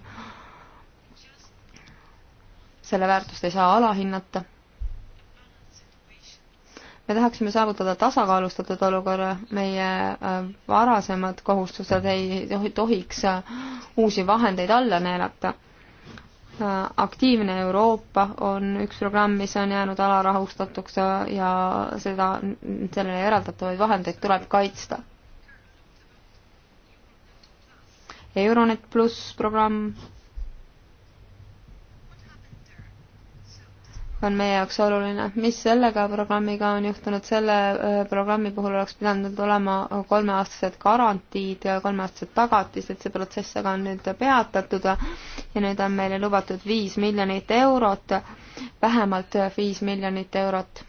S1: selle väärtust ei saa alahinnata me tahaksime saavutada tasakaalustatud olukorra, meie äh, varasemad kohustused ei tohiks äh, uusi vahendeid alla neelata. Äh, aktiivne Euroopa on üks programm, mis on jäänud alarahustatuks ja seda, sellele eraldatavaid vahendeid tuleb kaitsta. Euronet pluss programm on meie jaoks oluline. mis sellega programmiga on juhtunud, selle äh, programmi puhul oleks pidanud olema kolmeaastased garantiid ja kolmeaastased tagatised, see protsess aga on nüüd peatatud ja nüüd on meile lubatud viis miljonit eurot, vähemalt viis miljonit eurot.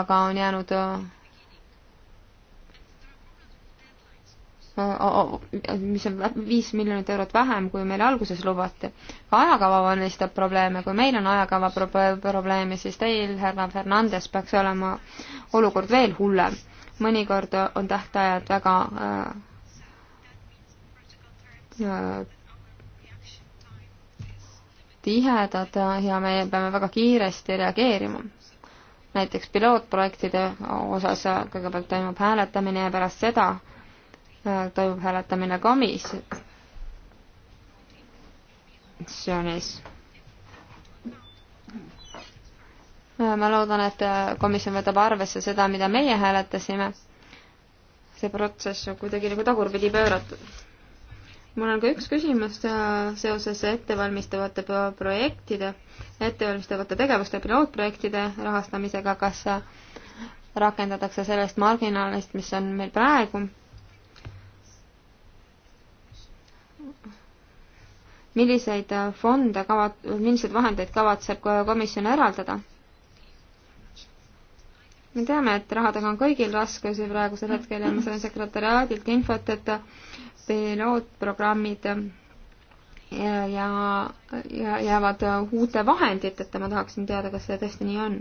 S1: aga on jäänud Äh, mis on viis miljonit eurot vähem, kui meile alguses lubati. ka ajakavaga on lihtsalt probleeme, kui meil on ajakava pro probleeme, siis teil, härra Fernandes, peaks olema olukord veel hullem. mõnikord on tähtajad väga äh, äh, tihedad ja me peame väga kiiresti reageerima näiteks pilootprojektide osas kõigepealt toimub hääletamine ja pärast seda äh, toimub hääletamine komisjonis. ma loodan, et komisjon võtab arvesse seda, mida meie hääletasime. see protsess on kuidagi nagu tagurpidi pööratud. mul on ka üks küsimus seoses ettevalmistavate projektide, ettevalmistavate tegevuste pilootprojektide rahastamisega, kas rakendatakse sellest marginaalist, mis on meil praegu milliseid fonde kavat-, milliseid vahendeid kavatseb komisjon eraldada? me teame, et rahadega on kõigil raskusi praegusel hetkel ja ma sain sekretäriaadilt infot, et pilootprogrammid ja, ja jäävad uute vahenditeta, ma tahaksin teada, kas see tõesti nii on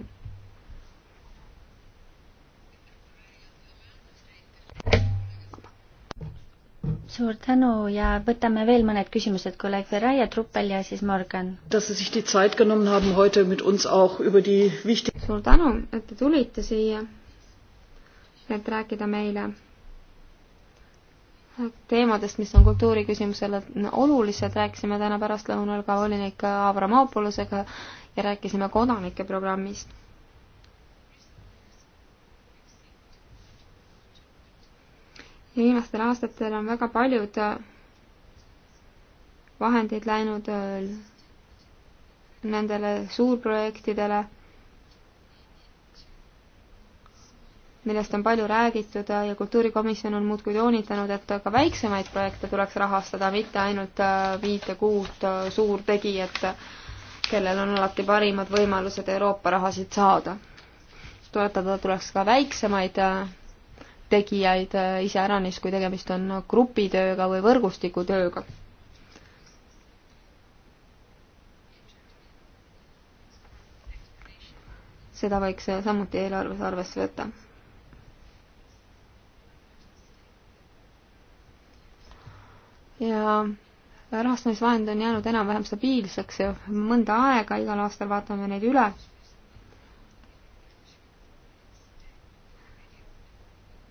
S2: suur tänu ja võtame veel mõned küsimused, kolleeg Veraja, Truppel ja siis Morgan. suur tänu,
S1: et te tulite siia, et rääkida meile teemadest, mis on kultuuriküsimusele olulised, rääkisime täna pärastlõunal ka volinik Avramopoulosega ja rääkisime kodanike programmist viimastel aastatel on väga paljud äh, vahendid läinud äh, nendele suurprojektidele, millest on palju räägitud äh, ja kultuurikomisjon on muudkui toonitanud, et ka väiksemaid projekte tuleks rahastada, mitte ainult viite-kuut suurtegijat, kellel on alati parimad võimalused Euroopa rahasid saada. toetada tuleks ka väiksemaid tegijaid äh, iseäranis, kui tegemist on grupitööga või võrgustikutööga. seda võiks äh, samuti eelarves arvesse võtta. ja rahastamisvahend on jäänud enam-vähem stabiilseks ja mõnda aega, igal aastal vaatame neid üle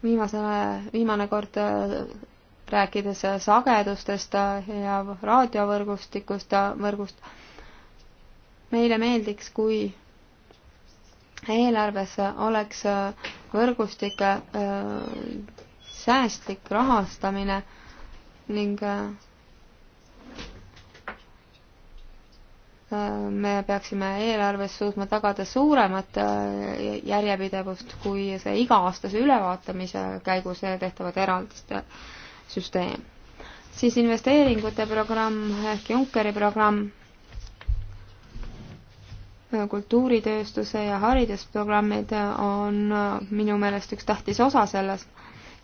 S1: viimase, viimane kord äh, rääkides äh, sagedustest äh, ja raadiovõrgustikust, võrgust, meile meeldiks, kui eelarves oleks võrgustike säästlik rahastamine ning me peaksime eelarves suutma tagada suuremat äh, järjepidevust kui see iga-aastase ülevaatamise käigus tehtavad eraldiste süsteem. siis investeeringute programm ehk Junckeri programm, äh, kultuuritööstuse ja haridusprogrammid on äh, minu meelest üks tähtis osa sellest,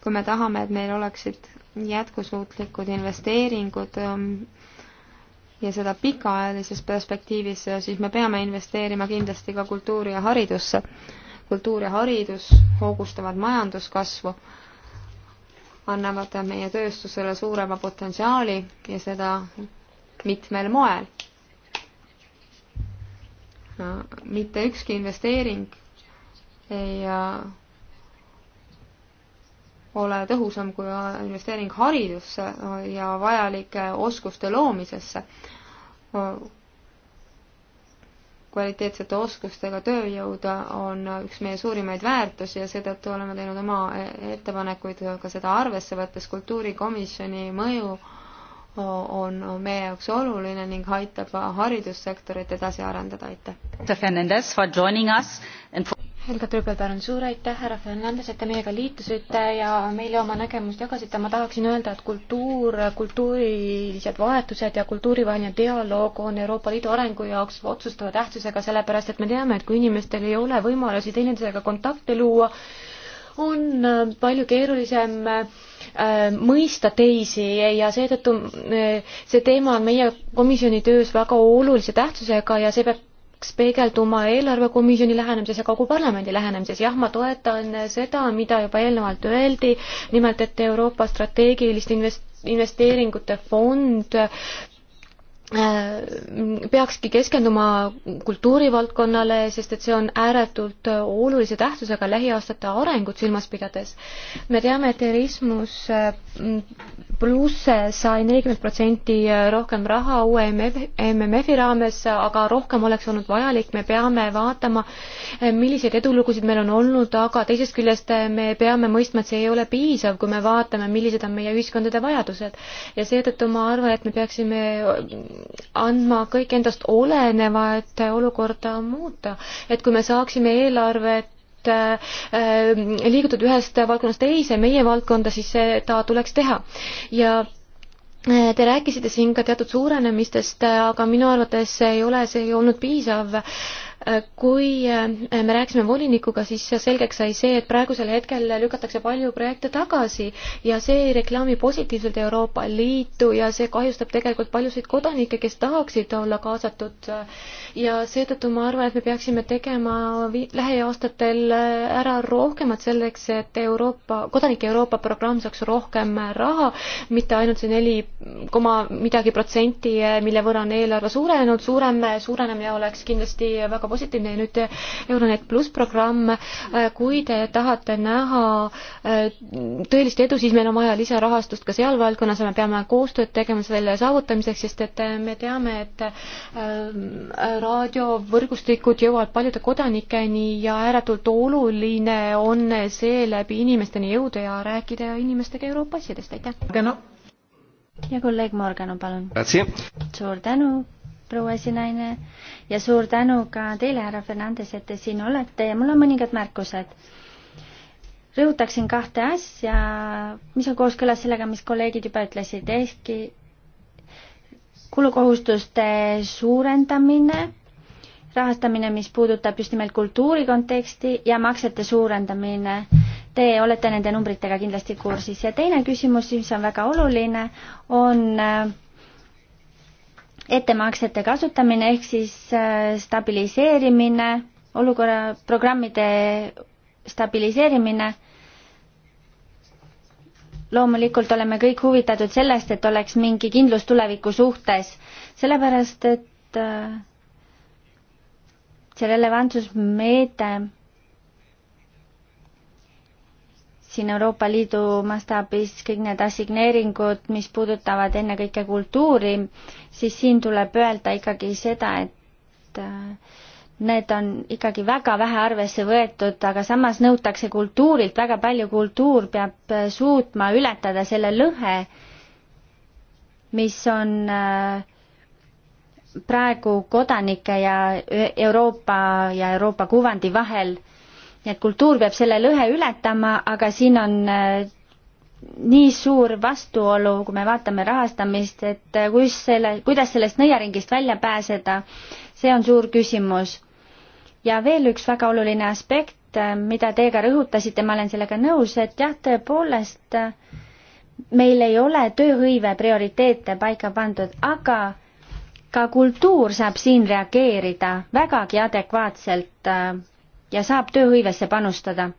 S1: kui me tahame, et meil oleksid jätkusuutlikud investeeringud ähm, ja seda pikaajalises perspektiivis, siis me peame investeerima kindlasti ka kultuuri ja haridusse. kultuur ja haridus hoogustavad majanduskasvu, annavad meie tööstusele suurema potentsiaali ja seda mitmel moel no,. mitte ükski investeering ei äh, ole tõhusam kui investeering haridusse ja vajalike oskuste loomisesse. kvaliteetsete oskustega tööjõud on üks meie suurimaid väärtusi ja seetõttu oleme teinud oma e, ettepanekuid ka seda arvesse võttes. kultuurikomisjoni mõju on meie jaoks oluline ning aitab haridussektorit edasi arendada. aitäh!
S5: Helga Trübel, palun suur aitäh, härra Fernandes, et te meiega liitusite ja meile oma nägemust jagasite. ma tahaksin öelda, et kultuur, kultuurilised vahetused ja kultuurivaheline dialoog on Euroopa Liidu arengu jaoks otsustava tähtsusega, sellepärast et me teame, et kui inimestel ei ole võimalusi teineteisega kontakte luua, on äh, palju keerulisem äh, mõista teisi ja seetõttu äh, see teema on meie komisjoni töös väga olulise tähtsusega ja see peab peaks peegelduma eelarvekomisjoni lähenemises ja kogu parlamendi lähenemises. jah, ma toetan seda, mida juba eelnevalt öeldi, nimelt et Euroopa strateegilist invest-, investeeringute fond Äh, peakski keskenduma kultuurivaldkonnale, sest et see on ääretult olulise tähtsusega lähiaastate arengut silmas pidades. me teame, et Erasmus äh, pluss sai nelikümmend protsenti rohkem raha uue MMF-i raames, aga rohkem oleks olnud vajalik, me peame vaatama, äh, milliseid edulugusid meil on olnud, aga teisest küljest me peame mõistma, et see ei ole piisav, kui me vaatame, millised on meie ühiskondade vajadused. ja seetõttu ma arvan, et me peaksime andma kõik endast oleneva, et olukorda muuta. et kui me saaksime eelarvet äh, äh, liigutud ühest valdkonnast teise, meie valdkonda, siis seda tuleks teha. ja äh, Te rääkisite siin ka teatud suurenemistest, aga minu arvates ei ole see olnud piisav äh, kui äh, me rääkisime volinikuga, siis selgeks sai see, et praegusel hetkel lükatakse palju projekte tagasi ja see ei reklaami positiivselt Euroopa Liitu ja see kahjustab tegelikult paljusid kodanikke, kes tahaksid olla kaasatud. ja seetõttu ma arvan, et me peaksime tegema lähiaastatel äh, ära rohkemat selleks, et Euroopa, kodanike Euroopa programm saaks rohkem raha, mitte ainult see neli koma midagi protsenti, äh, mille võrra on eelarve suurenenud, suurem suurenemine oleks kindlasti väga väga positiivne ja nüüd eh, Euronet pluss programm, eh, kui te tahate näha eh, tõelist edu, siis meil on vaja lisarahastust ka seal valdkonnas ja me peame koostööd tegema selle saavutamiseks, sest et me teame, et raadiovõrgustikud jõuavad paljude kodanikeni ja ääretult oluline on seeläbi inimesteni jõuda ja rääkida inimestega Euroopa asjadest,
S2: aitäh! ja kolleeg Morgano, palun! suur tänu! proua esinaine ja suur tänu ka teile, härra Fernandes, et te siin olete ja mul on mõningad märkused. rõhutaksin kahte asja, mis on kooskõlas sellega, mis kolleegid juba ütlesid, ehkki kulukohustuste suurendamine, rahastamine, mis puudutab just nimelt kultuuri konteksti ja maksete suurendamine te olete nende numbritega kindlasti kursis ja teine küsimus, mis on väga oluline, on äh, ettemaksete kasutamine ehk siis äh, stabiliseerimine, olukorra programmide stabiliseerimine. loomulikult oleme kõik huvitatud sellest, et oleks mingi kindlus tuleviku suhtes, sellepärast et äh, see relevantsusmeede siin Euroopa Liidu mastaabis kõik need assigneeringud, mis puudutavad ennekõike kultuuri, siis siin tuleb öelda ikkagi seda, et äh, need on ikkagi väga vähe arvesse võetud, aga samas nõutakse kultuurilt väga palju, kultuur peab äh, suutma ületada selle lõhe, mis on äh, praegu kodanike ja Euroopa ja Euroopa kuvandi vahel nii et kultuur peab selle lõhe ületama, aga siin on äh, nii suur vastuolu, kui me vaatame rahastamist, et äh, kus selle, kuidas sellest nõiaringist välja pääseda, see on suur küsimus. ja veel üks väga oluline aspekt, äh, mida teie ka rõhutasite, ma olen sellega nõus, et jah, tõepoolest meil ei ole tööhõive prioriteete paika pandud, aga ka kultuur saab siin reageerida vägagi adekvaatselt ja saab tööhõivesse panustada.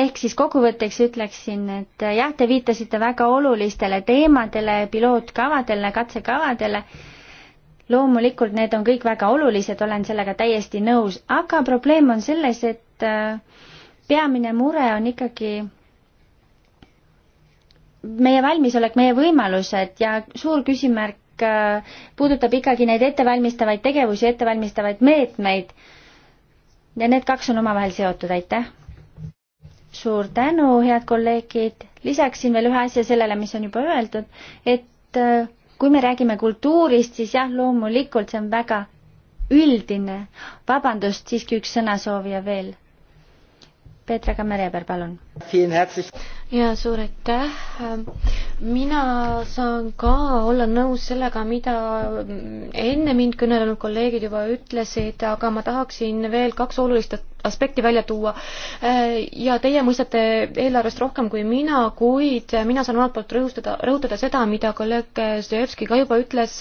S2: ehk siis kokkuvõtteks ütleksin, et jah, te viitasite väga olulistele teemadele, pilootkavadele, katsekavadele, loomulikult need on kõik väga olulised, olen sellega täiesti nõus, aga probleem on selles, et äh, peamine mure on ikkagi meie valmisolek, meie võimalused ja suur küsimärk Äh, puudutab ikkagi neid ettevalmistavaid tegevusi, ettevalmistavaid meetmeid. ja need kaks on omavahel seotud, aitäh. suur tänu, head kolleegid. lisaksin veel ühe asja sellele, mis on juba öeldud, et äh, kui me räägime kultuurist, siis jah, loomulikult see on väga üldine. vabandust, siiski üks sõnasoovija veel. Peetra Kammerjärv, palun ja suur aitäh. mina saan ka olla nõus
S5: sellega, mida enne mind kõnelenud kolleegid juba ütlesid, aga ma tahaksin veel kaks olulist aspekti välja tuua. ja teie mõistate eelarvest rohkem kui mina, kuid mina saan omalt poolt rõhustada, rõhutada seda, mida kolleeg Zdejevski ka juba ütles.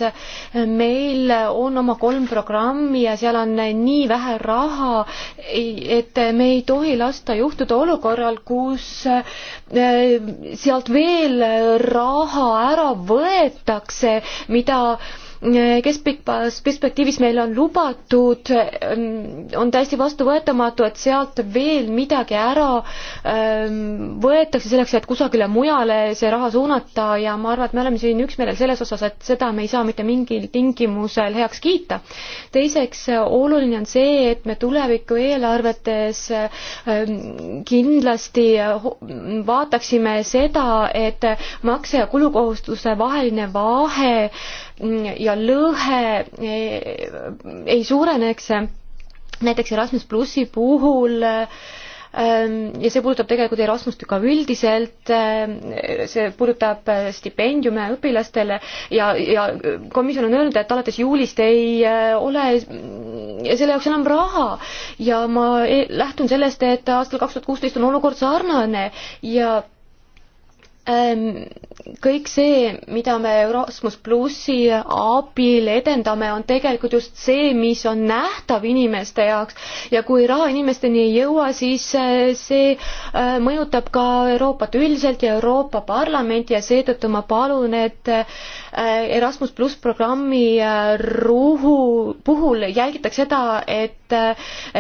S5: meil on oma kolm programmi ja seal on nii vähe raha, et me ei tohi lasta juhtuda olukorral, kus kus eh, sealt veel raha ära võetakse, mida keskpikas perspektiivis meil on lubatud, ähm, on täiesti vastuvõetamatu, et sealt veel midagi ära ähm, võetakse selleks, et kusagile mujale see raha suunata ja ma arvan, et me oleme siin üksmeelel selles osas, et seda me ei saa mitte mingil tingimusel heaks kiita. teiseks, oluline on see, et me tuleviku eelarvetes ähm, kindlasti vaataksime seda, et makse ja kulukohustuse vaheline vahe ja lõhe e, ei suureneks. näiteks Erasmus plussi puhul ähm, ja see puudutab tegelikult Erasmust ka üldiselt, äh, see puudutab äh, stipendiume õpilastele ja, ja komisjon on öelnud, et alates juulist ei äh, ole selle jaoks enam raha ja ma e, lähtun sellest, et aastal kaks tuhat kuusteist on olukord sarnane ja Ähm, kõik see, mida me Erasmus plussi abil edendame, on tegelikult just see, mis on nähtav inimeste jaoks ja kui raha inimesteni ei jõua, siis äh, see äh, mõjutab ka Euroopat üldiselt ja Euroopa Parlamenti ja seetõttu ma palun, et äh, Erasmus pluss programmi ruhu, puhul jälgitaks seda, et,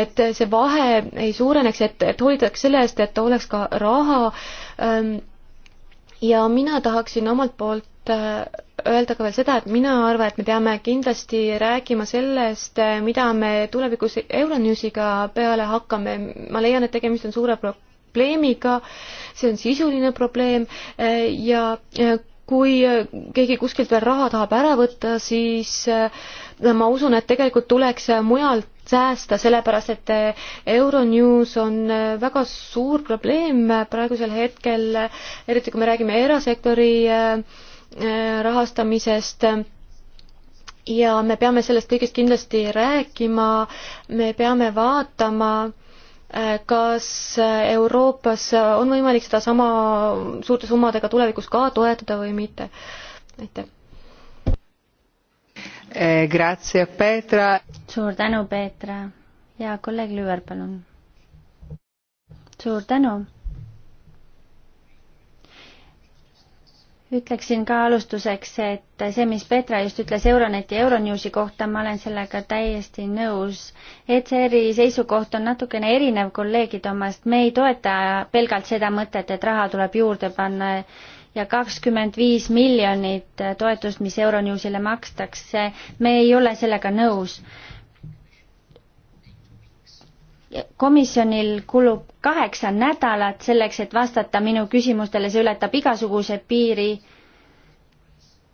S5: et see vahe ei suureneks, et, et hoolitaks selle eest, et oleks ka raha ähm, ja mina tahaksin omalt poolt äh, öelda ka veel seda, et mina arvan, et me peame kindlasti rääkima sellest, äh, mida me tulevikus Euronewsiga peale hakkame. ma leian, et tegemist on suure probleemiga, see on sisuline probleem äh, ja kui keegi kuskilt veel raha tahab ära võtta, siis äh, ma usun, et tegelikult tuleks mujalt säästa, sellepärast et Euronews on väga suur probleem praegusel hetkel, eriti kui me räägime erasektori äh, rahastamisest ja me peame sellest kõigest kindlasti rääkima, me peame vaatama, äh, kas Euroopas on võimalik sedasama suurte summadega tulevikus ka toetada või mitte? aitäh
S2: Eh, suur tänu, Peetra. ja kolleeg Lüür, palun. suur tänu. ütleksin ka alustuseks, et see, mis Petra just ütles Euroneti ja Euronewsi kohta, ma olen sellega täiesti nõus. ECR-i seisukoht on natukene erinev kolleegide omast, me ei toeta pelgalt seda mõtet, et raha tuleb juurde panna ja kakskümmend viis miljonit toetust, mis Euronewsile makstakse, me ei ole sellega nõus. komisjonil kulub kaheksa nädalat selleks, et vastata minu küsimustele, see ületab igasuguse piiri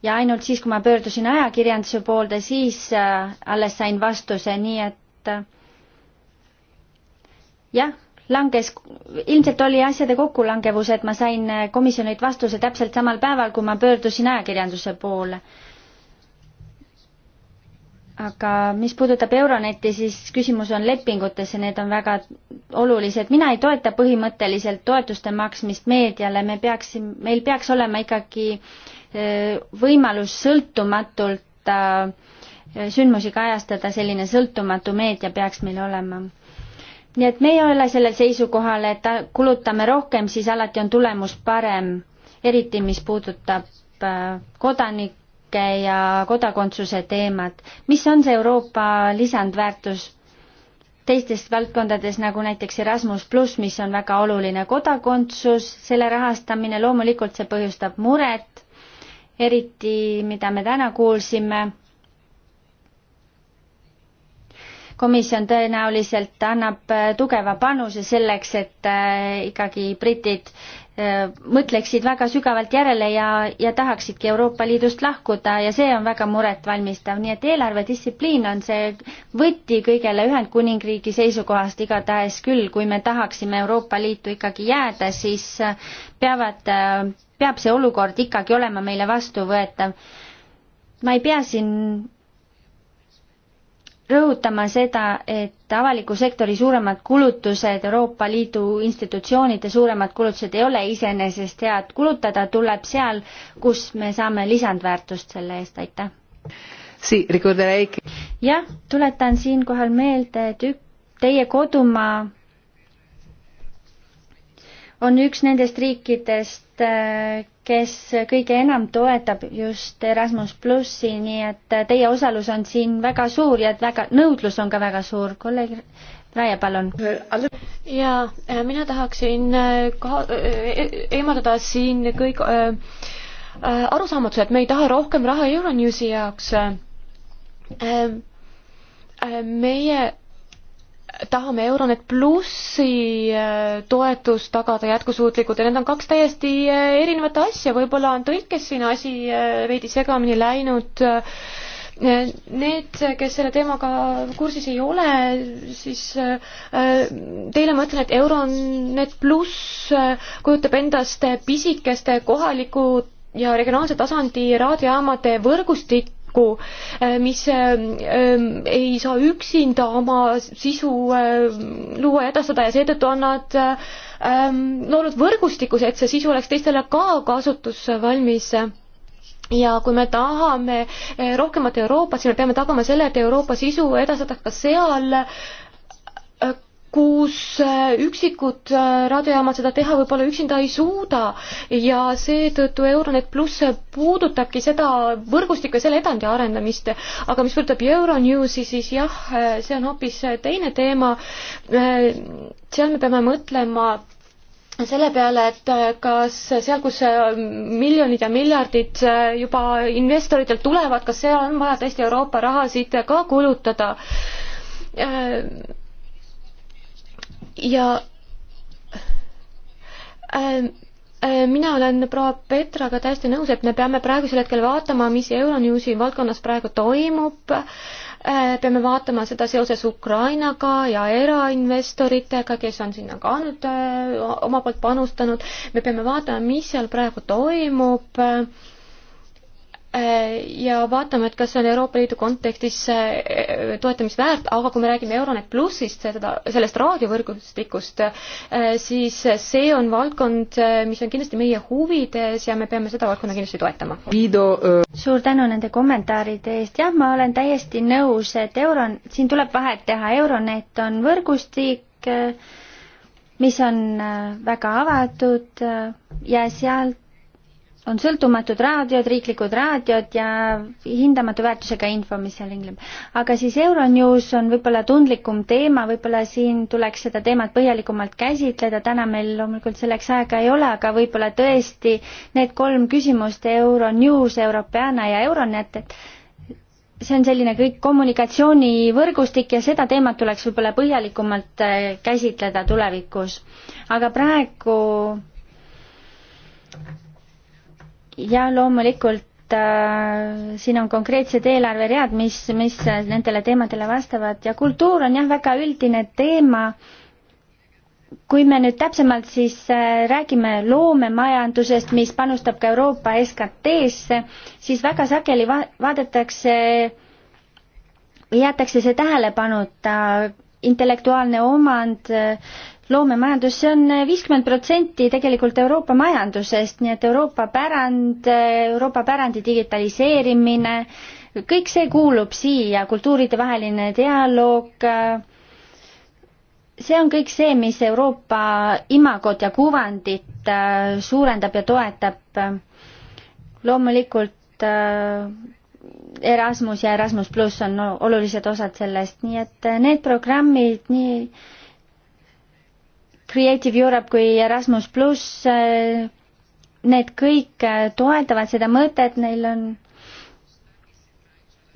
S2: ja ainult siis, kui ma pöördusin ajakirjanduse poolde, siis äh, alles sain vastuse, nii et äh, jah langes, ilmselt oli asjade kokkulangevus, et ma sain komisjonilt vastuse täpselt samal päeval, kui ma pöördusin ajakirjanduse poole. aga mis puudutab Euronetti, siis küsimus on lepingutes ja need on väga olulised. mina ei toeta põhimõtteliselt toetuste maksmist meediale, me peaksime, meil peaks olema ikkagi võimalus sõltumatult äh, sündmusi kajastada, selline sõltumatu meedia peaks meil olema nii et me ei ole sellel seisukohal, et kulutame rohkem, siis alati on tulemus parem, eriti mis puudutab äh, kodanikke ja kodakondsuse teemat. mis on see Euroopa lisandväärtus teistes valdkondades, nagu näiteks Erasmus pluss, mis on väga oluline kodakondsus, selle rahastamine, loomulikult see põhjustab muret, eriti mida me täna kuulsime komisjon tõenäoliselt annab äh, tugeva panuse selleks, et äh, ikkagi britid äh, mõtleksid väga sügavalt järele ja, ja tahaksidki Euroopa Liidust lahkuda ja see on väga muretvalmistav, nii et eelarvedistsipliin on see võti kõigele Ühendkuningriigi seisukohast igatahes küll, kui me tahaksime Euroopa Liitu ikkagi jääda, siis peavad, peab see olukord ikkagi olema meile vastuvõetav. ma ei pea siin rõhutama seda, et avaliku sektori suuremad kulutused, Euroopa Liidu institutsioonide suuremad kulutused ei ole iseenesest head, kulutada tuleb seal, kus me saame lisandväärtust selle eest, aitäh. jah, tuletan siinkohal meelde, et ük-, teie kodumaa on üks nendest riikidest, Äh, kes kõige enam toetab just Erasmus plussi, nii et äh, teie osalus on siin väga suur ja et väga, nõudlus on ka väga suur. kolleeg Raie, palun. ja äh, mina tahaksin ka e-,
S5: eemaldada siin kõik äh, arusaamatused, me ei taha rohkem raha Euronewsi jaoks äh,. meie tahame Euronet plussi äh, toetust tagada jätkusuutlikult ja need on kaks täiesti äh, erinevat asja, võib-olla on tõlkes siin asi äh, veidi segamini läinud. Need, kes selle teemaga kursis ei ole, siis teile ma ütlen, et Euronet pluss kujutab endast pisikeste kohaliku ja regionaalse tasandi raadiojaamade võrgustikku, kokku, äh, mis äh, ähm, ei saa üksinda oma sisu äh, luua ja edastada ja seetõttu on nad ähm, loonud võrgustikus, et see sisu oleks teistele ka kasutusvalmis ja kui me tahame rohkemat Euroopat, siis me peame tagama selle, et Euroopa sisu edastatakse ka seal, kus äh, üksikud äh, raadiojaamad seda teha võib-olla üksinda ei suuda ja seetõttu Euronet pluss puudutabki seda võrgustikku ja selle edandi arendamist. aga mis puudutab Euronewsi, siis jah, äh, see on hoopis teine teema. seal me peame mõtlema selle peale, et kas seal, kus miljonid ja miljardid juba investoritelt tulevad, kas seal on vaja tõesti Euroopa rahasid ka kulutada ja ähm, äh, mina olen proua Petraga täiesti nõus, et me peame praegusel hetkel vaatama, mis Euronewsi valdkonnas praegu toimub. Äh, peame vaatama seda seoses Ukrainaga ja erainvestoritega, kes on sinna ka nüüd äh, oma poolt panustanud. me peame vaatama, mis seal praegu toimub Äh, ja vaatame, et kas see on Euroopa Liidu kontekstis äh, toetamist väärt, aga kui me räägime Euronet plussist, seda, sellest raadiovõrgustikust, äh, siis see on valdkond, mis on
S2: kindlasti meie huvides ja me peame seda valdkonda kindlasti toetama. suur tänu nende kommentaaride eest, jah, ma olen täiesti nõus, et Euro, siin tuleb vahet teha, Euronet on võrgustik, mis on väga avatud ja sealt on sõltumatud raadiod, riiklikud raadiod ja hindamatu väärtusega info, mis seal ringleb. aga siis Euronews on võib-olla tundlikum teema, võib-olla siin tuleks seda teemat põhjalikumalt käsitleda, täna meil loomulikult selleks aega ei ole, aga võib-olla tõesti need kolm küsimust, Euronews, Europeana ja Euronet, et see on selline kõik kommunikatsioonivõrgustik ja seda teemat tuleks võib-olla põhjalikumalt äh, käsitleda tulevikus. aga praegu ja loomulikult äh, siin on konkreetsed eelarveread, mis, mis nendele teemadele vastavad ja kultuur on jah, väga üldine teema. kui me nüüd täpsemalt siis äh, räägime loomemajandusest, mis panustab ka Euroopa SKT-sse, siis väga sageli va vaadatakse, jäetakse see tähelepanuta, intellektuaalne omand äh, loomemajandus, see on viiskümmend protsenti tegelikult Euroopa majandusest, nii et Euroopa pärand, Euroopa pärandi digitaliseerimine, kõik see kuulub siia, kultuuridevaheline dialoog, see on kõik see, mis Euroopa imagot ja kuvandit äh, suurendab ja toetab. loomulikult äh, Erasmus ja Erasmus pluss on olulised osad sellest, nii et äh, need programmid, nii Creative Europe kui Erasmus pluss, eh, need kõik eh, toetavad seda mõtet, neil on,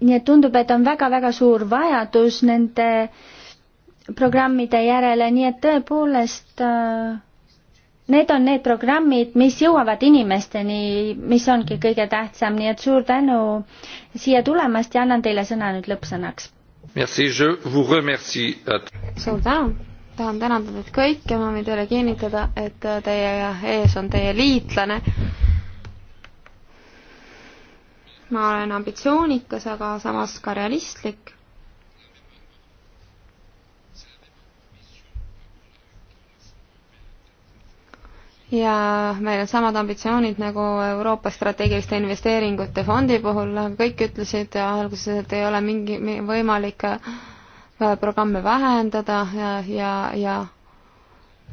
S2: nii et tundub, et on väga-väga suur vajadus nende programmide järele, nii et tõepoolest eh, need on need programmid, mis jõuavad inimesteni, mis ongi kõige tähtsam, nii et suur tänu siia tulemast ja annan teile sõna nüüd lõppsõnaks. suur
S1: tänu tahan tänada teid kõiki, ma võin teile kinnitada, et teie ees on teie liitlane. ma olen ambitsioonikas, aga samas ka realistlik. ja meil on samad ambitsioonid nagu Euroopa strateegiliste investeeringute fondi puhul, kõik ütlesid alguses, et ei ole mingi võimalik äh, Äh, programme vähendada ja, ja, ja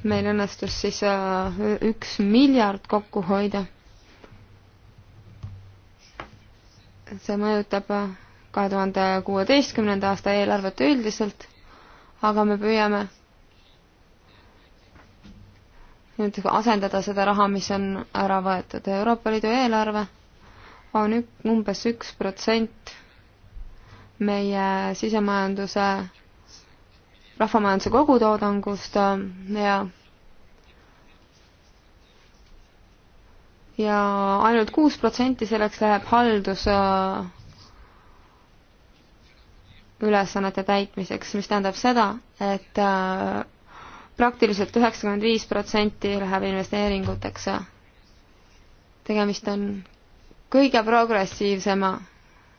S1: meil õnnestus siis äh, üks miljard kokku hoida. see mõjutab äh, kahe tuhande kuueteistkümnenda aasta eelarvet üldiselt, aga me püüame nüüd asendada seda raha, mis on ära võetud. Euroopa Liidu eelarve on ük, umbes üks protsent meie sisemajanduse rahvamajanduse kogutoodangust äh, ja ja ainult kuus protsenti selleks läheb haldus äh, ülesannete täitmiseks, mis tähendab seda, et äh, praktiliselt üheksakümmend viis protsenti läheb investeeringuteks. tegemist on kõige progressiivsema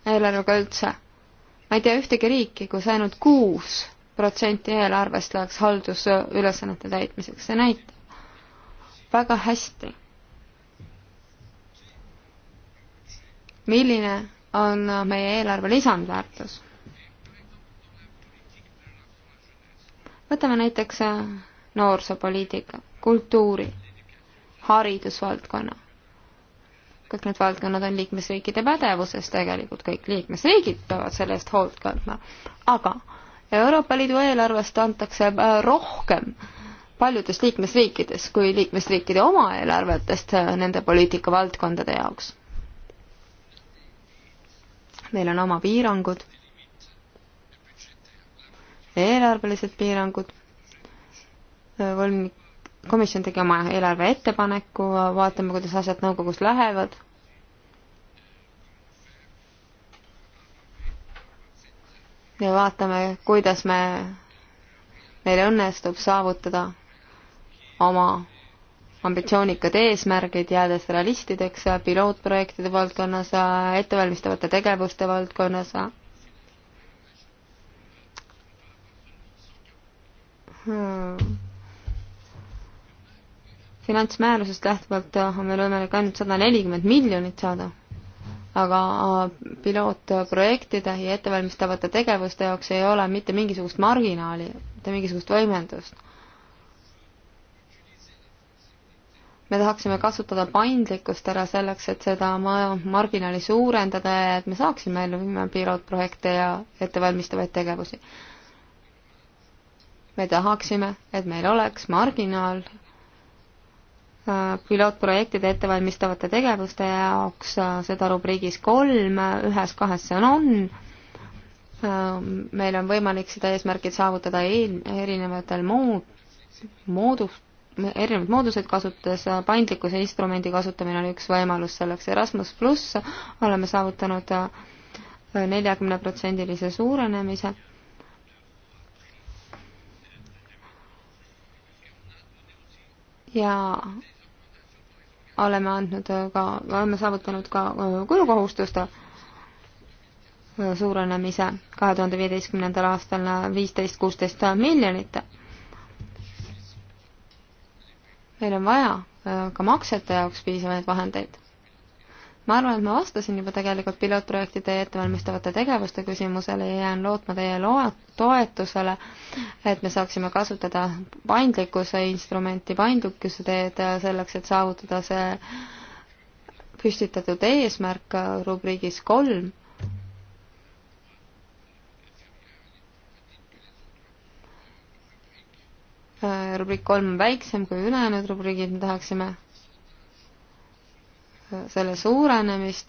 S1: eelarvega üldse. ma ei tea ühtegi riiki, kus ainult kuus protsenti eelarvest läheks haldusülesannete täitmiseks, see näitab väga hästi, milline on meie eelarve lisandväärtus. võtame näiteks noorsoopoliitika, kultuuri, haridusvaldkonna kõik need valdkonnad on liikmesriikide pädevuses, tegelikult kõik liikmesriigid peavad selle eest hoolt kandma. aga Euroopa Liidu eelarvest antakse äh, rohkem paljudes liikmesriikides kui liikmesriikide oma eelarvetest äh, nende poliitikavaldkondade jaoks. Neil on oma piirangud, eelarvelised piirangud, äh, komisjon tegi oma eelarve ettepaneku, vaatame, kuidas asjad nõukogus lähevad ja vaatame, kuidas me, meil õnnestub saavutada oma ambitsioonikad eesmärgid, jäädes realistideks pilootprojektide valdkonnas, ettevalmistavate tegevuste valdkonnas. Hmm. finantsmäärusest lähtuvalt on meil võimalik ainult sada nelikümmend miljonit saada aga pilootprojektide ja ettevalmistavate tegevuste jaoks ei ole mitte mingisugust marginaali, mitte mingisugust võimendust. me tahaksime kasutada paindlikkust ära selleks, et seda maja marginaali suurendada ja et me saaksime ellu viima pilootprojekte ja ettevalmistavaid tegevusi. me tahaksime, et meil oleks marginaal Äh, pilootprojektide ettevalmistavate tegevuste jaoks, äh, seda rubriigis kolm, ühes kahes see on on. Ähm, meil on võimalik seda eesmärki saavutada eel, erinevatel mood-, moodus, erinevaid mooduseid kasutades, äh, paindlikkuse instrumendi kasutamine on üks võimalus selleks, Erasmus pluss oleme saavutanud neljakümneprotsendilise suurenemise ja oleme andnud äh, ka, oleme saavutanud ka äh, kulukohustuste äh, suurenemise kahe tuhande viieteistkümnendal aastal viisteist, kuusteist miljonit. meil on vaja ka maksete jaoks piisavaid vahendeid ma arvan, et ma vastasin juba tegelikult pilootprojektide ettevalmistavate tegevuste küsimusele ja jään lootma teie loa-, toetusele, et me saaksime kasutada paindlikkuse instrumenti, paindlikkuse teed selleks, et saavutada see püstitatud eesmärk rubriigis kolm. Äh, rubriik kolm on väiksem kui ülejäänud rubriigid, me tahaksime selle suurenemist.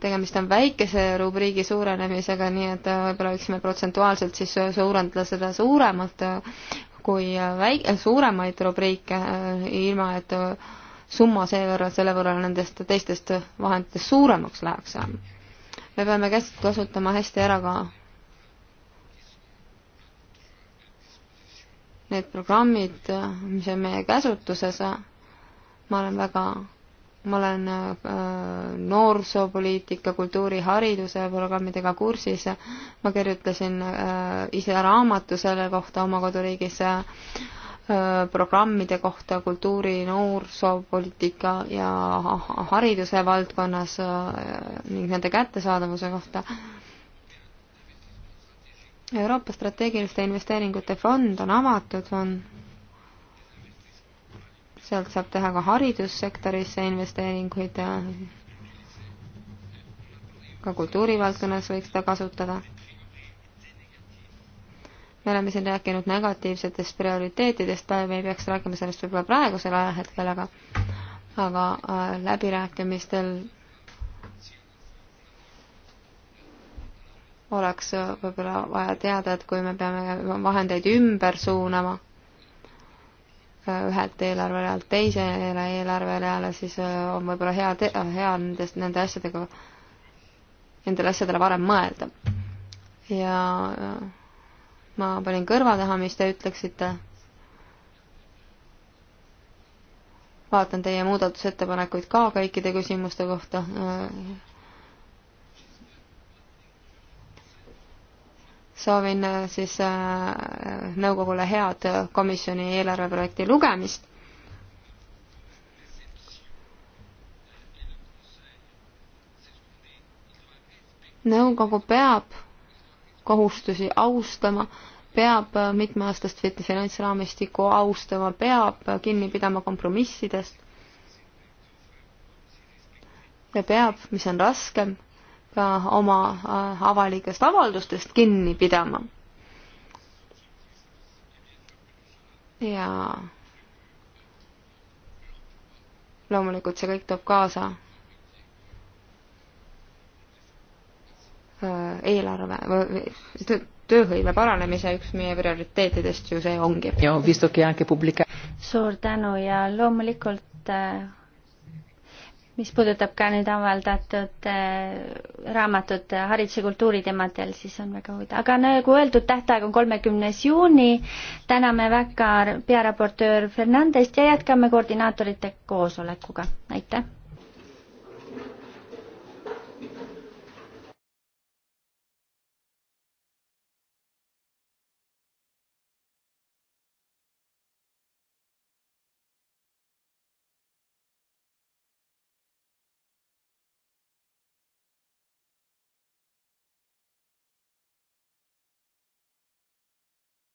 S1: tegemist on väikese rubriigi suurenemisega, nii et võib-olla võiksime protsentuaalselt siis suurendada seda suuremalt kui väik-, suuremaid rubriike, ilma et summa seevõrra, selle võrra nendest teistest vahenditest suuremaks läheks. me peame käest kasutama hästi ära ka need programmid, mis on meie käsutuses ma olen väga, ma olen äh, noorsoopoliitika, kultuuri, hariduse programmidega kursis. ma kirjutasin äh, ise raamatu selle kohta oma koduriigis äh, programmide kohta kultuuri, noorsoopoliitika ja hariduse valdkonnas äh, ning nende kättesaadavuse kohta. Euroopa strateegiliste investeeringute fond on avatud, on sealt saab teha ka haridussektorisse investeeringuid, ka kultuurivaldkonnas võiks seda kasutada. me oleme siin rääkinud negatiivsetest prioriteetidest, me ei peaks rääkima sellest võib-olla praegusel ajahetkel, aga aga äh, läbirääkimistel oleks äh, võib-olla vaja teada, et kui me peame vahendeid ümber suunama ühelt eelarverealt teisele eelarvereale, siis äh, on võib-olla hea, äh, hea nendest, nende asjadega, nendele asjadele varem mõelda. ja äh, ma panin kõrva taha, mis te ütleksite. vaatan teie muudatusettepanekuid ka kõikide küsimuste kohta soovin äh, siis äh, nõukogule head äh, komisjoni eelarveprojekti lugemist. nõukogu peab kohustusi austama, peab mitmeaastast finantsraamistikku austama, peab kinni pidama kompromissidest ja peab, mis on raskem, ka oma äh, avalikest avaldustest kinni pidama. ja loomulikult see kõik toob kaasa äh, eelarve või tööhõive paranemise
S2: üks meie prioriteetidest
S1: ju see ongi.
S2: suur tänu ja loomulikult äh, mis puudutab ka nüüd avaldatud äh, raamatut Hariduse ja kultuuri teemadel, siis on väga huvitav. aga nagu öeldud, tähtaeg on kolmekümnes juuni. täname väga pearaportöör Fernandest ja jätkame koordinaatorite koosolekuga. aitäh!